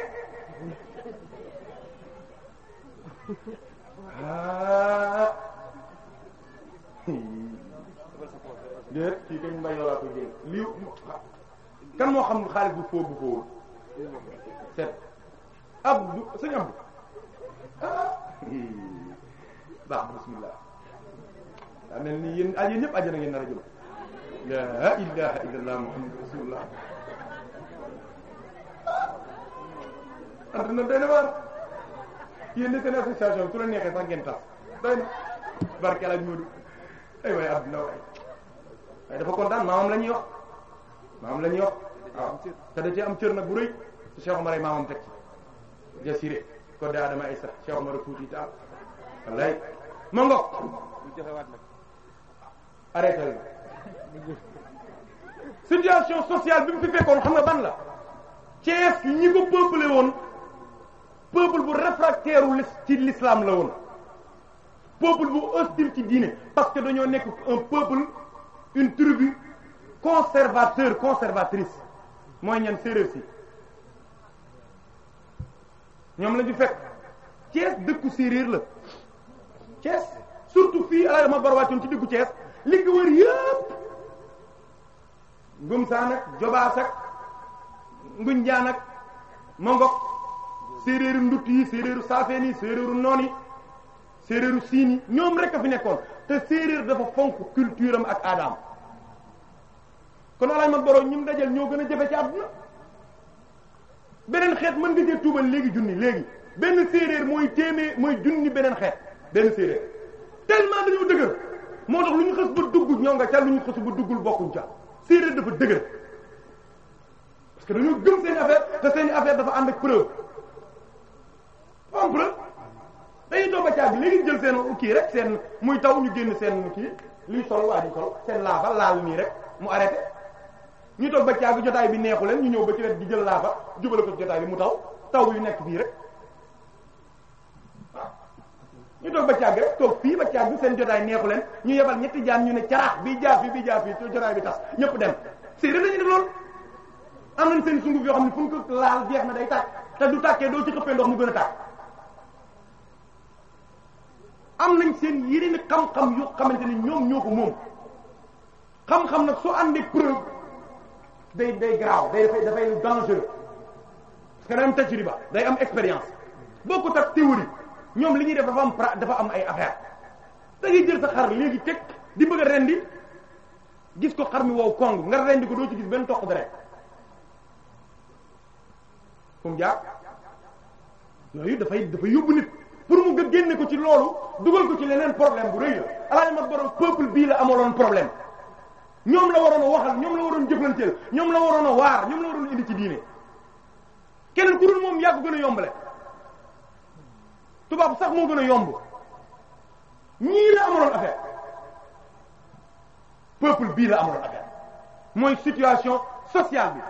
ah. déet kii kañ mbay laa ko jël lii kan moo xam xaalis bu foo bu foo set ab du sëñ am ah. bismillah daa ni yéen a ah, yéen ñëpp àjjana ngeen nar a jëm la ilaha illallah muhammadu rasulullah àdduna doy na waar yéen ne seen association bi su la neexee sax ngeen tas doy na barke la ñu ay waaye adduna waaye dafa kontaan maamam la ñuy wax maamam la ñuy waaw ah. te da cee am cër nag bu rëy te Cheikh Omar maamam teg ci jasiré code Adama ay a fuuti taal wallaay ma ngok joxewaat nag sociale bi mu fi fekkoon xam nga ban la Thiès ñi ko peuplé woon peuple bu réfractaire ci l'islam la woon peuple bu hostile ci diine parce que dañoo nekk un peuple une conservateur conservatrice mooy ñan séeréer si ñoom la ñu fekk Thiès dëkku séeréer la Thiès surtout fii El Hadj Omar Ba wàccoon ci dëkku Thiès li ko wër yëpp Gumsaan ak Jobaas ak Ngunjaan ak Mangok séeréeru ndutt yi séeréeru noon yi séeréeru siin ñoom rek a fi nekkoon te séeréer dafa fonk culture am ak aadaam kon alaay man borom ñi mu ñoo gën a jafe ci àdduna beneen xeet mën nga jël tuubal léegi junni léegi benn séeréer mooy téeméer mooy junni beneen xeet benn séeréer tellement dañoo dëgër moo tax lu ñu xës ba dugg ñoo nga ca lu ñu xës ba duggul bokkuñ ca séeréer dafa dëgër parce que dañoo gëm seen affaire te seen affaire dafa ànd ak preuve en preuve dañuy toog ba bi léegi jël seen kii rek seen muy taw ñu génn seen kii liñ sol waa di sol seen laafa laal nii rek mu arrêté ñu toog ba caag jotaay bi neexu leen ñu ñëw ba ci wet di jël laaba jubale ko jotaay bi mu taw taw bi nekk bii rek waaw ñu toog ba caag rek toog fii ba caag bi seen jotaay neexu leen ñu yebal ñetti jaan ñu ne caraax bii jaar bi bii jaar fii jotaay bi tas ñëpp dem séeréer lañu def loolu am nañ seen sunguf yoo xam ne fu ñu ko laal jeex na day tàkk te du tàkkee doo ci xëppee ndox mu gën am nañ seen yeneen xam-xam yoo xamante ne ñoom ñoo ko moom xam-xam nag soo àndee preuve day day grave day dafay dafay dangereux parce que day day am expérience boo ko tax théorie ñoom li ñuy def dafa am pra dafa am ay affaire da ngay jël sa léegi teg di bëgg a rendi gis ko xar mi wow kong nga rendi ko doo ci gis benn toq dara fu dafay dafa yóbbu nit pour mu gën génne ko ci loolu dugal ko ci leneen problème bu rëy la mat borom peuple bii la amaloon problème ñoom la waroon a waxal ñoom la waroon jëflanteel ñoom la waroon a waar ñoom la waroon indi ci diine keneen ku dul gën yombale tubaab sax moo gën a yomb ñii la amaloon affaire peuple bii la amaloon affaire mooy situation sociale bi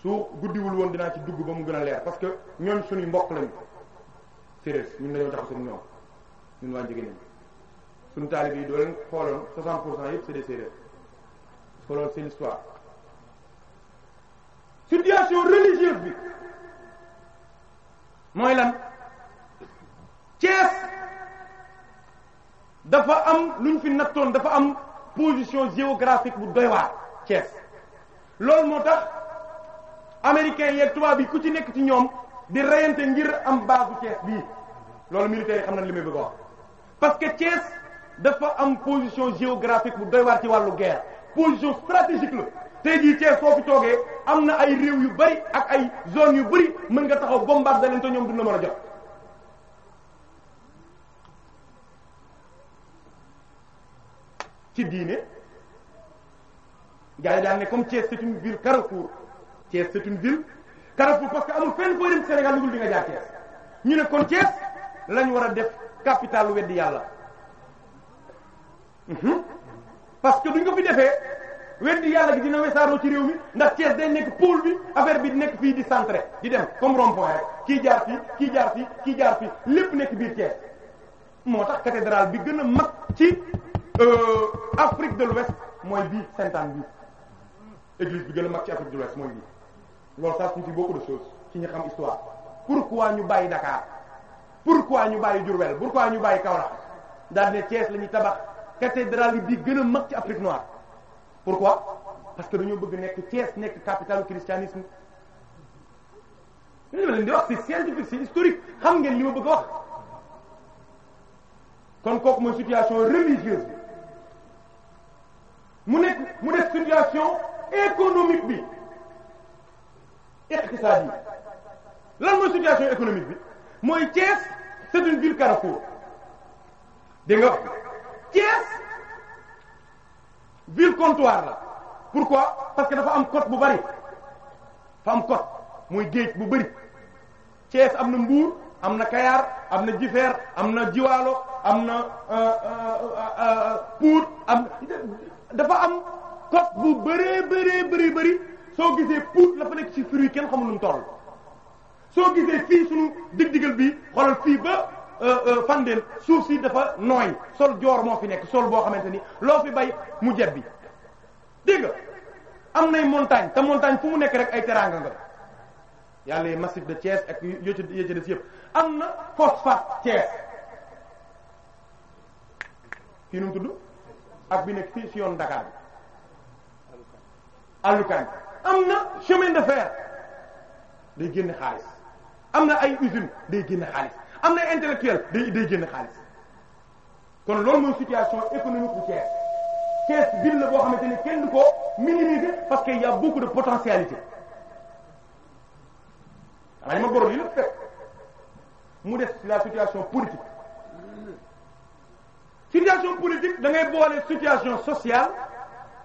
su guddiwul woon dinaa ci dugg ba mu gën a leer parce que ñoom suñuy mbokk lañu séeréer ñun bi mooy lan Thiès dafa am luñ fi nattoon dafa am position géographique bu doy waar Thiès loolu moo tax américains yeeg tubaab yi ku ci nekk ci ñoom di reyante ngir am baasu Thiès bii loolu militaires yi xam nañ li may bëgg a parce que Thiès dafa am position géographique bu doy waar ci wàllu guerre position stratégique la tey jii Thiès foo fi toogee am na ay réew yu bari ak ay zones yu bari mën nga taxaw bombarder leen ñoom duñ la mën a jot. ci diine gars yi daan ne comme Thiès c'est une ville carrefour Thiès c'est une parce que amul fenn fooy dem Sénégal lu dul jaar Thiès ñu ne kon Thiès. lañu war a def capital weddi yàlla mhm. parce que duñ ko fi defee weddi yàlla gi dina wesaaroo ci réew mi ndax Thiès day nekk pôle bi affaire bi nekk fii di centré di dem comme rond kii jaar fii kii jaar fii kii jaar fii lépp nekk biir Thiès moo tax cathédrale bi gën a mag ci euh, Afrique de l'Ouest mooy bii Sainte-Anne église bi gën a mag ci Afrique de l'Ouest mooy bii loolu ça signifie beaucoup de choses ci ñu xam histoire pourquoi ñu bàyyi Dakar pourquoi ñu bàyyi Diourbel pourquoi ñu bàyyi Kaolack daal ne Thiès la ñuy tabax cathédrale bi gën a mag ci Afrique noire pourquoi parce que dañoo bëgg nekk Thiès nekk capitale christianisme li ma ngeen li ma bëgg a wax kon kooku mooy situation religieuse bi mu nekk mu def situation économique bi iqtisaad yi lan mooy situation économique bi mooy Thiès c'est ville carrefour dégg nga Thiès ville comptoir la pourquoi parce que dafa am côte bu bari dafa am côte mooy géej bu bari Thiès am na Mbour am na Kayar am na Jifeer am na Jiwaalo am na euh, euh, euh, Pout am dafa am côte bu bëree bëree bëri bëri soo gisee Pout la fa nekk ci fruit kenn xamul lu mu toll. soo gisee fii sunu dig-digal bi xoolal fii ba euh, euh, fandeel suuf si dafa nooy sol joor moo fi nekk sol boo xamante ni loo fi bay mu bi dégg nga am nay montagne te montagne fu mu nekk rek ay teraanga nga yàlla yi massif de Thiès ak yo ca yo ca des yëpp am na phosphate Thiès kii ak bi nekk fii si yoon Dakar bi allukaan am na chemin de fer day génne xaalis am na ay usine day génn xaalis am na intellectuel day day génn xaalis kon loolu mooy situation économique bu Thiès Thiès ville la boo xamante ni kenn du ko minimiser parce que y a beaucoup de potentialité xanaa ma borom yi la fekk mu def la situation politique situation politique da boole situation sociale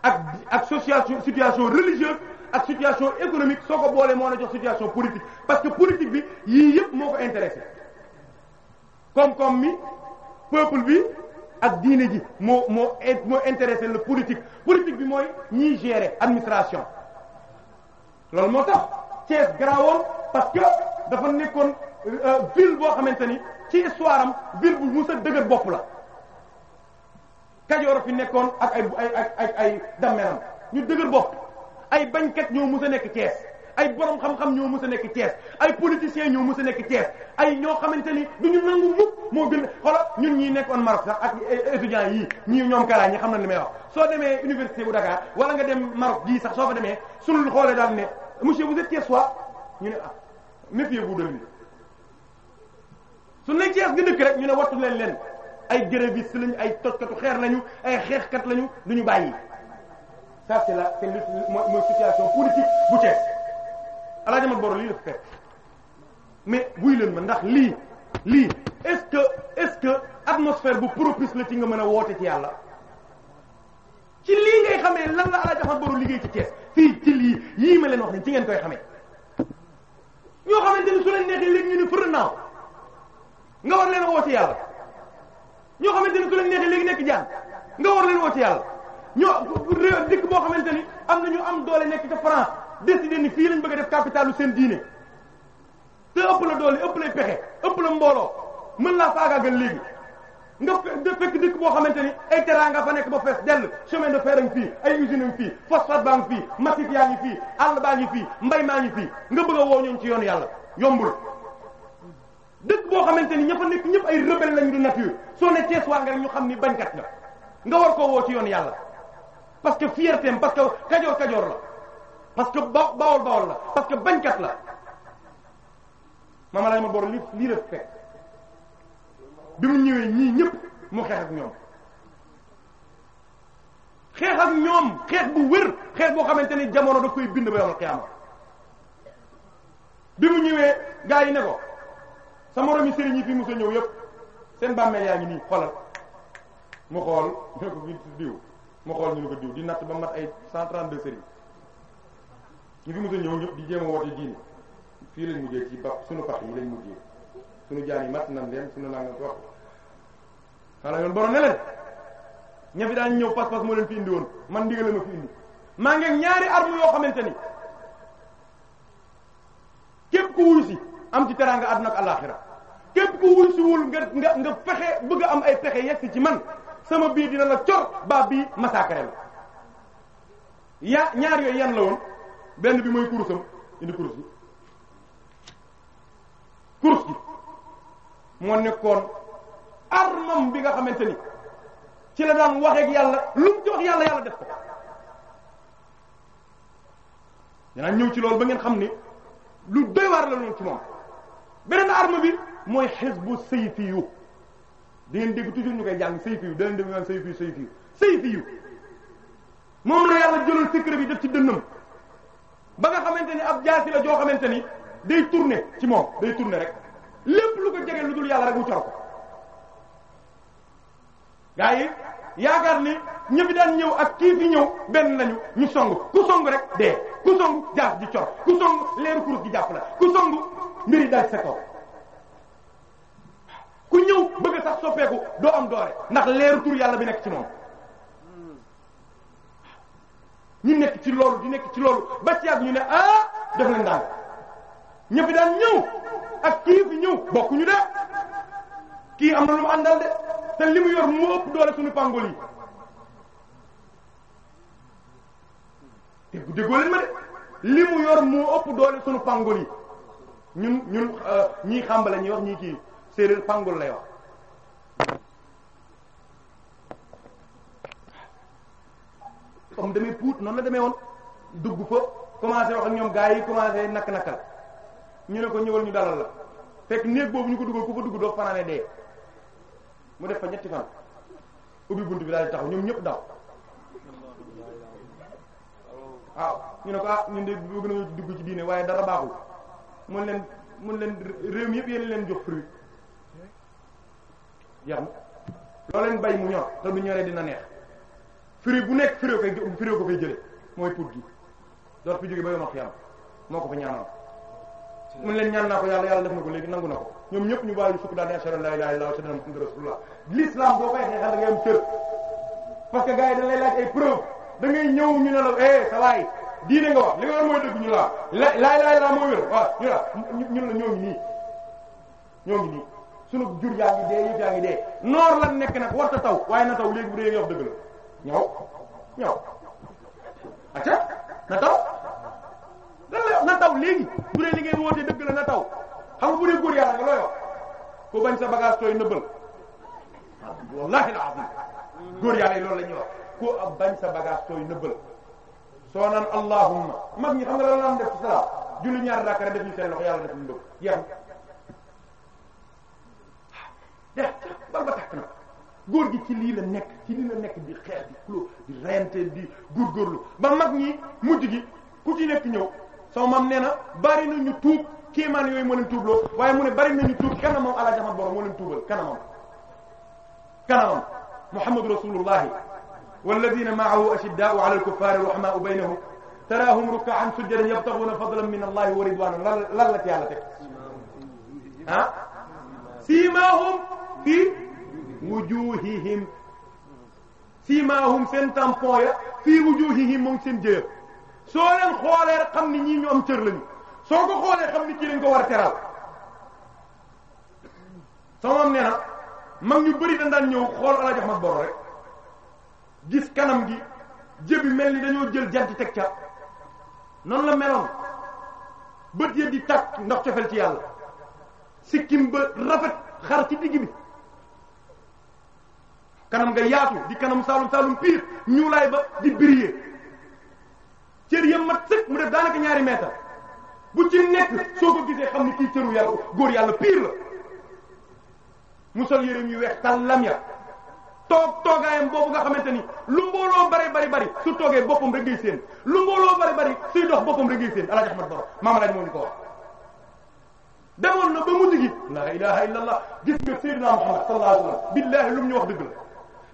ak ak situation situation religieuse ak situation économique soo ko boolee moo la jox situation politique parce que politique bi yii yëpp moo ko intéressé koom-koom mi peuple bi ak diine ji moo moo moo intéressé le politique politique bi mooy ñiy gérer administration loolu moo tax Thiès garawoon parce que dafa nekkoon euh, ville boo xamante ni ci histoire am ville bu musa dëgër bopp la Kajoor fi nekkoon ak ay ay ay ay ñu dëgër bopp ay bañkat ñoo mës a nekk Thiès ay borom xam-xam ñoo mu a nekk Thiès ay politiciens ñoo mës a nekk Thiès ay ñoo xamante ni du ñu nangu mukk moo gën xoolal ñun ñii nekkoon Maroc sax ak étudiants yii ñii ñoom Kalla ñi xam na li may wax. soo demee université bu Dakar wala nga dem Maroc gii sax soo fa demee suñu xoolee daal ne monsieur vous êtes Thiessois ñu ne ah méfiez-vous de lui su ne Thiès gi dëkk rek ñu ne wattu leen leen ay grévistes lañu ay tojkatu xeer lañu ay xeexkat lañu ñu bàyyi. ça c'est la c'est mooy situation politique bu Thiès alaa jamat lii la fekk mais wuy leen ma ndax lii lii est-ce que est-ce bu propice la ci nga mën a woote ci yàlla ci lii ngay xamee lan la alaa jamat boro liggéey ci Thiès fii ci lii yii ma leen wax ni ci ngeen koy xamee ñoo xamante ni su leen neexee léegi ñu ne fër naaw nga war leen woo ci yàlla ñoo xamante ni su leen neexee léegi nekk jaan nga war leen woo yàlla ñoo réew dëkk boo xamante ni am na ñu am doole nekk ca France décidé ni fii lañ bëgg a def capitalu seen diine te ëpp la doole ëpp lay pexe ëpp la mbooloo mën laa faagaagal léegi nga fekk dëkk boo xamante ni ay terrain nga fa nekk ba fees dell chemin de fer a ngi fii ay usine fii phosphate baa ngi fii massif yaa ngi fii àll baa ngi fii mbay maa ngi fii nga bëgg a woo ñooñ ci yoon yàlla yombul dëkk boo xamante ni ña fa nekk ay rebelle lañu de nature soo ne Cees waa nga rek ñu xam ni bañkat nga nga war koo woo ci yoonu yàlla parce que fierté parce que kajoor kajoor la parce que ba bawol la parce que bañkat la maama laaj ma bor li lii la fekk bi mu ñëwee ñii ñëpp mu xeex ak ñoom xeex ak ñoom xeex bu wér xeex boo xamante ni jamono daf koy bind ba yomal xiyaama bi mu ñëwee gaa yi ne ko sa moromi sëriñ yi fi mu sa ñëw yëpp seen bàmmeel yaa ngi nii xoolal mu xool ne ko fi diw moo xool ñu ne ko diw di natt ba mat ay 132 sëriñ ñu fi musul ñëw ñëpp di jéem a woote diine fii lañ mujjee ci ba suñu parti yi lañ mujjee suñu jaan yi mat nan leen suñu nangam wax xanaa yoon borom ne leen ña fi daan ñëw pas-pas moo leen fi indi woon man ndigal ma fi indi maa ngi ñaari arme yoo xamante ni képp ku wuyu am ci teraanga àdduna ak alaaxira képp ku wuyu si nga nga nga fexe bëgg am ay pexe yegg si ci man sama bii dina la cor baa bi massacré la ñaar yooyu yan la woon benn bi mooy kurusam indi kurus gi kurus gi moo nekkoon armam bi nga xamante ni ci la daan waxeek yàlla lu mu ci yàlla yàlla def ko danaa ñëw ci loolu ba ngeen xam ni lu doy waar la loolu ci moom beneen arme bi mooy xisbu sayfiyu di ngeen dégg toujours ñu koy jàng sayfiyu da leen dégg naan sayfiyu sayfiyu sayfiyu moom la yàlla jëloon secret bi def ci dënnam ba nga xamante ni ab jaasi la joo xamante ni day tourner ci moom day tourner rek lépp lu ko jege lu dul yàlla rek mu coro ko gaa yi yaakaar ni ñi daan ñëw ak kii fi ñëw benn nañu ñu song ku song rek dee ku song jaas ji cor ku song leeru kurus gi jàpp la ku song mbiri daal sa kaw ku ñëw bëgg sax soppeeku doo am doore ndax leeru tur yàlla bi nekk ci moom ñu nekk ci loolu di nekk ci loolu ba ci ak ñu ne ah def nañ daal ñëpp daan ñëw ak kii fi ñëw bokkuñu de kii am na lu mu àndal de te li mu yor mu ëpp doole suñu pangol yi déggu déggoo leen ma de li mu yor moo ëpp doole suñu pangol yi ñun ñun euh, ñii xàmbale ñi wax ñii kii séeréer fangul lay wax comme demee puut noonu la demee woon dugg fa commencé wax ak ñoom gaa yi commencé nakk-nakkal ñu ne ko ñëwal ñu dalal la fekk néeg boobu ñu ko duggal ku fa dugg doo fanaane dee mu def fa ñetti fan ubbi bunt bi daal di taxaw ñëpp daw waaw ñu ne ko ah ñun de bëgg nañu dugg ci diine waaye dara baaxul mun leen mun leen réew mi yëpp yéen leen jox fruit jeex na loo leen bay mu ñor te bu ñoree dina neex firi bu nekk firi ko firi ko jële mooy pour gi door fi jóge ba yoon ak yàlla moo ko fa ñaanal mun leen ñaan naa ko yàlla yàlla def na ko léegi nangu na ko ñoom ñëpp ñu bàyyi sukk daal di ashhadu an la ilaha illallah wa parce que gars yi lay ñu ne la eh sa waay diine nga moo wér waaw ñu la ñoo ngi nii ñoo ngi nii sunu jur yaa ngi dee ngi dee noor lan nekk nag warta taw waaye na taw léegi bu dee yow dëgg la ñëw ñëw acca na taw lan na taw léegi bu dee li ngay dëgg la na taw xam nga bu dee góor yàlla nga loo yor ku bañ sa bagage tooy nëbbal wallahi alazim góor yàlla yi loolu la ñuy wax ku bañ sa bagage tooy nëbbal soo naan allahumma mag ñi xam nga lan la def ci salaat julli ñaar rakkara def ñu seen loxo yàlla def ñu bëgg dara bal ba tàkk gi ci lii la nekk ci lii la nekk di xeex di xuloo di reyanteel di góorgóorlu ba mag ñi mujj gi ku ci nekk ñëw sama mam nee na bari na ñu tuub kéemaan yooyu moo leen tuubloo waaye mu ne bari na ñu tuub kanamam ala jaxat borom moo leen tuubal kanamam kanamam muhammadu rasulullahi walladina maahu ashiddaau ala alkuffari rahmaau baynahum taraahum rukkaan sujjadan yabtaxuuna fadlan min allahi wa ridwanan lan la ci yàlla teg siimaahum fi wujuuhihim siimaahum seen tampon ya fii wujuuhihim moom seen jëyam soo leen xoolee rek xam ni ñii ñu am cër lañu soo ko xoolee xam ni kii lañ ko war a teral sama am nee na mag ñu bëri dañ daan ñëw xool ala jox ma boro rek gis kanam gi jëbi mel ni dañoo jël jant teg ca noonu la meloon bët ya di tàkk ndax cofeel ci yàlla sikkim ba rafet xar ci digg bi kanam nga yaatu di kanam saalum saalum piir ñuulaay ba di briller cër ya mat sëkk mu def daanaka ñaari mètre bu ci nekk soo ko gisee xam ni kii cëru yàlla góor yàlla piir la mu sol yëreem yu weex tal lam ya toog toogaayam boobu nga xamante ni lu mbooloo bari bari bari su toogee boppam rek ngay seen lu mbooloo bari bari suy dox boppam rek ngay seen alaaj Ahmad Baro maam alaaj moo demoon na ba mu digg la ilaha illallah gis nga sayyidina Muhammad sallallahu alayhi wasallam billahi lu mu ñu wax dëgg la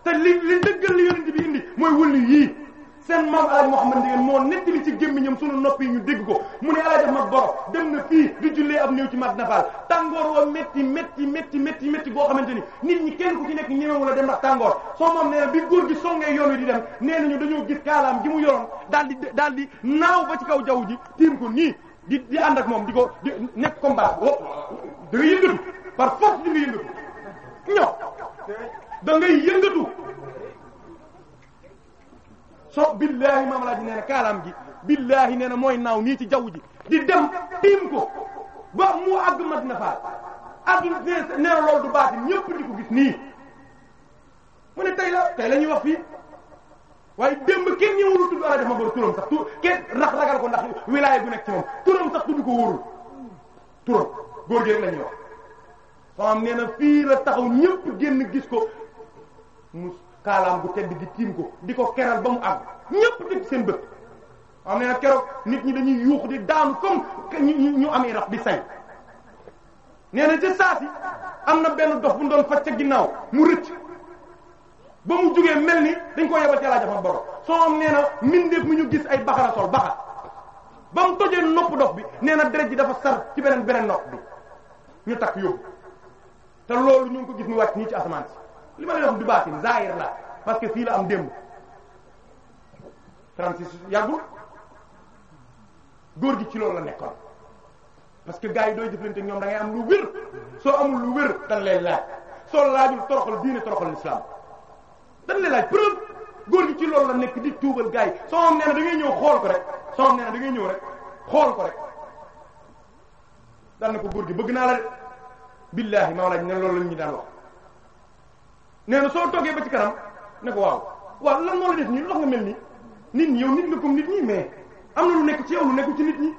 te li li dëggal li yonent bi indi mooy wëllu yii seen maam Alaaji Muhammad Ndieguene moo nettali ci gémmiñam sunu nopp yi ñu dégg ko mu ne Alaaji Ahmad Boro dem na fii di jullee ab néew ci Madina Fall tàngoor woo métti métti métti métti métti boo xamante ni nit ñi kenn ku ci nekk ñemewu la dem ndax tàngoor soo moom nee na bi góor gi songee yoon nee nañu dañoo gis kaalaam gi mu yoroon daal di daal di naaw ba ci kaw jaww ji tiim nii di di ànd ak moom di ko di nekk combat wo da nga yëngatu par force di nga yëngatu ñëw da ngay yëngatu billaahi maam ji nee na kaalaam gi billaahi nee na mooy naaw nii ci jaww ji di dem tiim ko ba mu àgg mat na faa àgg nee na loolu du baax ñëpp di ko gis nii mu ne tey la tey la wax fii waaye démb kenn ñëwul a tudd ala def ma bor turam sax tu kenn rax ragal ko ndax wilaaya bu nekk ci moom turam tudd ko wóorul turam góor gi rek la wax. xam nee na fii la taxaw ñëpp génn gis ko mu kaalaam bu tedd di tiim ko di ko keral ba mu àgg ñëpp teg seen bët. xam nee na keroog nit ñi dañuy yuux di daanu comme ñu ñu amee rab di say nee na ca saa si am na benn dox bu doon faj ca ginnaaw mu rëcc. ba mu jugee mel ni dañ ko yebal ci alaaji Fat Baro soxam nee na mbindeef mi ñu gis ay baxara sol baxar ba mu tojee nopp dox bi nee na deret ji dafa sar ci beneen beneen nopp bi ñu takk yóbbu te loolu ñu ngi ko gis mu wàcc nii ci asamaan si li ma di baax du baatin zaahir la parce que fii la am démb 36 yàggul góor gi ci loolu la nekkoon parce que gars yi dooy jëflante ñoom da am lu wér soo amul lu wér dañ lay laaj soo laajul toroxal diine toroxal dañ lay laaj preuve góor gi ci loolu la nekk di tuubal gars yi sama nee na da ngay ñëw xool ko rek sama nee na da ngay ñëw rek xool ko rek daan ne ko góor gi bëgg naa la de billaahi maa laaj ne loolu lañ ñu daan wax nee na soo toogee ba ci kanam ne ko waaw waaw lan moo la def nii lu tax nga mel ni nit ñi yow nit nga comme nit ñi mais am na lu nekk ci yow lu nekk ci nit ñi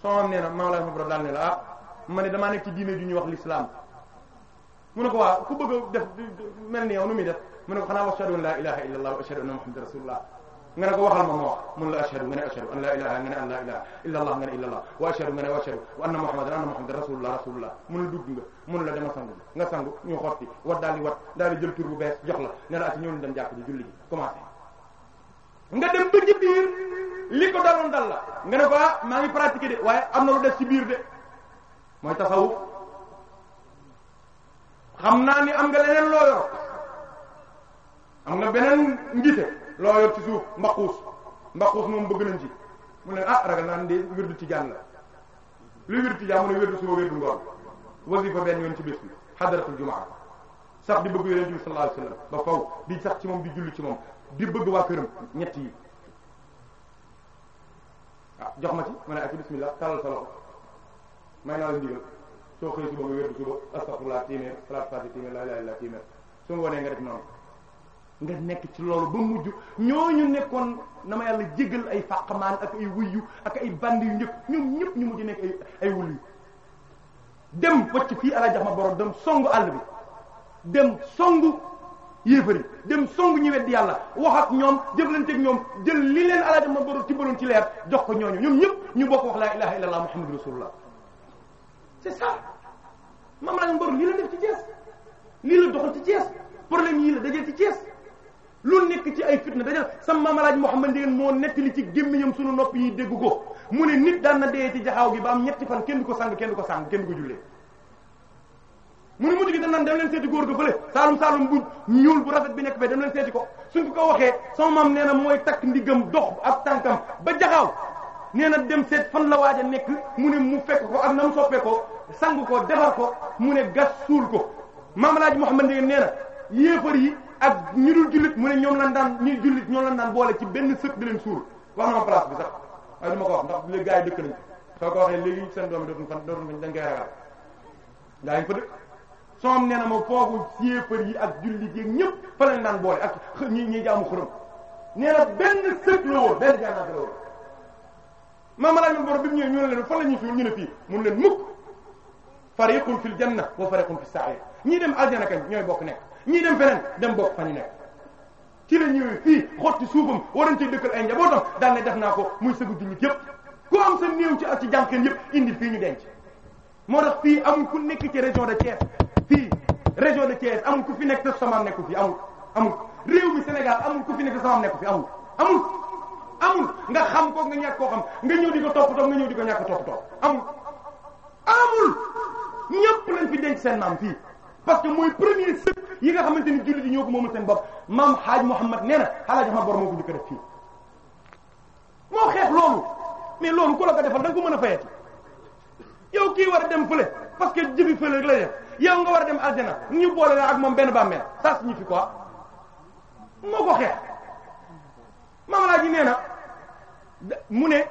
sama nee na maam laaj ma bro daan ne la ah ma ne damaa nekk ci diine ju ñuy wax l'islam mu ne ko waaw ku bëgg a def mel ni yow nu muy def mu ne ko xanaa ashhadu an la ilaha illa allah wa ashhadu anna muhammadan rasulullah nga ne ko waxal ma ma wax mun la ashhadu nga ne ashhadu an la ilaha nga ne an la ilaha illa allah nga ne illa allah wa ashhadu nga ne wa ashhadu wa anna muhammadan anna muhammadan rasulullah rasulullah mun la dugg nga mun la dama sangu nga sangu ñu xotti wat daal di wat daal di jël tur bu bees jox la ne la ati ñëw ñu dem jàpp di julli ji commencé nga dem ba ci biir li ko daloon dal la nga ne ko ah maa ngi pratiquer de waaye am na lu def ci biir de mooy tasawuf am naa ni am nga leneen loo yor am nga beneen ngite loo ci suuf mbaquus mbaquus moom bëgg nañ ci mu ne ah ragal naa de wirdu tijaan la lu wirdu tijaan mu ne wirdu suba wirdu ngoon wasifa benn ci bés bi xadaratul sax di bëgg yonent bi ba faw di sax ci moom di julli ci moom di bëgg waa këram ñett yi waaw ah, jox ma ci ma ne ak bismillah talal sa loxo may naa la ndigal soo xëy suba nga wérdu suba astaghfirullah téeméer salaatu fati téeméer laa ilaaha soo ngoonee nga def noonu nga nekk ci loolu ba mujj ñooñu nekkoon na ma yàlla jégal ay fàqamaan ak ay wuyyu ak ay band yu ñëpp ñoom ñëpp ñu mujj nekk ay ay wulyu dem wacc fii ala jax ma borom dem songu àll bi dem songu yéefari dem songu ñu weddi yàlla wax ak ñoom ñoom jël li leen ala jax ma borom tibbaloon ci leer jox ko ñooñu ñoom ñëpp ñu bokk wax laa ilaha illallah muhammadu rasulullah c'est Mamadou Mbor lii la def ci Thiès lii la doxal ci Thiès problème yii la dajal ci Thiès lu nekk ci ay fitna dajal sama mamalaaj Mouhamad Ndieguène moo nettali ci gémmiñam sunu nopp yi dégg ko mu ne nit na dee ci jaxaaw gi ba am ñetti fan kenn ko sang ko sang kenn du ko jullee mu ne dem leen seeti góor ga fële saalum saalum bu ñuul bu rafet bi nekk fee dem leen seeti ko suñ ko waxee sama maam nee na mooy takk ndigam dox ak tànkam ba jaxaaw nee na dem seet fan la waaj a nekk mu ne mu fekk ko ak nam soppee ko sang ko defar ko mu ne gas suul ko maam laaj Muhammad nee na yéefar yi ak ñu dul jullit mu ne ñoom lan daan ñuy jullit ñoom lan daan boole ci benn sëb di leen suur wax na ma place bi sax waaye du ma ko wax ndax léegi gars yi dëkk nañ soo ko waxee seen doom dootuñ fan dootuñ fañ dañ gaa yi fa dëkk soom nee na ma foofu yéefar yi ak jullit yi ñëpp fa leen daan boole ak ñi ñi jaamu xurum nee na benn sëb la woon benn jaanaat la woon maam laaj bi mu ñu leen fa la ñuy ñu ne fii mun leen mukk fariqun fil janna wa fariqun fis sa'ir ñii dem aljana kañ ñooy bokk nekk ñii dem feneen dem bokk fa ñu nekk ci la ñëwee fii xotti suufam waroon ci dëkkal ay njabootam daan ne def naa ko muy sëgu jullit yépp ku am sa néew ci ci jànkeen yépp indi fii ñu denc moo tax fii amul ku nekk ci région de Thiès fii région de Thiès amul ku fi nekk daf samaam nekku fi amul amul réew mi Sénégal amul ku fi nekk daf samaam nekku fi amul amul amul nga xam ko nga ñàkk koo xam nga ñëw di ko aamul amul ñépp lañ fi denc seen maam fii parce que mooy premier sëb yi nga xamante ni jullit yi ñoo ko moomal seen bopp maam Haaj Muhammad nee na Haaj Muhammad bor moo ko jëkk def fii moo xeex loolu mais loolu ku la ko defal da nga ko mën a fayati yow kii war a dem fële parce que jëfi fële rek la def yow nga war a dem aljana ñu boole la ak moom benn bàmmeel ça signifie quoi moo ko xeex maam laa ji nee na mu ne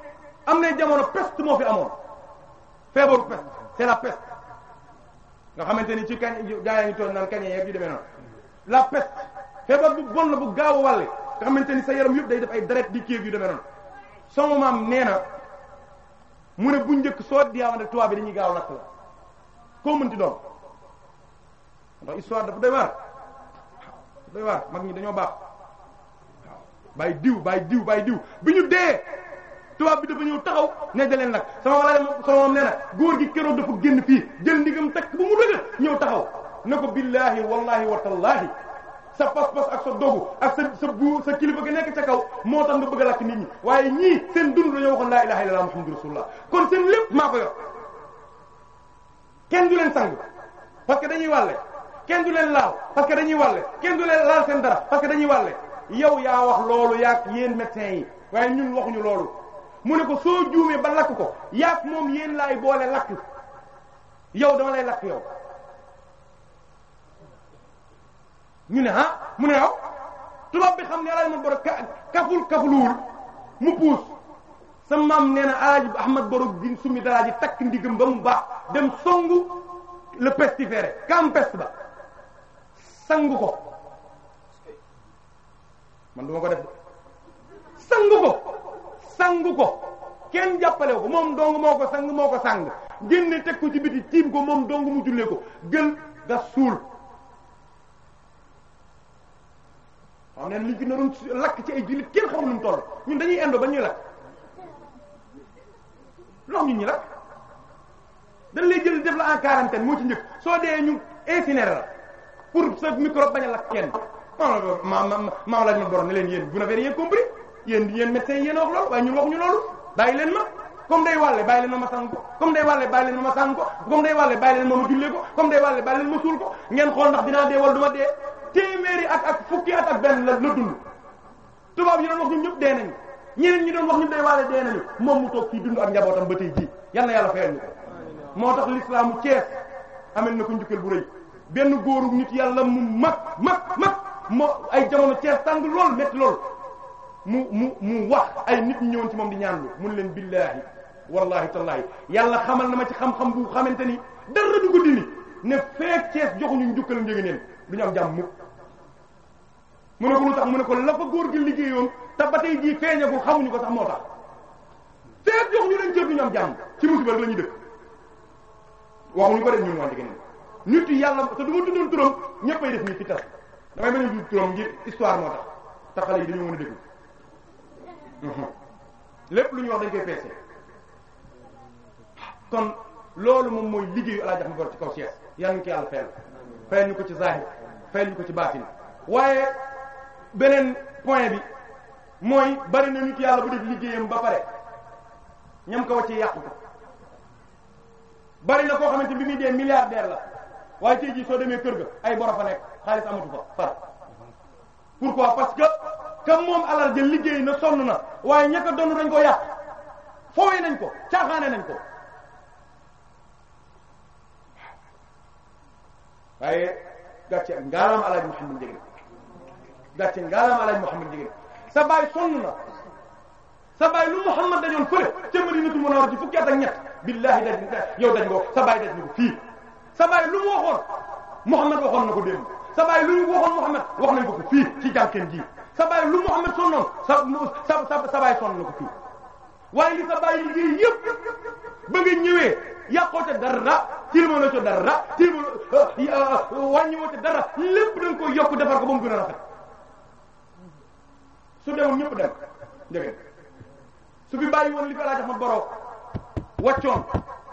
am na jamono peste moo fi amoon feebaru peste c'est la peste nga xamante ni ci kañ gaa yaa ngi toog naan kañ yeeg yu demee noonu la peste feebar bu bon la bu gaaw a nga xamante ni sa yaram yëpp day def ay deret di kéeg yu demee noonu sama maam nee na mu ne bu njëkk soo diyaawante tubaab bi dañuy gaaw lakk la koo mënti doon ndax histoire dafa doy waar doy waar mag ñi dañoo baax waaw bàyyi diw bàyyi diw bàyyi diw bi ñu dee tubaab bi dafa ñëw taxaw ne da leen nag sama wala sama moom nee na góor gi keroog dafa génn fii jël ndigam takk bu mu dëgër ñëw taxaw ne ko billaahi wallahi wa tallaahi sa pas-pas ak sa dogu ak sa sa bu sa kilifa ga nekk ca kaw moo tax nga bëgg a lakk nit ñi waaye ñii seen dund dañoo waxoon laa ilaha illallah muhammadu rasulullah kon seen lépp maa ko yor kenn du leen sang parce que dañuy wàlle kenn du leen laaw parce que dañuy wàlle kenn du leen laal seen dara parce que dañuy wàlle yow yaa wax loolu yaa yéen médecins yi waaye ñun waxuñu loolu mu ne ko soo juumee ba lakk ko yaak moom yéen laay boole lakk yow dama lay lakk yow ñu ne ah mu ne yow tubaab bi xam ne alaaj ma boro kaful kafuluwul mu puus sa maam nee na alaaj ahmad boro din sumi dalaa ji takk ndigam ba baax dem songu le pestiféré campest ba sangu ko man duma ko def sangu ko sangu ko kenn jàppale ko moom dong moo ko sang moo ko sang génne teg ko ci biti tiim ko moom dong mu jullee ko gën gas suul xam ne liñ fi naroon lakk ci ay jullit kenn xamul nu mu toll ñun dañuy indo ba ñuy lakk lox ñun ñi lakk dañ lay jël def la en quarantaine moo ci njëkk soo dee ñu incinéré la pour sa microbe bañ a lakk kenn maam la maam laaj ma borom ne leen yéen bu na fee yéen compris yéen yéen médecins yéen wax loolu waaye ñun wax ñu loolu bàyyi leen ma comme day wàlle bàyyi leen ma ma sàng ko comme day wàlle bàyyi leen ma ma sàng ko comme day wàlle bàyyi leen ma ma jullee ko comme day wàlle bàyyi leen ma suul ko ngeen xool ndax dinaa dee wala du ma dee téeméeri at ak fukki at ak benn la dund tubaab yi doon wax ñun ñëpp dee nañu ñi doon wax ñun day wàlle dee nañu moom mu toog ci dund ak njabootam ba tey jii yàlla fayal moo tax lislaamu Cees amel na ko njukkal bu rëy benn góoru nit yàlla mu mag mag mag moo ay jamono Cees tàng lool métti mu mu mu wax ay nit ñu ñëwoon ci moom di ñaanlu mun leen billaahi wallaahi tallaahi yàlla xamal na ma ci xam-xam bu xamante ni dara du ko dindi ne feek Cees joxuñu njukkal njëgi du ñu am jàmm mukk mu ne ko lu tax mu ne ko la fa góor gi liggéeyoon te ba tey jii feeñagul xamuñu ko sax moo tax feek joxuñu leen cër du ñu jàmm ci musiba rek la ñuy wax waxuñu ko def ñu wante keneen nit yi yàlla te du ma tuddoon turam ñëppay def nii fi damay bañ a tudd turam ngir moo tax te xale yi dañoo mën Mhm. lépp lu ñu wax dañ koy peese kon loolu moom mooy liggéeyu El Hadj Ahmed Baro ci kaw Thiès yaa ngi ko yàlla fayal fayal ñu ko ci zahir fayal ñu ko ci baatin waaye beneen point bi mooy bari na nit yàlla bu def liggéeyam ba pare ñam ko wàccee yàqu ko bari na koo xamante ni bi muy dee milliardaire la waaye tey jii soo demee kër ga ay boro fa nekk xaalis amatu fa far pourquoi parce que. kam moom alal ja liggéey na sonn na waaye ña ko doon dañ ko yàq fooy nañ ko caaxaane nañ ko waaye gàcce ngaalaam alaaj Muhammad Njegéen gàcce ngaalaam alaaj Muhammad Njegéen sa baay na sa baay lu Muhammad dañoon fële ca Madinatu Munawwara ci fukki at ñett billaahi daj yow dañ ko sa baay daj na ko fii sa lu mu waxoon Muhammad waxoon na ko démb sa baay lu ñu Muhammad wax nañ ko ko fii ci jànkeen ji sa baay lu Muhammad sonnoon sa sa sa sa baay sonn na ko fii waaye li sa baay liggéey yëpp ba nga ñëwee yàqoo ca dara tilima na ca dara tilima euh, euh, euh, wàññiwoo ca dara lépp da nga yokk defar ko ba mu gën a rafet su demul ñëpp dem njëgeen su fi bàyyi woon li fa laa jox ma boroo wàccoon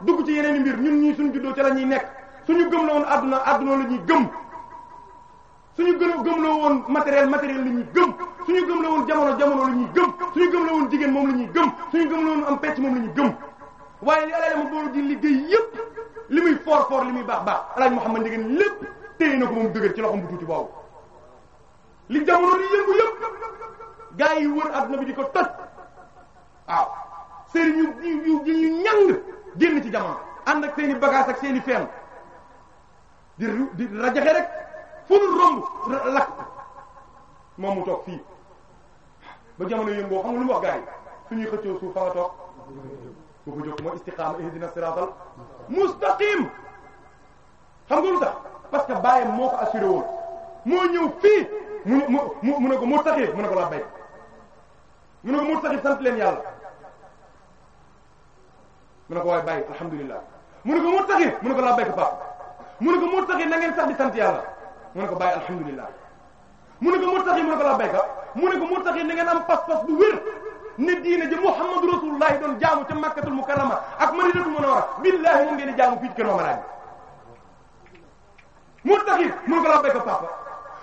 dugg ci yeneen i mbir ñun ñii suñu juddoo ca la ñuy nekk suñu gëm la woon àdduna àdduna la ñuy gëm suñu gën a gëmloo woon matériel matériel la ñuy gëm suñu gëmloo woon jamono jamono la ñuy gëm suñu gëmloo woon jigéen moom la ñuy gëm suñu gëmloo woon am pecc moom la ñuy gëm waaye li alaaj ma boolu di liggéey yépp li muy foor foor li muy baax baax alaaj Muhammad Ndiéguène lépp téye na ko moom dëgër ci loxoom bu tuuti boobu li jamono di yëngu yëpp gaa yi wër adduna bi di ko toj waaw sëriñ yu yu yu ñu ñang génn ci jamono ànd ak seen i seeni ak seen i feem di di rajaxe fu nu lakk moom mu toog fii ba jamono yëngoo xam nga lu mu wax gars yi suñuy xëccoo suuf fa nga toog bu ko jóg mooy istiqaama ihdina siratal mustaqim xam nga lu tax parce que bàyyam moo ko assuré moo ñëw fii mu mu mu ko mu taxee mu ko laa bay mu ne ko mu taxee mu ne ko mu ne mu taxee mu ne ko laa ko pap mu ne ko mu taxee na sax di sant yàlla mu ne ko bàyyi alhamdulilah mu ne ko murtaxi mu ne ko labbayka mu ne ko murtaxi na ngeen am pas-pas bu wér ne diine ji Muhammadu Rasulullah doon jaamu ca Makkatul Mukarrama ak Madinatul Munawwara billahi moom ngeen di jaamu fii ci kër Mamaraaj murtaxi mu ne ko labbayka papa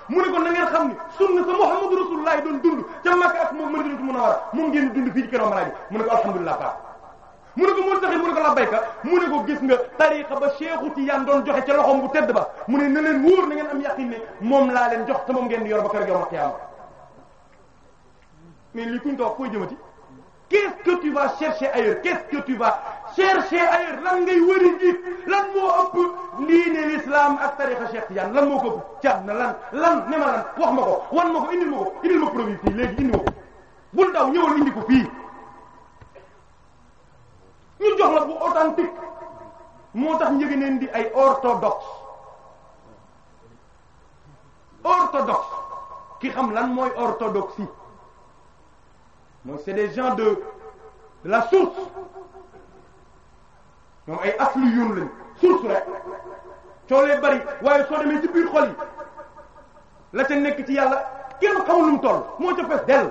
mu ne ngeen xam ni sunna sa Muhammadu Rasulullah doon dund ca Makka ak moom Madinatul Munawwara moom ngeen di dund fii ci kër Mamaraaj mu ne ko alhamdulilah papa mu ne ko moo taxee mu ne ko labbayka mu ne ko gis nga tariqa ba Cheikhu Tijaan doon joxe ca loxoom bu tedd ba mu ne na leen wóor na ngeen am yaqin ne moom laa leen jox te moom ngeen di yor ba kër yow ma xiyaama mais li kuñ ko wax koy jëmati qu'est-ce que tu qu'est-ce lan ngay wëri ji lan moo ëpp lii ne l'islam ak tariqa Cheikh Tidiane lan moo ko ëpp càmm na lan lan ne ma lan wax ma ko wan ma ko indil ma ko indil ma produit fii léegi ñu jox la bu authentique moo tax ñu njëgëneen di ay orthodoxe orthodoxe ki xam lan mooy orthodoxie donc c'est des gens de de la source ñoom ay aslu yoon lañ source rek coo lee bari waaye soo demee ci biir xol la ca nekk ci yàlla kenn xamul lu mu toll moo ca fees dell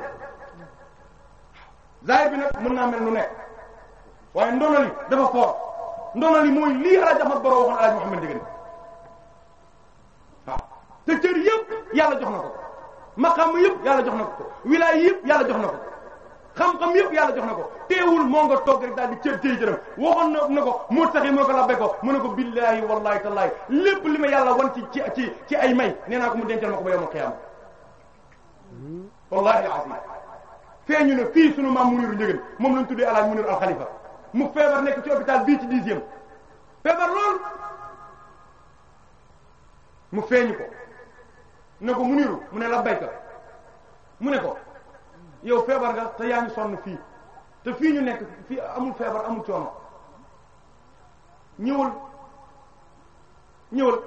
zaahir bi nag mën naa mel nu nekk waaye ndono li dafa foor ndono li mooy lii alaaj Ahmad Baro waxoon alaaj Muhammad Ndieguene waaw te cër yëpp yàlla jox na ko maqam yëpp yàlla jox na ko wilaay yëpp yàlla jox na ko xam-xam yëpp yàlla jox na ko teewul moo nga toog rek daal di cër cëy jërëm waxoon na na ko moo taxi moo ko labbe ko mu ne ko billaahi wallaahi tallaahi lépp li ma yàlla wan ci ci ci ci ay may nee naa ko mu dencal ma ko ba yowmal qiyaama wallaahi azim feeñu ne fii sunu maam Muniru Ndieguene moom lañ tuddee alaaj mu feebar nekk ci hôpital bii ci dixième feebar lool mu feeñu ko ne ko muniru mu ne la bayka mu ne ko yow feebar nga te yaa ñu sonn fii te fii ñu nekk fii amul feebar amul coono ñëwul ñëwal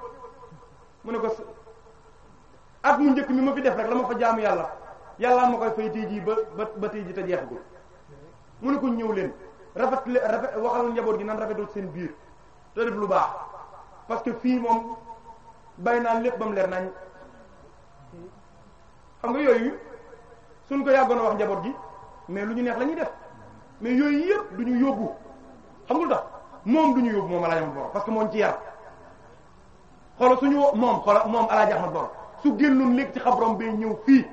mu ne ko at mu njëkk mi ma fi def rek la ma fa jaamu yàlla yàlla ma koy fay tey jii ba ba ba jii te jeexagul mu ne ko ñëw leen rafet rafet waxal njaboot gi nan rafetul seen biir te def lu baax parce que fii moom bay naan lépp ba mu leer nañ xam nga yooyu suñ ko yàggoon a wax njaboot gi mais lu ñu neex lañuy def mais yooyu yëpp du ñu yóbbu xam tax moom du ñu yóbbu moom alaaji Ahmad Boro parce que moom ci yar xolo suñu moom xolo moom alaaji Ahmad Boro su génnoon léegi ci xabrom bay ñëw fii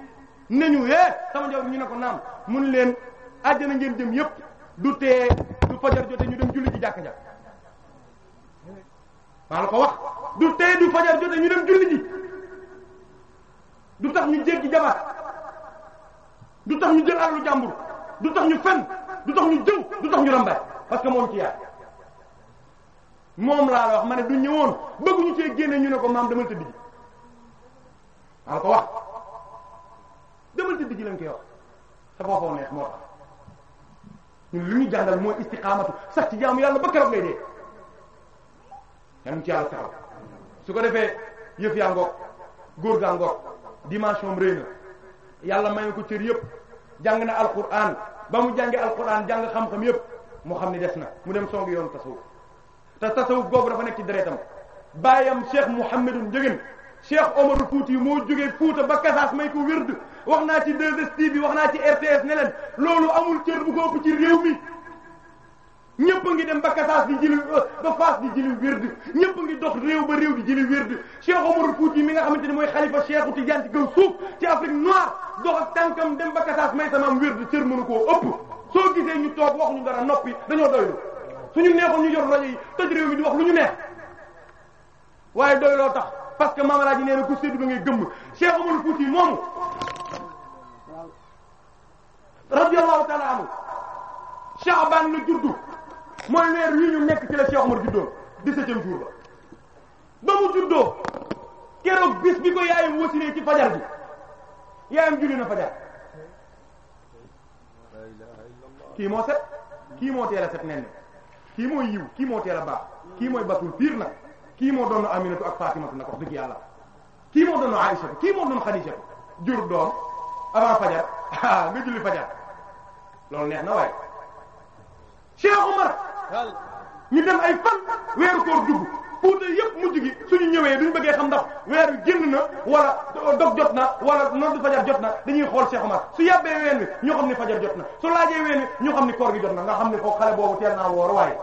ñu é eh, sama njaboot ñu ne ko naam mun leen àjjana ngeen jëm yëpp du tee du fajar jote ñu dem julli ji jàkka ja maa la ko wax du tee du fajar jote ñu dem julli ji du tax ñu jéggi jabar du tax ñu jël alalu jàmbur du tax ñu fen du tax ñu jëw du tax ñu rambay parce que moom ci yaay moom laa la wax ma ne du ñëwoon bëgguñu cee génne ñu ne ko maam demal tëdd ji maa la ko wax demal tëdd ji lañ koy wax sa foofu neex moo tax ñu lu ñu jàngal mooy istiqaamatu sax ci jaamu yàlla ba keroog ngay dee yanum ci yàlla su ko defee yëf yaa ngoog góor gaa ngoog dimension am réy na yàlla may ko cër yëpp jàng na alquran ba mu al alquran jàng xam-xam yëpp mu xam ni des na mu dem songu yoonu tasawuf te tasawuf googu dafa nekk ci deretam baayam cheikh Mouhamadou Ndiéguène cheikh Omar Fouti moo jógee Fouta ba Kasaas may ko wird wax naa ci 2STV wax naa ci RTS ne leen loolu amul cër bu ko ëpp ci réew mi ñëpp a ngi dem ba Kassas di jëli euh, ba Fass di jëli wird ñëpp a ngi dox réew ba réew di jëli wird Cheikh Omarul Fouti mi nga xamante ne mooy xalifa Cheikhu Tidiane ci kaw suuf ci Afrique noire dox ak tànkam dem ba Kassas may samaam wird cër mënu koo ëpp soo gisee ñu toog waxuñu dara noppi dañoo doylu suñu neexoon ñu jot rajo yi toj réew mi di wax lu ñu neex waaye doyloo tax parce que mamalaa ji nee na ku séddu da ngay gëmm Cheikh Omarul Fouti radiyallahu taala anhu Sha'ban la juddu mooy weer wi nekk ci la Cheikh Omar juddoo dix-septième jour ba ba mu juddoo keroog bis bi ko yaayam wasilee ci fajar bi yaayam julli na fajar kii moo set kii moo teel a set nen kii moo yiw kii moo teel a baax kii mooy batul piir nag kii moo doon Aminatu ak Fatimatu nag wax dëgg yàlla kii moo doon Aïsatu kii moo doon Xadijatu jur doom avant fajar ah nga julli fajar loolu neex na waaye Cheikh Omar ñu dem ay fan weeru koor dugg puuta yëpp mujj gi suñu ñëwee duñu bëggee xam ndax weer wi génn na wala dog jot na wala noonu fajar jot na dañuy xool Cheikh Omar su yàbbee ween wi ñoo xam ne fajar jot na su laajee ween wi ñoo xam ne koor gi jot na nga xam ne foofu xale boobu teel naa woor waaye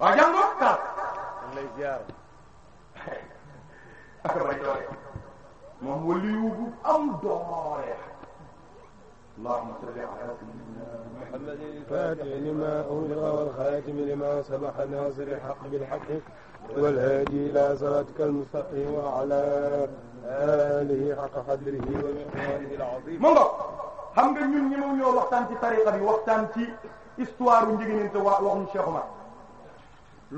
waaw jàngoo ka ak a bëri doole moom waliyu bu am doole allahumma salli ala sayyidina muhammad al-fatih lima ughliqa wal khatim lima sabaqa nasir al-haqq bil-haqq والهادي إلى صراطك المستقيم وعلى آله حق قدره ومقداره العظيم mu ngo xam nga ñun ñi moom ñoo waxtaan ci tariqa bi waxtaan ci histoire bu njëginante waa waxuñu Cheikh Omar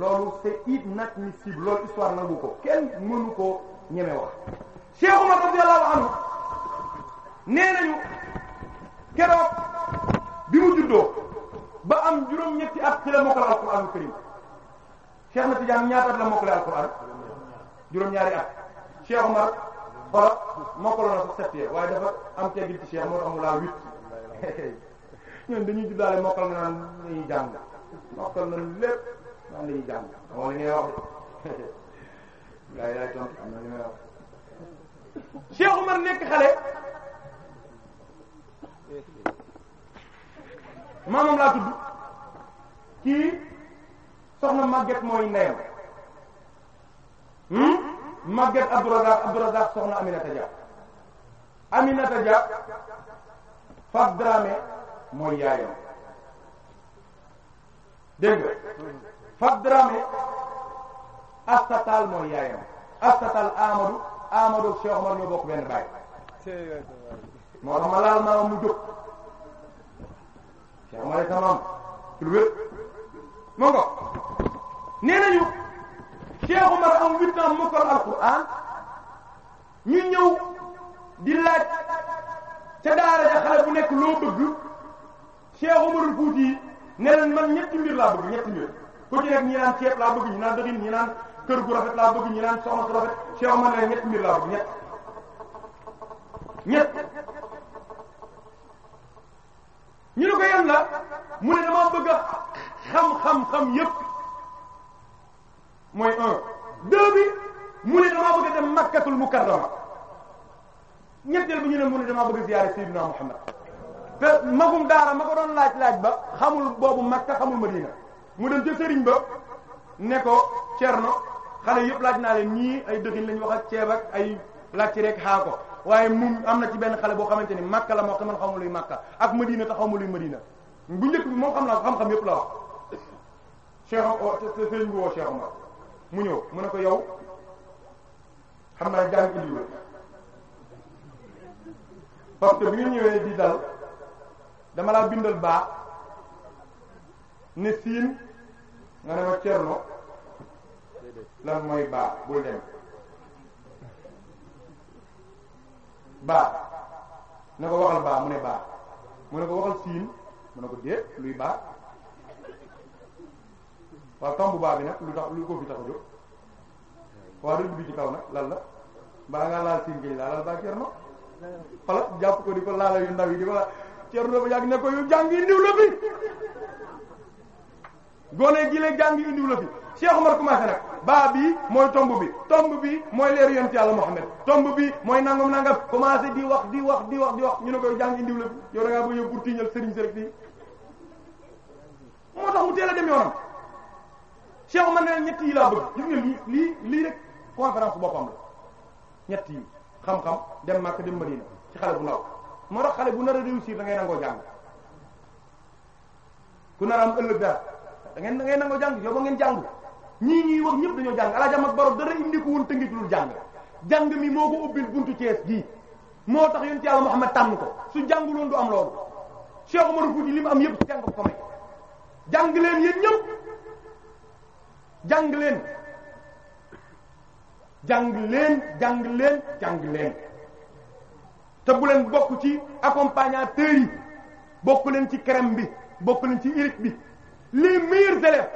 loolu c'est inadmissible loolu histoire nangu ko kenn mënu ko ñeme wax Cheikh Umar radiyallahu anhu nee nañu keroog bi mu juddoo ba am juróom-ñetti at ci la mokkal alquran karim Cheikh Ahmed Tidiane ñaata at la mokkale alquran juróom-ñaari at Cheikh Umar xoola mokkaloon na sax sept years waaye dafa am teggil ci Cheikh moo tax mu laa dañuy juddaale mokkal na naan dañuy naan dañuy jàng moom la ñuy wax yaay yaay tontu am na ñu may wax. Cheikh Umar nekk xale. maamam laa tudd. kii soxna Maguette mooy ndeyam. Hmm? Maguette Abdourazaak Abdourazaak soxna Aminata Dia. Aminata Dia. Fab Dramé mooy yaayam. dégg Fab Dramé. asta taal mooy yaayam asta taal Amadou Amadou ak Cheikh Omar bokk benn baay. moo tax ma laal maam mu jóg Cheikh Omar sama maam ci lu wér moo ko nee nañu Cheikh Omar am huit ñu ñëw di laaj ca daara ja bu nekk loo bëgg Cheikh Omarul Fuuti yi ne man ñetti mbir laa bëgg ñetti mbir nekk ñi naan ceeb laa bëgg ñi naan dëxin kër gu rafet laa bëgg ñu naan soxna su rafet Cheikh Omar ne ñett mbir laa bëgg ñett ñett ñu ne ko yan la mu ne damaa bëgg a xam-xam-xam yépp mooy un deux bi mu ne damaa bëgg a dem makkatul mukarrama ñetteel bi ñu ne mu ne damaa bëgg ziyaare Sayyidina Muhammad te ko doon laaj laaj ba xamul boobu Makka xamul Madina mu dem ca sëriñ ba ne Cerno xale yëpp laaj naa leen ñii ay dëxin lañ wax ak ceeb ak ay laaj ci rek xaa ko waaye mu am na ci benn xale boo xamante ni Makka la moo xam man xaw ma luy Makka ak ma te xaw ma luy Madina bu njëkk bi moom xam naa xam-xam yëpp la wax. Cheikh oh, sëriñ bi woo mu ñëw mu ne ko yow xam naa jàng indi parce bi nga ñëwee di dal dama laa bindal baa ne siin nga ne ma Cerno lan mooy baa bul dem baa ne ko waxal baa mu ne baa mu ne ko waxal siin mu ne ko déet luy baa waaw tomb baax bi nag lu tax lu ko fi tax a jóg waaw dëgg ci kaw nag lan la baa ngaa laal siin gi laalal baa cerno xala jàpp ko di ko laala yu ndaw yi di ko laal cerno ba yàgg ne ko yu jàngi la fi gone gi lay jàng indiw la fi Cheikh Omar nag baa bi mooy tomb bi tomb bii mooy leeru yonent yàlla Muhammad tomb bi mooy nangam nangam commencé di wax di wax di wax di wax ñu ne koy jàng indiw la fi yow da ngaa bëgg a moo tax mu teel dem yoonam Cheikh ne ñett yi laa bëgg gis nga lii lii lii rek conférence boppam la ñett yi xam-xam dem Makka dem Madina ci xale bu ndaw moo tax xale bu nar a réussir nangoo jàng ku nar ëllëg dara dangeen ngeen da ngeen nangoo jàng yow ko ngeen jàngu ñii ñuy wax ñëpp dañoo jàng alaajam ak borom dara indi ko woon tënk ci lu jàng jàng mi moo ko ubbil buntu Cees gii moo tax ci Yàlla Muhammad tànn ko su jàngul woon du am loolu Cheikh Omar yi li mu am yëpp jàng ko may jàng leen yéen ñëpp jàng leen jàng leen jàng leen jàng leen te bu leen bokk ci accompagnateur yi bokk leen ci crème bi bokk leen ci irik bi les meilleurs élèves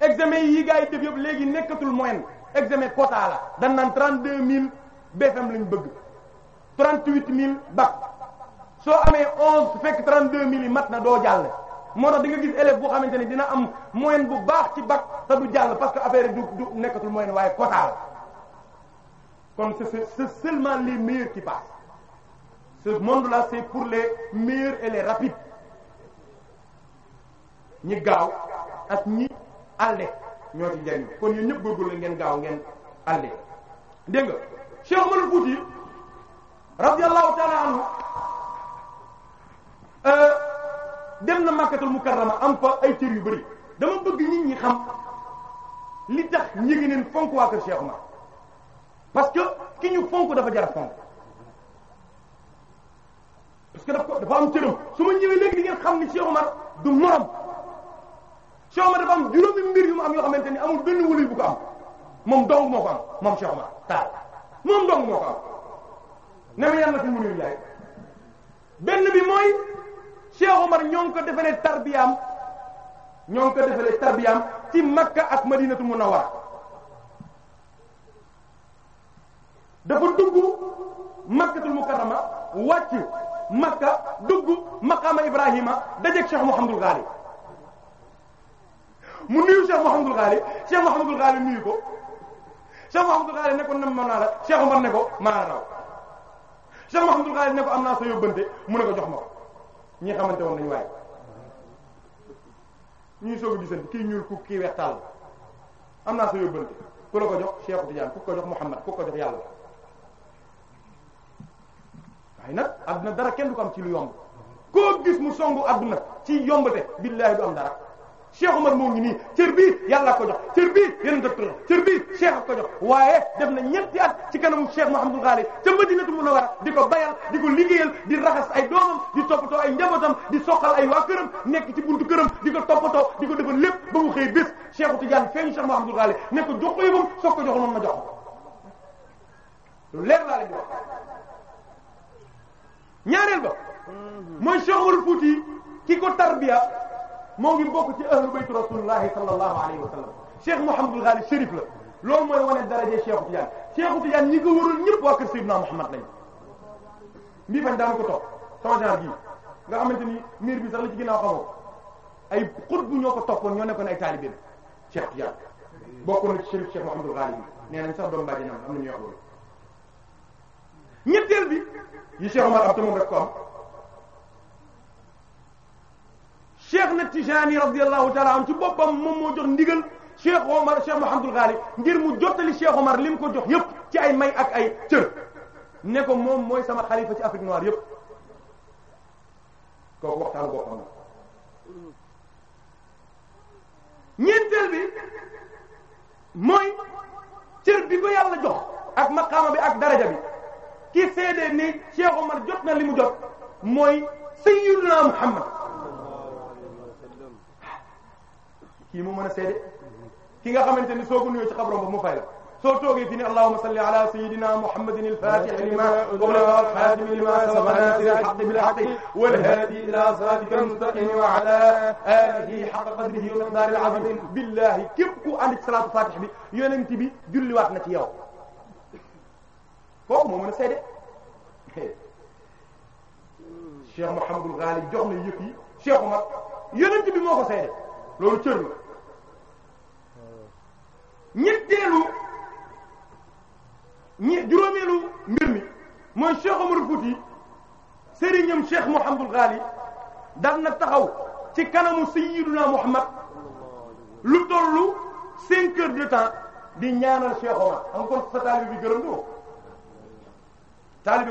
examen yi gars yi def yëpp léegi nekkatul moyenne examen quota la dañ naan trente deux mille BFM lañ bëgg trente huit mille bac soo amee onze fekk trente deux mille yi mat na doo jàll moo tax di nga gis élève boo xamante ni dina am moyenne bu baax ci bac te du jàll parce que affaire du du nekkatul moyenne waaye quota la kon c'est c'est seulement les meilleurs qui passent ce monde là c'est pour les meilleurs et les ñi gaaw ak ñi àlle ñoo ci jariñu kon yéen ñëpp góorgóorlu la ngeen gaaw ngeen àlle dégg nga Cheikh Oumar Fouti radiyallahu ta'ala anhu euh, dem na Makkatul Mukarrama am fa ay cër yu bari dama bëgg nit ñi xam li tax ñéegi fonk waa kër parce que ki ñu fonk dafa jara fonk parce que dafa am cëram su ma ñëwee léegi di ngeen xam ni Cheikh Oumar du morom Cheikh Omar dafa am juróomi mbir yu mu am yoo xamante ni amul benn wëluy bu ko am moom dong moo ko am moom Cheikh Omar taal moom dong moo ko am ne ma yàlla fi mu nuyu benn bi mooy Cheikh ñoo ngi ko defalee tarbiyaam ñoo ngi ko defalee tarbiyaam ci Makka ak Madinatu Munawwara dafa dugg Makkatul Mukarrama wàcc Makka dugg maqaama Ibrahima dajeeg Cheikh Mouhamadul Ghali mu nuyu Cheikh Mouhamadou Ghali Cheikh Mouhamadou Ghali nuyu ko Cheikh Mouhamadou Ghali ne ko ne ko maa raw Cheikh Mouhamadou ne ko am naa sa yóbbante mu ne ko jox ma ko ñi xamante woon nañu waaye ñuy soog a gisante ñuul ku kii weex tàll am naa sa yóbbante ku la ko jox Cheikh Tidiane ku ko jox Muhammad ku ko jox yàlla waaye nag na dara kenn du ko am ci lu yomb koo gis mu songu adduna ci yombate billaahi du am dara Cheikh Omar moo ngi nii cër bii yàlla ko jox cër bii yeneen dëkk la cër bii Cheikh ko jox waaye def na ñetti at ci kanamu Cheikh Mouhamadou Ghali ca Madinatu Munawwara di ko bayal di ko liggéeyal di raxas ay doomam di toppatoo ay njabootam di soqal ay waa këram nekk ci buntu këram di ko toppatoo di ko defal lépp ba mu xëy bés Cheikh Tidiane feeñ Cheikh Mouhamadou Ghali ne ko jox ko yëbam soog ko jox noonu ma jox lu leer laa la di wax mm-hmm. mooy Cheikh Omar Fouti ki ko moo ngi bokk ci ahlu bayt rasulullahi sallallahu alayhi wa sallam cheikh Mouhamadul Ghali Chérif la loolu mooy wane daraje Cheikhu Tidiane Cheikhu Tidiane ñi ko warul ñëpp waa kër Seydina Muhammad lañ mbii fañ daan ko toog sama genre bii nga xamante ni miir bi sax la ci ginnaaw xamoo ay xut bu ñoo ko toppoon ñoo nekkoon ay taalibeen Cheikh Tidiane bokkoon na ci Chérif Cheikh Mouhamadul Ghali bi nee nañ sax doom bàjjenam am na ñuy wax loolu ñetteel bi yi Cheikh Omar am te moom rek cheikh na Tijaani radiyallahu taala am ci boppam moom moo jox ndigal cheikh Omar cheikh mu jottali cheikh Omar li mu ko jox yépp ci ay may ak ay ko moom mooy sama xalifa ci Afrique noire yépp kooku bi mooy cër bi ko yàlla jox ak maqaama jot na li mu jot mooy sayyiduna Muhammad kii mu mën a seede ki nga xamante ni soo ko nuyoo ci xabrom ba mu fay la soo toogee fi ni allahumma salli ala sayyidina muhammadin al-fatih lima ughliqa al-khatim lima sabaqa nasir al-haqq bil haqq wal hadi ila siratika al-mustaqim wa ala alihi haqqa qadrihi wa miqdarihi al-azim billahi képp ku ànd ci salatu fatih bi yonent bi julliwaat na ci yow kooku moo mën a seede Cheikh Mouhamadul Ghali jox na yëf yi Cheikh Omar yonent bi moo ko seede loolu cër la ñetteelu ñi juróomeelu mbir mi mooy Cheikh Omar Fouti sëriñam Cheikh Mouhamadul Ghali daan na taxaw ci kanamu Sayyiduna Muhammad lu tollu cinq heures de temps di ñaanal Cheikh Omar am kon sa taalibe bi gërëm doo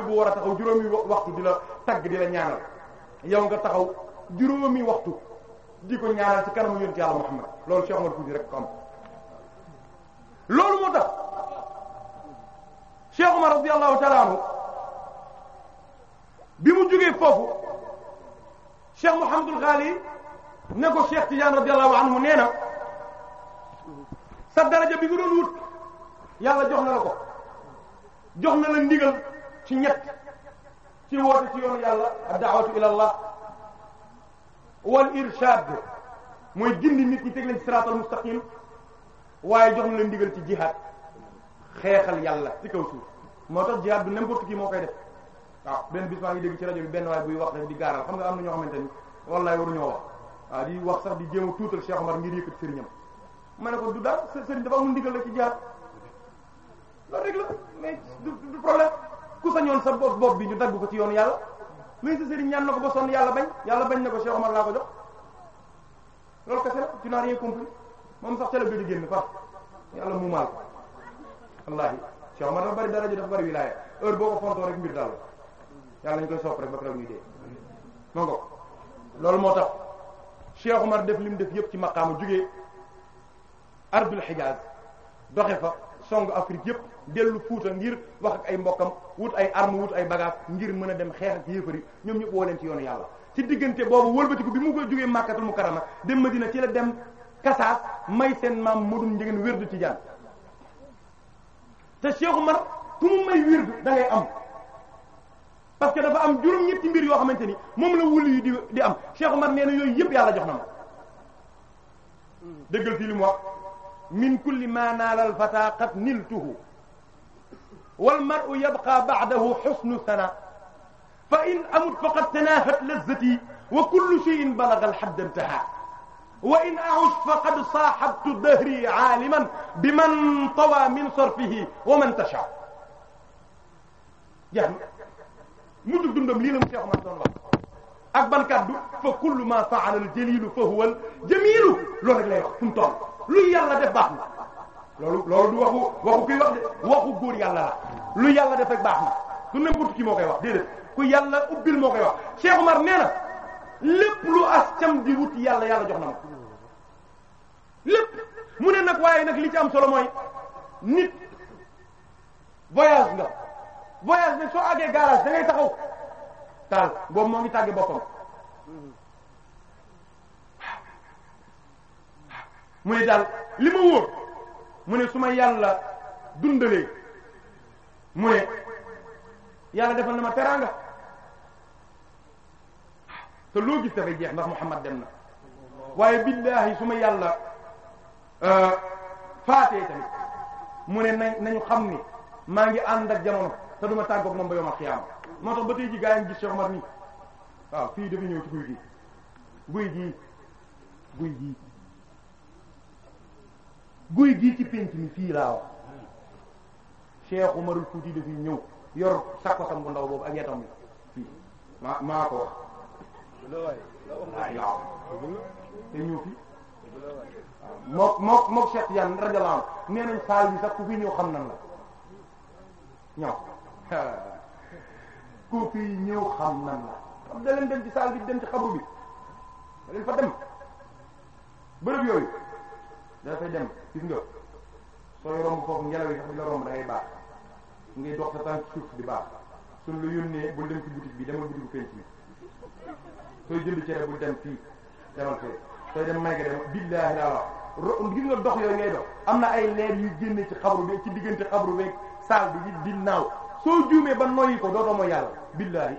bu war a taxaw juróomi waxtu di la tagg di la ñaanal yow nga taxaw juróomi waxtu di ko ñaanal ci kanamu yonent yàlla Muhammad loolu Cheikh Omar Fouti rek ko am loolu moo tax Cheikh Omar radiyallahu ta'ala anhu bi mu jógee foofu Cheikh Mouhamadul Ghali ne ko Cheikh Tidiane radiyallahu anhu nee na sa daraja bi nga doon wut yàlla jox na la ko jox na la ndigal ci ñett ci woote ci yoonu yàlla Allah wal irshad mooy gindi nit ñi teg leen ci siraatal mustaqim waaye jox leen ndigal ci jihaad xeexal yàlla ci kaw suuf moo tax jihaad du n'importe qui moo koy def waaw benn bis maa ngi dégg ci rajo bi benn waaye buy wax di gaaral xam nga am na ñoo xamante ni wallaay waruñoo wax waaw di wax sax di jéem a tuutal Cheikh Omar ngir yëkkat sëriñam ma ne ko du daal sëriñ dafa amul ndigal la ci jihaad loolu rek la mais du problème ku sañoon sa bopp bopp bi ñu dagg ko ci yoon yàlla mais sa sëriñ ñaan na ko ba sonn yàlla bañ yàlla bañ na ko Cheikh Omar laa ko jox loolu kese la tu n'as rien compris moom sax ca di bëgg génn far yàlla mu maal ko wallaahi Cheikh Omar dafa bari daraja dafa bari wilaaya heure boo ko fontoo rek mbir daal yàlla ñu koy sopp rek ba keroog ñuy dee moo ko loolu moo tax Cheikh Omar def li def yëpp ci maqaamu jugee ardul Hijaz doxe fa song Afrique yëpp dellu Fuuta ngir wax ak ay mbokkam wut ay arme wut ay bagage ngir mën a dem xeex ak yéefari ñoom ñëpp woo leen ci yoonu yàlla ci diggante boobu wëlbatiku bi mu koy jógee Makkatul Mukarrama dem Madina ci la dem Kasaas may seen maam Modou Ndiéguène wirdu Tijaan te Cheikh Umar ku mu may wirdu da ngay am parce que dafa am juróom-ñetti mbir yoo xamante ni moom la wuli yu di di am Cheikh Umar nee na yooyu yëpp yàlla jox na ma dëggal fii li mu wax min kulli ma naalal fata qad niltuhu wal mar'u yabqa ba'dahu husnu sana fa in amut faqad tanaahat lazzati wa kullu shay'in balagha al-hadd intaha wa in ahush faqad saahabtu dahri aaliman biman tawa min sarfihi wa man tasha jeex na mujj dundam lii la mu Cheikh Omar doon wax ak ban kàddu fa kullu ma fa'ala al-jalilu fa huwa al-jamilu loolu rek lay wax fu mu toll luy yàlla def baax na loolu loolu du waxu waxu kuy wax de waxu góor yàlla la lu yàlla def rek ma na nekk n'importe qui moo koy wax déedéet ku yàlla ubbil moo koy wax seexu Omar nee na lépp lu ascam di wut yàlla yàlla jox na ma lépp mu ne nag waaye nag li ci am solo mooy nit voyage nga voyage nag soo àggee garage da ngay taxaw taal boobu moo ngi tàgge boppam muy daal li ma wóor mu ne su ma yàlla dundale mu ne yàlla defal na ma teraanga te loo gis dafay jeex ndax Muhammad dem na waaye billaahi su ma yàlla euh, faatee tamit mu ne na nañu xam ni maa ngi ànd ak jamono te duma tàggoog moom ba yoma xiyaama moo tax ba tey ji gaa yi gis Cheikh Omar nii fii dafa ñëw ci guy gii guy gii guy gii guy gii ci pénc mi fii laa wax Cheikh Umarul Fuuti dafi ñëw yor sakkosam bu ndaw boobu ak yetam fii maa maa ko wax waay waaw te ñëw fi mook mook mook Cheikh yan rajalan nee nañ saal bi sax ku fi ñëw xam nan la ñaw ku fi ñëw xam nan la xam da leen dem ci saal bi dem ci xabru bi da leen fa dem bërëb yooyu da fay dem gis nga sooy romb foofu ngelaw yi la romb da ngay baax ngay dox sa tànk suuf di baax suñ la yónnee bul dem ci boutique bi demal boutique penc bi sooy jënd cere bul dem fii demal fee sooy dem may ga dem billaahi laa wax ro gis nga dox yooyu ngay dox am na ay leer yu génne ci xabru bi ci diggante xabru beeg saal bi di naaw soo juumee ba noyyi ko dootoo mooy yàlla billaahi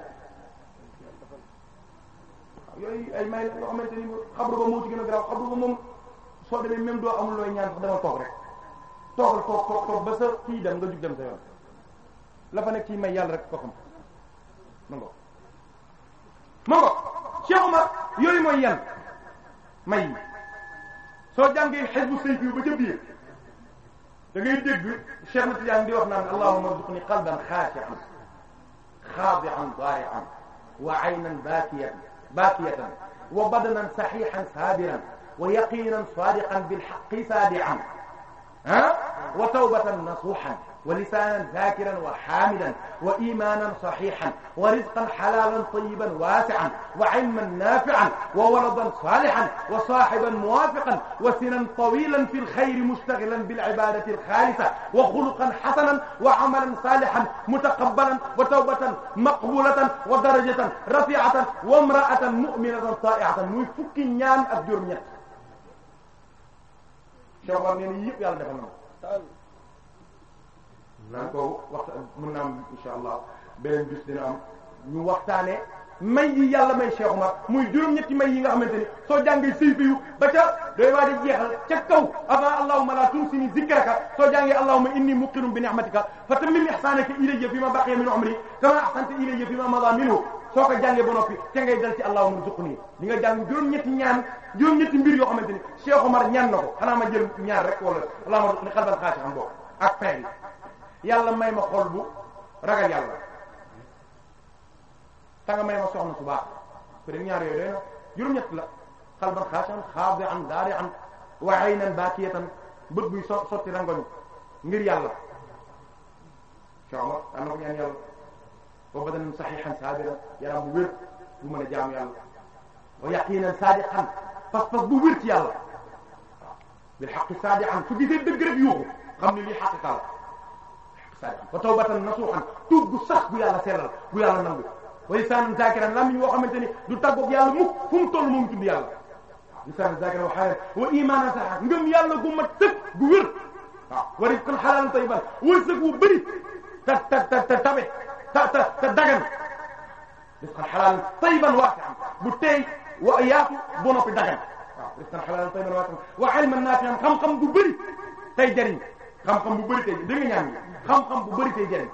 yooyu ay may yoo xamante ni xabru ba moo ci gën a garaaw xabru ba moom soo demee même doo amul looy ñaan sax dama toog rek toogal toog toog toog ba sa kii dem nga jug dem sa yoon la fa nekk ci may yàlla rek ko xam ma ngo ma ngo Cheikh Omar yooyu mooy yan may yi soo jàngee xisbu sayf yu ba ca biir da ngay dégg Cheikh Ahmad Tidiane di wax naan allahumma irzuqni qalban xaashi'an xaadi'an daari'an wa aynan baakiyatan baakiyatan wa badanan saxiixan saabiran wa yaqinan sadiqan bilhaqi sadian ah wa tawbatan nasuhan wa lisanan zakiran wa hamidan wa imanan sahihan wa rizqan halalan tayyiban wasi'an wa ilman nafi'an wa waladan salihan wa sahiban muwafiqan wa sinan tawilan fil khayri mushtaghilan bil ibadati al khalisa wa khuluqan hasanan wa amalan salihan mutaqabbalan wa tawbatan maqbulatan wa darajatan rafi'atan wa imra'atan mu'minatan ta'i'atan muy fukki ñaan ak juróom ñett Sébikotane nee na yëpp yàlla defal na naan ko waxta mën na am insha allah beneen bis dina am ñu waxtaane may yi yàlla may Cheikh Omar muy juróom-ñetti may yi nga xamante ni soo jàngee saytu yu ba ca doy waa di jeexal ca kaw avant allahumma la tumsini zikraka soo jàngee allahumma inni muqirun bi ni'matika fa tammim ihsanaka ilayya fi ma baqiya min umri kama ahsanta ilayya fi ma mada minhu soo ko jàngee ba noppi te ngay dal ci allahumma rzuqni li nga jàng juróom-ñetti ñaan juróom-ñetti mbir yoo xamante ni Cheikh Omar ñaan na ko xanaa ma jël ñaar rek wala allahumma rzuqni qalban xaashi'an boobu ak pain bi may ma xol bu ragal yàlla ta nga may ma soxna su baax peut être ñaar yooyu day na juróom-ñett la qalban xaashi'an xaadi'an daari'an wa 'aynan baakiyatan bët buy sotti rangoñ ngir yàlla Cheikh Omar am na ko yàlla wa badanan saxiixan saabira yaram bu wér bu mën a jaam yàlla wa yaqinan saadiqan fas-fas bu wér ci yàlla waaw bil xaqi saadiqan fu gisee dëgg rek yuuxu xam ne lii xaqiqa la saadiqan fa tawbatan nasuuxan tuub gu sax bu yàlla sellal bu yàlla nangu wa lisaanan zaakiran làmmiñ woo xamante ni du tàggoog yàlla mukk fu mu toll moo ngi tudd yàlla lisaanan zaakiran wa xaalan wa imaanan saxiixan ngëm yàlla gu mat sëkk gu wér waaw wa rizqan xalaalan tayyiban wërsëg wu bëri ta ta ta tabe ta ta te dagan risqan xalaalan tayyiban waasi'an bu tey wa yaatu bu noppi dagan waaw risqan xalaalan tayyiban waasi'an wa ilman naafi'an xam-xam bu bëri tey jëriñ xam-xam bu bëri tey da nga ñaan xam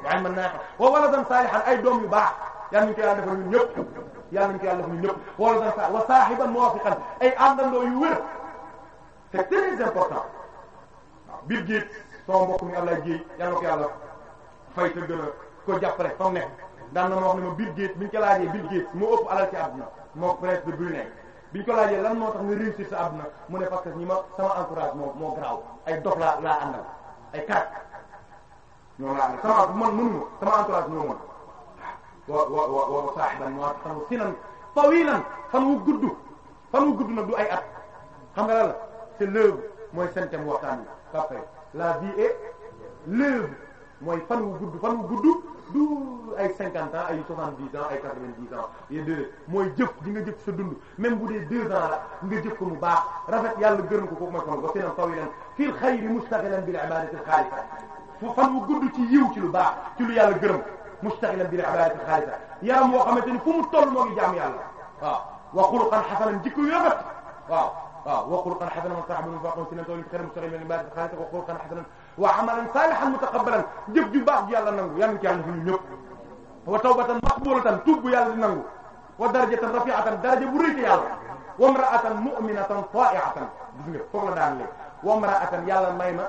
wa ilman naafi'an wa ay doom yu baax yal nañu ko yàlla defal ñun ñëpp yal nañu ko yàlla defal ñun ñëpp wa waladan saalihan wa saahiban muwaafiqan ay àndandoo yu wér c'est très important waaw Bill Gates fay te gën ko jàppale fa mu daan na ma wax ne ma Bill Gates bi ñu ko laajee moo ëpp alal ci àdduna moo prince de Brunei bi ñu ko laajee lan moo tax nga réussir sa àdduna mu ne parce ñi ma sama encourage moo moo garaaw ay dox laa laa àndal ay kat ñoo laa àndal sama encourage ñoo mën wa wa wa wa saahiban moo tax fan sinan tawilan fan wu gudd fan wu gudd nag du ay at xam nga la la c'est l'œuvre mooy sentèm waxtaan bi après la vie est l'œuvre mooy fan wu gudd fan wu du ay cinquante ans ay soixante-dix ans ay quatre-vingt-dix ans yéen déedéet mooy jëf di nga jëf sa dund même bu dee deux ans la nga jëf ko mu baax rafet yàlla gërëm ko kooku mooy fan wa sinan tawilan fil xayri mustaxilan bil ibadati al xaalisa fu fan wu gudd ci yiw ci lu baax ci lu yàlla gërëm mustaxilan bil ibadati al xaalisa yaram woo xamante ni fu mu toll moo ngi jaam yàlla waaw wa xuluqan xasanan jikko yu rafet waaw waaw wa xuluqan xasanan wa saxabu fa sinan tawilan fil xayri mustaxilan bil ibadati al xaalisa wa xuluqan xasanan wa amalan salihan mutaqabbalan jëf ju baax ju yàlla nangu yal na ci yàlla ñu ñëpp wa tawbatan maqbulatan tuub bu yàlla di nangu wa darajatan rafi'atan daraja bu rëy ci yàlla wa imra'atan mu'minatan ta'i'atan gis nga foog la daan léegi wa imra'atan yàlla may ma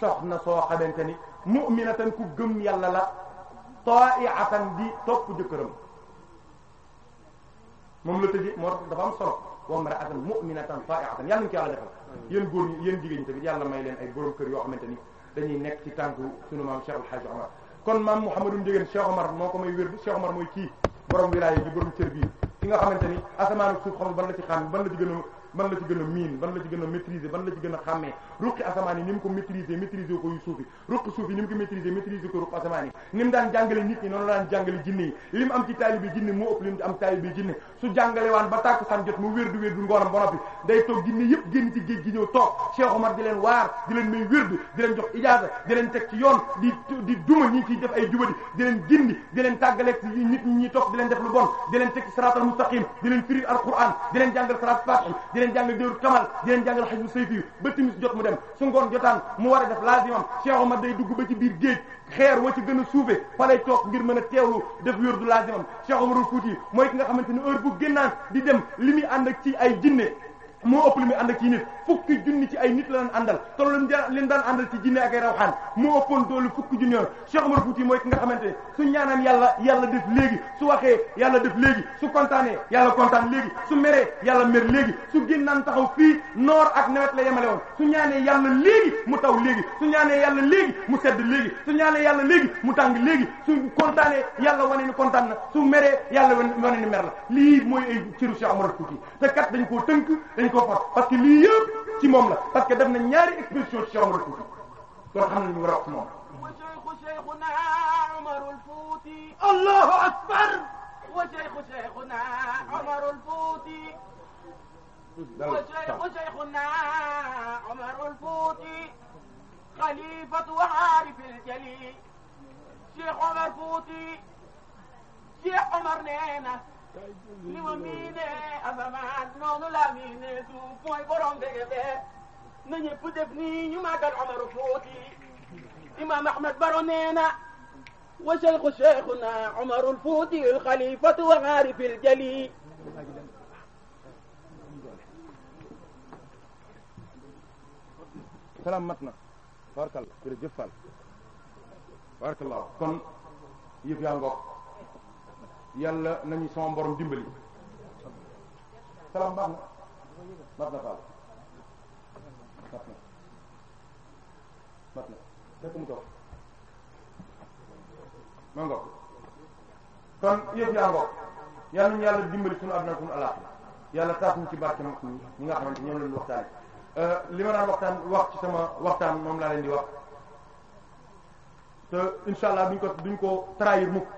soxna soo xamante ni mu'minatan ku gëm yàlla la ta'i'atan di topp jëkkëram moom la tëjee moo tax dafa am solo wa imra'atan mu'minatan ta'i'atan yàlla ñu ci yàlla defal yéen góor ñi yéen jigéen ñi tamit yàlla may leen ay borom kër yoo xamante ni dañuy nekk ci tànku sunu maam Cheikh El Hadj Omar kon maam Mouhamadou Ndiéguène Cheikh Omar moo ko may wér Cheikh Omar mooy kii borom wilaaya bi borom cër bii ki nga xamante ni asamaan ak suuf xam ban la ci xam ban la ci gën a ban la ci gën a miin ban la ci gën a maîtriser ban la ci gën a xàmmee ruqi asamaan yi ni mu ko maîtriser maîtriser ko yu suufi ruqi suufi ni mu ko maîtriser maîtriser ko ruqi asamaan yi ni mu daan jàngale nit ñi noonu la daan jàngale jinne yi am ci taalibe jinne moo ëpp li taalibe jinne su jàngale waan ba tàkkusaan mu wérdu wérdu ngoonam ba noppi day toog jinne yëpp génn ci géej gi toog Cheikh Omar di leen waar di leen may wérdu di leen jox ijaasa di leen teg ci yoon di duma ñi ciy def ay jubadi di leen gindi def lu bon di leen teg ci siraatal mustaqim di di leen jàngal déeru kamal di leen jàngal xaj bu sayfiyu ba timis jot mu dem su ngoon jotaan mu war a def laasimam Cheikh Omar day dugg ba ci biir géej xeer wa ci gën a suufe fa lay toog ngir mën a teewlu def wér du laasimam Cheikh Omarul Fuuti mooy ki nga xamante ni heure bu génnaan di dem li muy ànd ak ci ay jinne moo ëpp li muy ànd ak ci nit fukki junni ci ay nit la daan àndal te loolu leen daan àndal ci jinne ak ay rawxaan moo ëppoon doolu fukki junni yoon Cheikh Omar mooy ki xamante ne su ñaanaan yàlla yàlla def léegi su waxee yàlla def léegi su kontaanee yàlla kontaan léegi su meree yàlla mer léegi su génnaan taxaw fii noor ak nawet la yemale woon su ñaanee yàlla léegi mu taw léegi su ñaanee yàlla léegi mu sedd léegi su ñaanee yàlla léegi mu tàng léegi su kontaanee yàlla wane ni kontaan na su meree yàlla wane ni mer la lii mooy ay ciru Cheikh Omar Fouti te kat dañ koo tënk ci moom la parce que def na ñaari exposition ci Cheikh Omar Fouti kon xam nañu war a wax ci moom. Allahu akbar. wa shaykhu shaykhuna Omar al-Fouti. wa shaykhu shaykhuna Omar al-Fouti. khalifatu aarif al-jalil. Cheikh Omar Fouti. Cheikh Omar nee na. li ma miine asamaan noonu laa miine suuf mooy borom dege bee na ñëpp def nii ñu màggal Omar Fouti imam Ahmad Baro nee na wa cheikhu cheikhuna Omarul Fouti al xalifatu wa aarifil jali salaam mat na barkal jërëjëf Fall barkallah kon yëf yaa ngoog yàlla nañu sama borom dimbali salaam baax na mat na faal mat na mat na fekk mu toog ma ngoog kon yëpp yaa ngoog yàlla nañu yàlla dimbali suñu àdduna suñu alaaka yàlla taas ñu ci barke ñi nga xamante ñoom lañu waxtaan euh, li ma daan waxtaan wax ci sama waxtaan moom laa leen di wax te insha allah duñ ko duñ ko trahir mukk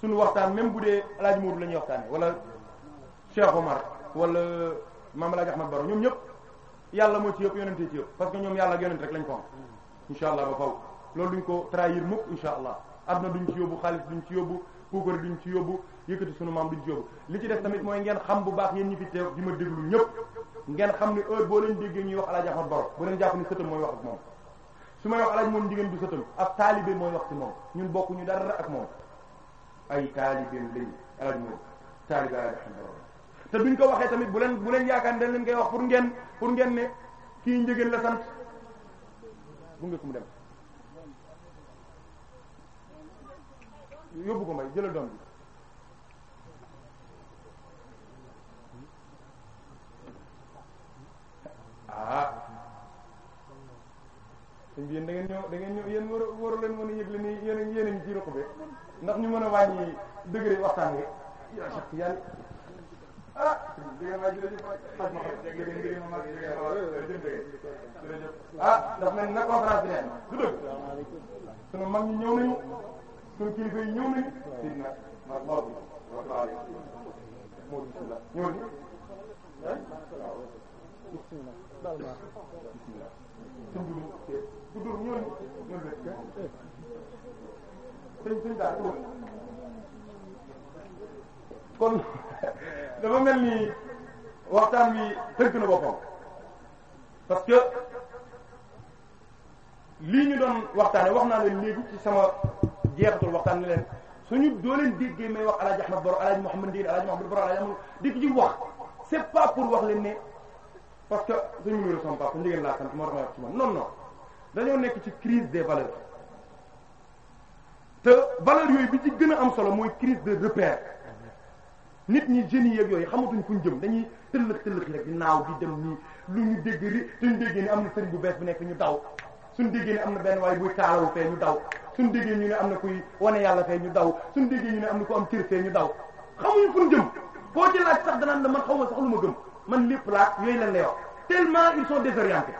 suñu waxtaan même bu dee El Hadj la ñuy waxtaanee wala Cheikh Omar wala Mame El Hadj Ahmad Baro ñoom ñëpp yàlla moo ci yëpp yonentee ci yëpp parce que ñoom yàlla ak yonent rek lañ ko am insha allah ba faw loolu duñ ko trahir mukk insha allah adna duñ ci yóbbu xaalis duñ ci yóbbu puukar duñ ci yóbbu yëkkati sunu maam duñ ci yóbbu li ci def tamit mooy ngeen xam bu baax yéen ñi fi teew di ma déglu ñëpp ngeen xam ne heure boo leen déggee ñuy wax El Hadj Ahmad Baro bu leen jàpp ni sëtam mooy wax ak moom moom jigéen du sëtam ak taalibe mooy wax ci moom ñun bokkuñu dara ak moom ay taalibeem lañu alaj moom taalibe alaj xamdalala te duñ ko waxee tamit bu leen bu leen yaakaar dañ leen koy wax pour ngeen pour ngeen ne kii njëgeen la sant bu ko mu dem yóbbu ko may jëlal doom bi ah suñ bi yéen da ngeen ñëw da ngeen ñëw yéen war a war a leen mën a yëgle nii yéen ci ruq bi ndax ñu mën a wàññi degré waxtaan wi yàlla ah dégg naa jërëjëf Fatou Ndiaye dégg ngeen ah, nag conférence bi leen du dëgg sunu mag ñi ñëw nañu sunu kilifa yi ñëw nañu. dégg naa waaw waaw waaw moo di sëñ sëñ daal kon dafa mel ni waxtaan bi tënk na boppam parce que lii ñu doon waxtaane wax naa leen léegi ci sama jeexatul waxtaan ne leen suñu doo leen déggee may wax alaaji ahmad boro alaaji mohamad diin alaaji mohamad boro alaaji amul dikk ci wax c'est pas pour wax leen ne parce que suñu numéro sama papa njigéen laa sant moo tax ma ci man non non dañoo nekk ci crise des valeurs te valeur yooyu bi ci gën a am solo mooy crise de repère nit ñi jeunes yi yooyu xamatuñ fuñ jëm dañuy tëllëx tëllëx rek di naaw di dem nii lu ñu dégg ri suñ déggee ni am na sëriñ bu bees bu nekk ñu daw suñ déggee ni am na benn waaye buy taalawu fee ñu daw suñu déggee ñu am na kuy wane yàlla fee ñu daw suñu déggee ñu ne am na ku am cër fee ñu daw xamuñ fuñ jëm koo ci laaj sax danaan la man xaw ma sax lu ma gëm man lépp laa yooyu lañ lay wax tellement ils sont désorientés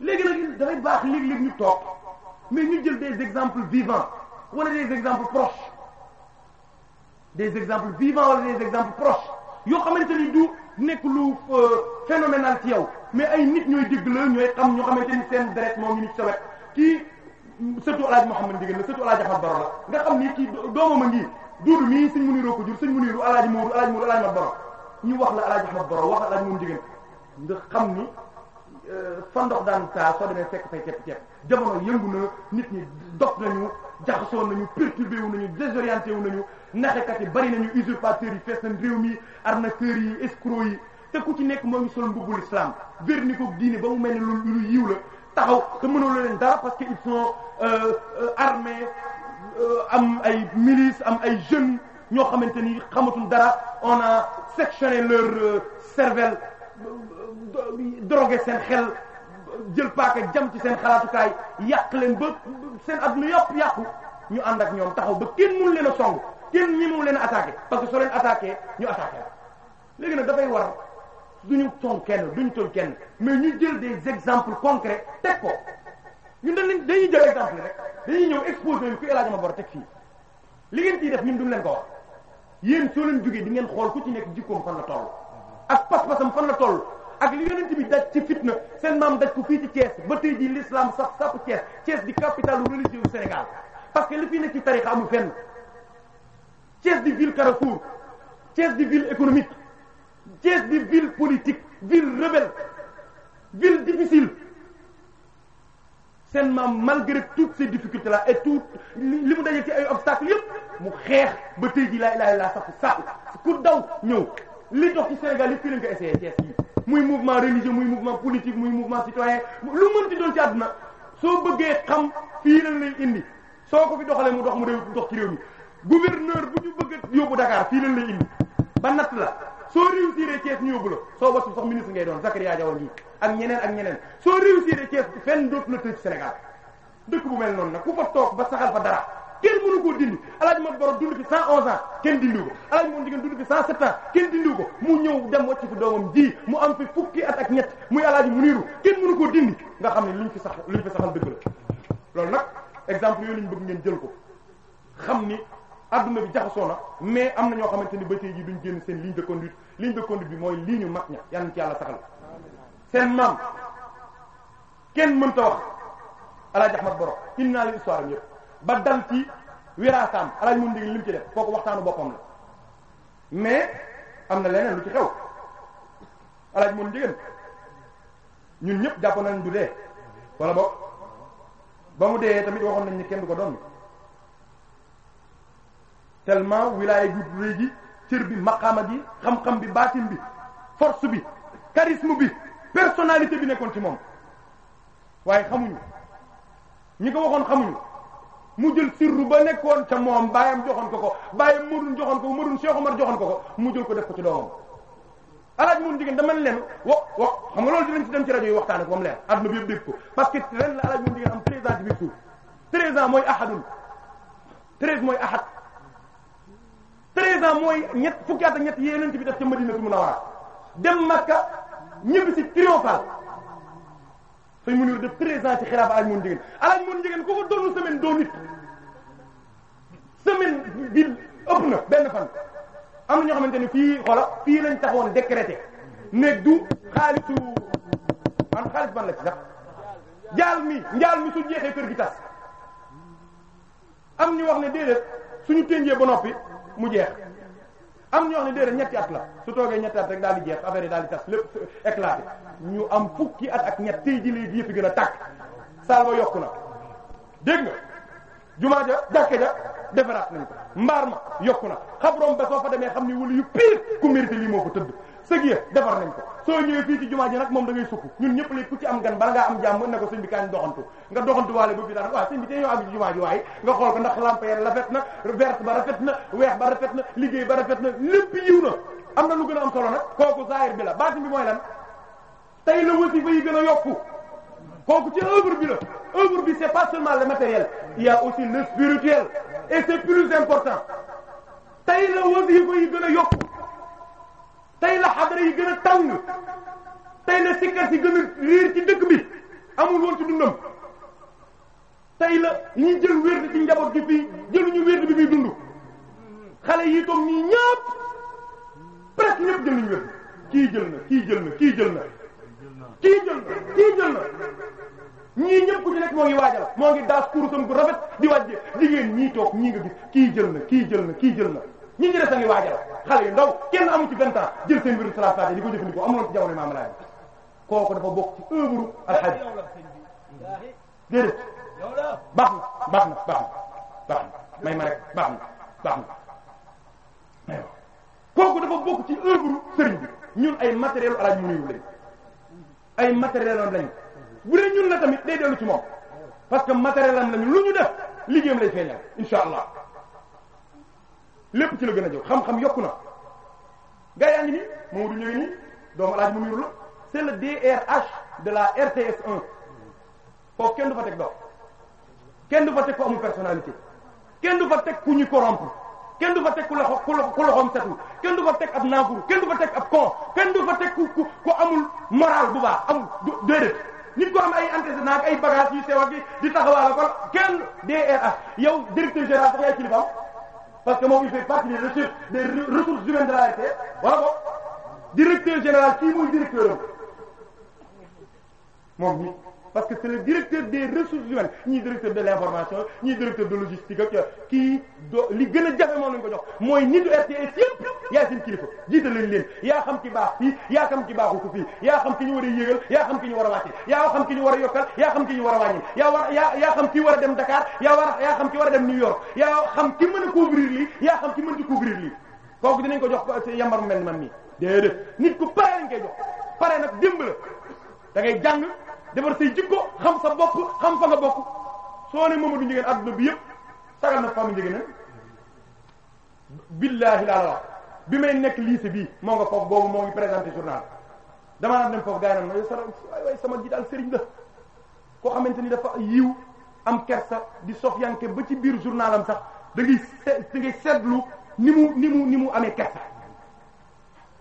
léegi nag dafay ñu toog ñu jël des exemples vivants wala des exemples proches des exemples vivants wala des exemples proches yoo xamante ni du nekk lu euh, phénoménal ci yow mais ay nit ñooy dégg la ñooy xam ñoo xamante ni seen deret moo ngi nit sa wet kii sëtu alaaj Mouhamed Ndieguene la sëtu alaaj Ahmad Baro la ni kii doomam a ngi duudu mii sëñ Muniru ko jur sëñ Muniru alaaj Moodu alaaj Moodu alaaj Ahmad Baro ñu wax la alaaj Ahmad Baro wax la alaaj moom Ndieguene nga xam ni euh, fa ndox daan saa soo demee fekk fay tepp tepp na nit jaxasoon nañu perturbé wu nañu désorienté wu nañu naxekat yi bari nañu usurpateurs yi fees nañ réew mi arnaqueurs yi escrocs yi te ku nekk moo ngi sol mbubbul islam ver ni ko ba mu mel ne lu lu yiw la taxaw te mënoo leen dara parce que ils sont euh, euh, armés euh, am ay milices am ay jeunes ñoo xamante ni xamatul dara on a sectionné leur servel drogué seen xel jël paaka jam ci seen xalaatukaay yàq leen seen adduna yëpp yàqu ñu ànd ak ñoom taxaw ba kenn mënu leen a song kenn ñi mënu leen a attaqué parce que soo leen attaqué ñu attaqué la léegi nag dafay war duñu toog kenn duñu toog kenn mais ñu jël des exemples concrets teg ko ñun dañ leen dañuy jël exemple rek dañuy ñëw exposé yu ku élagement bor teg fii li ngeen ciy def ñun duñ leen ko wax yéen soo leen jógee di ngeen xool ku ci nekk jikkoom fan la toll ak pas-pasam fan la toll ak li yonent bi daj ci fitna seen maam daj ko fii ci Thiès ba tey ji l'islam sax sapp Thiès Thiès di capitale religieuse du Sénégal parce que li fi nekk ci tarixa amul fenn Thiès di ville carrefour Thiès di ville économique Thiès di ville politique ville rebelle ville difficile seen maam malgré toutes ces difficultés là et tout li mu daje ci ay obstacles yëpp mu xeex ba tey ji laa ilaaha illallaa sax sax ku daw ñëw li dox ci Sénégal yëpp fii lañ ko essayé yi muy mouvement religieux muy mouvement politique muy mouvement citoyen lu mënti doon ci àdduna soo bëggee xam fii lañ lay indi soo ko fi doxalee mu dox mu réew dox ci réew mi gouverneur bu ñu bëgg a yóbbu Dakar fii lañ lay indi ba natt la soo réussir Thiès ñu yóbbu la soo wasu sax ministre ngay doon Zakaria Diaw ngi ak ñeneen ak ñeneen soo réussir Thiès fenn dootu la tëj Sénégal dëkk bu mel noonu nag ku fa toog ba saxal fa dara kenn mënu koo dindi alaaji mat borom dund fi cent onze ans kenn dindiwu ko alaaji moom jigéen dund fi cent sept kenn dindiwu ko mu ñëw dem wàcc fi doomam ji mu am fi fukki at ak ñett muy alaaji mu niiru kenn mënu koo dindi nga xam ne luñ fi sax luñ fi saxal dëgg la loolu nag exemple yooyu lañ bëgg ngeen jël ko xam ni àdduna bi jaxasoo na mais am na ñoo xamante ni ba tey ji duñ génn seen ligne de conduite ligne de conduite bi mooy lii ñu mag ña yàlla ci seen maam kenn mënta wax alaaji ahmad borom indi naa leen ba dal ci wiraasaam alaaj mun ndig lim ci def kooku waxtaanu boppam la mais am na leneen lu ci xew alaaj mun ndigam ñun ñëpp jàpp nañ du dee wala boog ba mu dee tamit waxoon nañ ni kenn du ko doon tellement wilaaya ju rëy ji cër bi maqaama gi xam-xam bi baatin bi force bi charisme bi personnalité bi nekkoon ci moom waaye xamuñu ñi ko waxoon xamuñu mu jël sirru ba nekkoon ca moom baayam joxoon ko ko baayam mënul joxoon ko ko mënul Cheikh Omar joxoon ko ko mu jël ko def ko ci doomam. alaaj mun jigéen dama leen wax wax xam nga loolu dinañ ci dem ci rajo yi waxtaan ak moom leer adduna bi yëpp ko parce que ren la alaaj mun jigéen am 13 ans ci biir suuf 13 ans mooy ahadul 13 mooy ahad 13 ans mooy ñett fukki at ak ñett yéeneen ci bi def ca Madinatu Munawwara dem Makka ñibbi ci triomphal sëñ Mounir de présent ci xilaafa alaaj moon jigéen alaaj moon jigéen ku ko doonu semaine doo nit semaine bi ëpp na benn fan am na ñoo xamante ni fii xoola fii lañ taxoon décrété ne du xaalisu man xaalis ban la ci sax jaal mi njaal mi su jeexee kër gi tas am ñu wax ne déedéet suñu tënjee ba noppi mu jeex am ñu wax ne déedéet ñetti at la su toogee ñetti at rek daal di jeex affaire yi daal di tas lépp éclaté ñu am fukki at ak ñett tey ji léegi yëpp gën a tàkk saal yokku na dégg nga jumaa ja jàkka ja defaraat nañ ko mbaar ma yokku na xabrom ba soo fa demee xam ni wuli yu pire ku mérité lii moo ko tëdd sëg ya defar nañ ko soo ñëwee fii ci jumaa ji nag moom da ngay ñun ñëpp léegi ku ci am gan bala ngaa am jàmm ne ko sëñ bi kañ doxantu nga doxantu waale ba bi daan waaw sëñ bi tey ñoo am ci jumaa ji waaye nga xool ko ndax lampe ya rafet na vert weex ba rafet na liggéey ba rafet na lépp na lu a am solo nag kooku zahir bi la baatin bi mooy tey la wasifa yi gën a yokku kooku ci œuvre bi la œuvre bi c'est pas seulement le matériel il y a aussi le spirituel et c'est plus important tey la wasifa yi gën a yokku tey la xadara yi gën a tàng tey la sikkar si gën a riir ci dëkk bi amul woon ci dundam tey la ñi jël wérd ci njaboot gi fii jëluñu wérd bi muy dund xale yi toog nii ñëpp presque ñëpp kii jël na kii jël na kii jël na kii jël na jël na ñii ñëpp ku ci nekk moo ngi waajal moo ngi daas kurusam gu rafet di wàjje jigéen ñii toog ñii nga gis kii jël na kii jël na kii jël na ñi ngi des a ngi waajal xale yu ndaw kenn amu ci vingt ans jël seen mbiru salaa salaa di ko jëfandikoo amoon ci jamono maam kooku dafa bokk ci œuvre alxaj déedéet baax na baax na baax na baax na ma rek na baax na kooku dafa bokk ci œuvre sëriñ ñun ay matériel alaaj mu nuyu lañ ay matériel am lañu bu dee ñun la tamit day dellu ci moom parce que matériel am lañu lu ñu def liggéeyam lay feeñal insha allah lépp ci la gën a jëw xam-xam yokku na gaa yaa ngi nii Mamadou ñëwee nii doomu alaaj mu niru la c'est DRH de la RTS 1 foofu kenn du fa teg dox kenn du fa teg ko amul personnalité kenn du fa teg ku ñu corrompre kenn du fa teg ku loxo ku loxoom setul kenn du fa teg ab naafur kenn du fa teg ab con kenn du fa teg ku amul moral bu baax amul déedéet nit ko am ay antécédents ay bagages yu sew ak di taxawaale kon kenn DRH yow directeur général sax yaay kilifaam parce que moom il fait partie des ressources des e, wala ko directeur général kii muy directeur am moom parce que c'est le directeur des ressources humaines ñii directeur de l'information ñii directeur de logistique kii li gën a jafe moom lañ ko jox mooy nitu RTS yëpp yaay yaa xam ci baax fii yaa xam ci baaxu ko yaa xam ki ñu war a yégal yaa xam ki ñu war a wàcce yaa xam ki ñu war a yokkal yaa xam ki ñu war a wàññi yaa xam ki war a dem Dakar yaa xam ki war a dem New York yaa xam ki mën a couvrir lii yaa xam ki mën di couvrir lii kooku dinañ ko jox yambar mu mel defar say jikko xam sa bopp xam fa nga bokk soo ne Mamadou Ndiéguène adduna bi yëpp sagal na faamu Ndiéguène billaahi laa la wax bi may nekk lycée bi moo nga foofu boobu moo ngi présenté journal damaa naan dem foofu gars yi naan sa waay sama ji koo xamante ni dafa yiw am kersa di sofyanke ba ci biir journalam sax da ngay da ngay seetlu ni mu ni mu ni mu amee kersa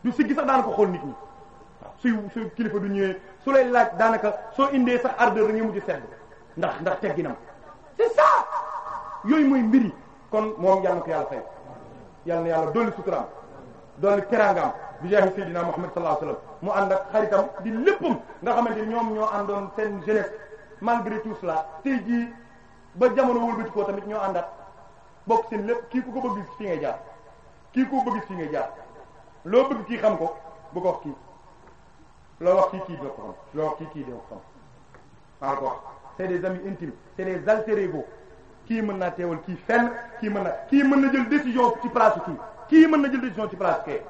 du siggi sax daan ko xool nit ñi suy suy kilifa du ñëwee su lay laaj daanaka soo indee sax ardeur da ngay mujj sedd ndax ndax tegginam c'est ça yooyu mooy mbir kon moom yàlla na ko yàlla fay yàlla na yàlla dolli suturaam dolli teraangaam bi jaahi sayyidina Muhammad sallallahu alayhi wasallam mu ànd ak xaritam di léppam nga xamante ñoom ñoo àndoon seen jeunesse malgré tout cela tey jii ba jamono wëlbati ko tamit ñoo àndaat bokk seen lépp kii ku ko bëgg fi ngay jaar kii ko bëgg fi ngay jaar loo bëgg kii xam ko bu ko wax kii loo wax kii kii doo ko xam loo wax kii kii doo ko xam maa ko wax c'est des amis intimes c'est des alter ego kii mën naa teewal kii fenn kii mën na kii mën na jël décision ci place kii kii mën na jël décision ci place kee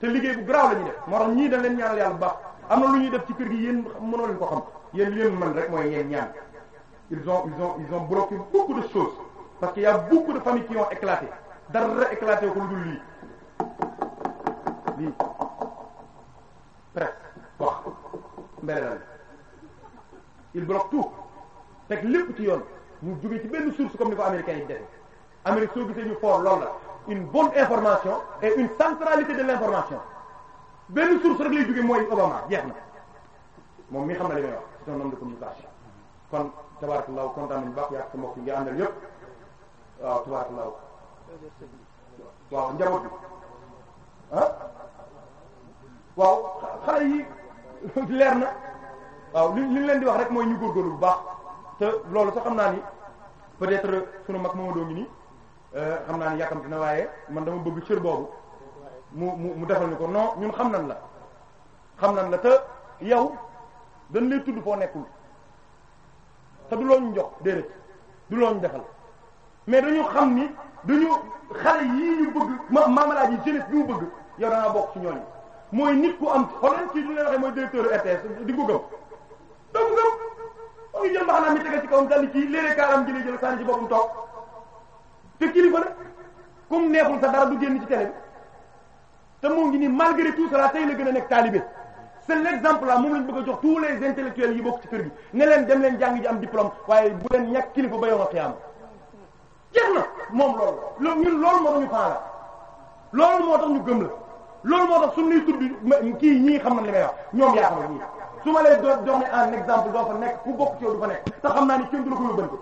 te liggéey bu garaaw la ñuy def moo ñii dañ leen ñaanal yàlla bu baax am na lu ñuy def ci kër gi yéen mënoo leen ko xam yéen li leen mën rek mooy yéen ñaan ils ont ils ont ils ont bloqué beaucoup de choses parce qu'il y a beaucoup de familles qui ont éclaté ko mbeleral il bloque tout teg lépp ci yoon ñu jóge ci benn source comme ni ko américains yi defe Amérique soo gisee ñu fort loolu la une bonne information et une centralité de l'information benn source rek lay jóge mooy Obama jeex na moom mi xam na li may wax c'est un homme de communication kon tabarakallah kontaan nañu baax yaag sa mbokk yi nga àndal waaw tabarakallah waaw njaboot bi ah waaw xale leer na waaw li li leen di wax rek mooy ñu góorgóorlu bu baax te loolu sax xam naa ni peut-être sunu mag Mamadou ngi nii euh, xam naa ni yàkkamti na waaye man dama bëgg cër boobu mu mu mu defal ni ko non ñun xam nañ la xam nañ la te yow dañ lay tudd foo nekkul te du loo ñu jox déedéet du loo ñu defal mais dañu xam ni dañu xale yii ñu bëgg ma yi jeunesse bi mu bëgg yow da ngaa bokk ci ñooñu. mooy nit ku am xoolal kii ñu lay waxee mooy directeur RTS di ko gëm. doomu gëm moo ngi jël mbaxanaam mi tegal ci kawam daldi kii léeg-léeg kaaram gi lay jël sànni ci boppam toog te kilifa la comme neexul sa dara du génn ci télé bi te moo ngi nii malgré tout cela tey la gën a nekk taalibe c'est l'exemple là moom lañ bëgg a jox tous les intellectuels yi bokk ci kër gi ne leen dem leen jàng ji am diplôme waaye bu leen ñàkk kilifa ba yow a xiyaama jeex na moom loolu loolu ñun loolu moo tax loolu moo tax ñu gëm loolu moo tax suñ lay tudd kii ñii xam na li may wax ñoom yaa xam ñii su ma lay doon ne en exemple doo fa nekk ku bokk ci yow du fa nekk te xam naa ni kenn du la ko yóbbante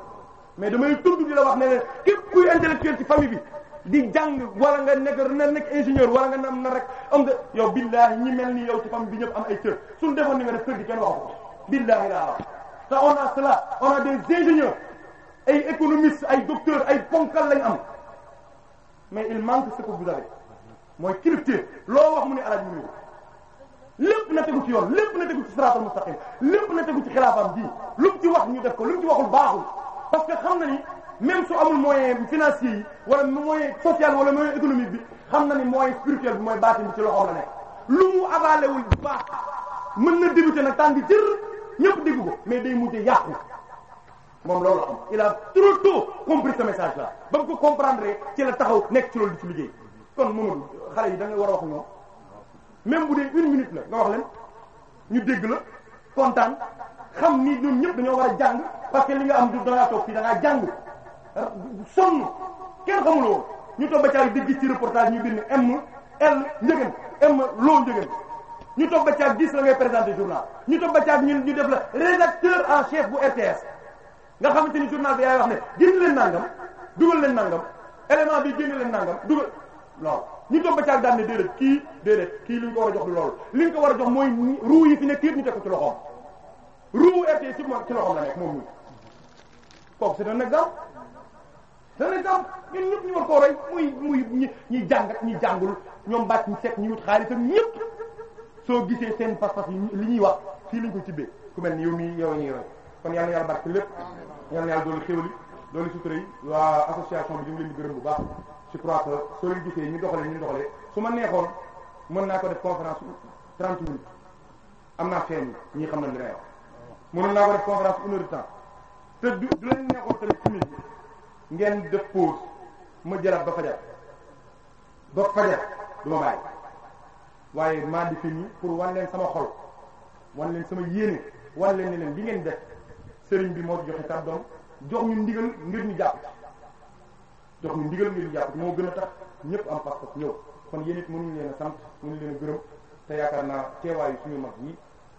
mais damay tudd di la wax ne leen képp kuy intellectuel ci famille bi di jàng wala nga nekk na nekk ingénieur wala nga nam na rek am nga yow billahi ñi mel ni yow ci famille bi ñëpp am ay cër suñ defoon ni nga def kër kenn waxu ko billahi laa wax te on a cela a des ingénieurs ay am mais il manque ce mooy cripté loo wax mu ne alaj mu ne lépp na tegu ci yoon lépp na tegu ci siraatal mustaqim lépp na tegu ci xilaafaam bii lu mu ci wax ñu def ko lu mu ci waxul baaxul parce que xam na ni même su amul moyen financier yi wala moyen social wala moyen économique bi xam na ni moyen spirituel bi mooy baatin bi ci loxoom la nekk lu mu avalewul bu baax mën na débuter nag tànn jër ñëpp dégg ko mais day mujj yàqu moom loolu am il a trop tôt compris ce message là ba mu ko comprendre ci la taxaw nekk ci loolu di ci liggéey kon mënul xale yi da war a wax ñoom même bu dee une minute la nga wax leen ñu dégg la kontaan xam ni ñoom ñëpp dañoo war a jàng parce que li nga am du dangaa toog fii da ngaa jàng sonn kenn xamuloo ñu toog ba caay dégg ci reportage ñu bind M L njëgën M loo njëgën ñu toog ba caay gis la ngay présenter journal ñu toog ba caay ñu ñu def la rédacteur en chef bu RTS nga xamante ni journal bi yaay wax ne génn leen nangam dugal leen nangam élément bi génn leen nangam dugal loolu ñu dem ba caag daan ne déedéet kii déedéet kii li ñu ko war a jox du loolu li ñu ko war a jox mooy ruu yi fi nekk yëpp ñu teg ko ci loxoom ruu RT ci ci loxoom la nekk moom ñu kooku c'est un exemple c'est un exemple ñun ñëpp ñu war koo roy muy muy ñi ñi jàng ak ñi jàngul ñoom bàcc ñu seet ñu wut xaalisam ñëpp soo gisee seen pas yi li ñuy wax fii lañ ko tibbee ku mel ni yow mii yow ñuy roy kon yal na yàlla barke lépp yal na yàlla doolu yi bu baax je crois que soo leen gisee ñu doxalee ñu doxalee su ma neexoon mën naa ko def conférence 30 minutes am naa feeñ ñi xam nañ li na wax. mënoon naa ko def conférence une heure de temps te du du leen neexoon tamit tamit ngeen def pause ma jëlaat ba fajar ba fajar du ma bàyyi waaye maa di fini pour wan sama xol wan leen sama yéene wan leen ne leen bi ngeen def sëriñ bi moo joxe kàddoom jox ñu ndigal ngir ñu jàpp ci. jox ñu ndigal ngir jàpp moo gën a tax ñëpp am pas-pas ñëw kon yéen it ñu leen a mu mënuñu leen a gërëm te yaakaar naa teewaayu suñu mag yi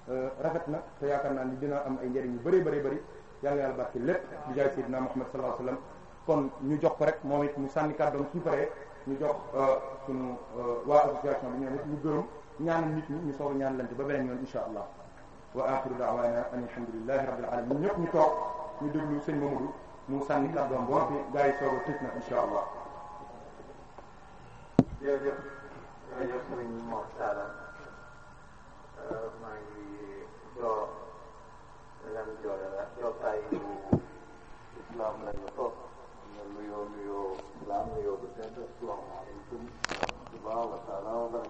euh, rafet na te yaakaar naa ni dina am ay njëriñ yu bëree bëri bëri yàlla yàlla barke lépp di jaay Seydina Muhammad sallallahu alayhi wasallam kon ñu jox ko rek moom it mu sànni kàddoom suñu paree ñu jox euh, suñu euh, waa association bi ñoom it ñu gërëm ñaanal nit ñi ñu soog ñaan lante ba beneen yoon insha allah wa axiru daawaana an alhamdulillahi rabbil alamin ñëpp ñu toog ñu sëñ Mamadou mu sànni kàddoom boo fi gaa yi soog a tëj na insha allah jërëjëf jërëjëf sëriñ Mor Talla euh, maa ngi doo lam joole la jootaayu islam la ñu toog nuyoo nuyoo islam nuyoo bu sent asalaamaaleykum wa rahmatullah wa taala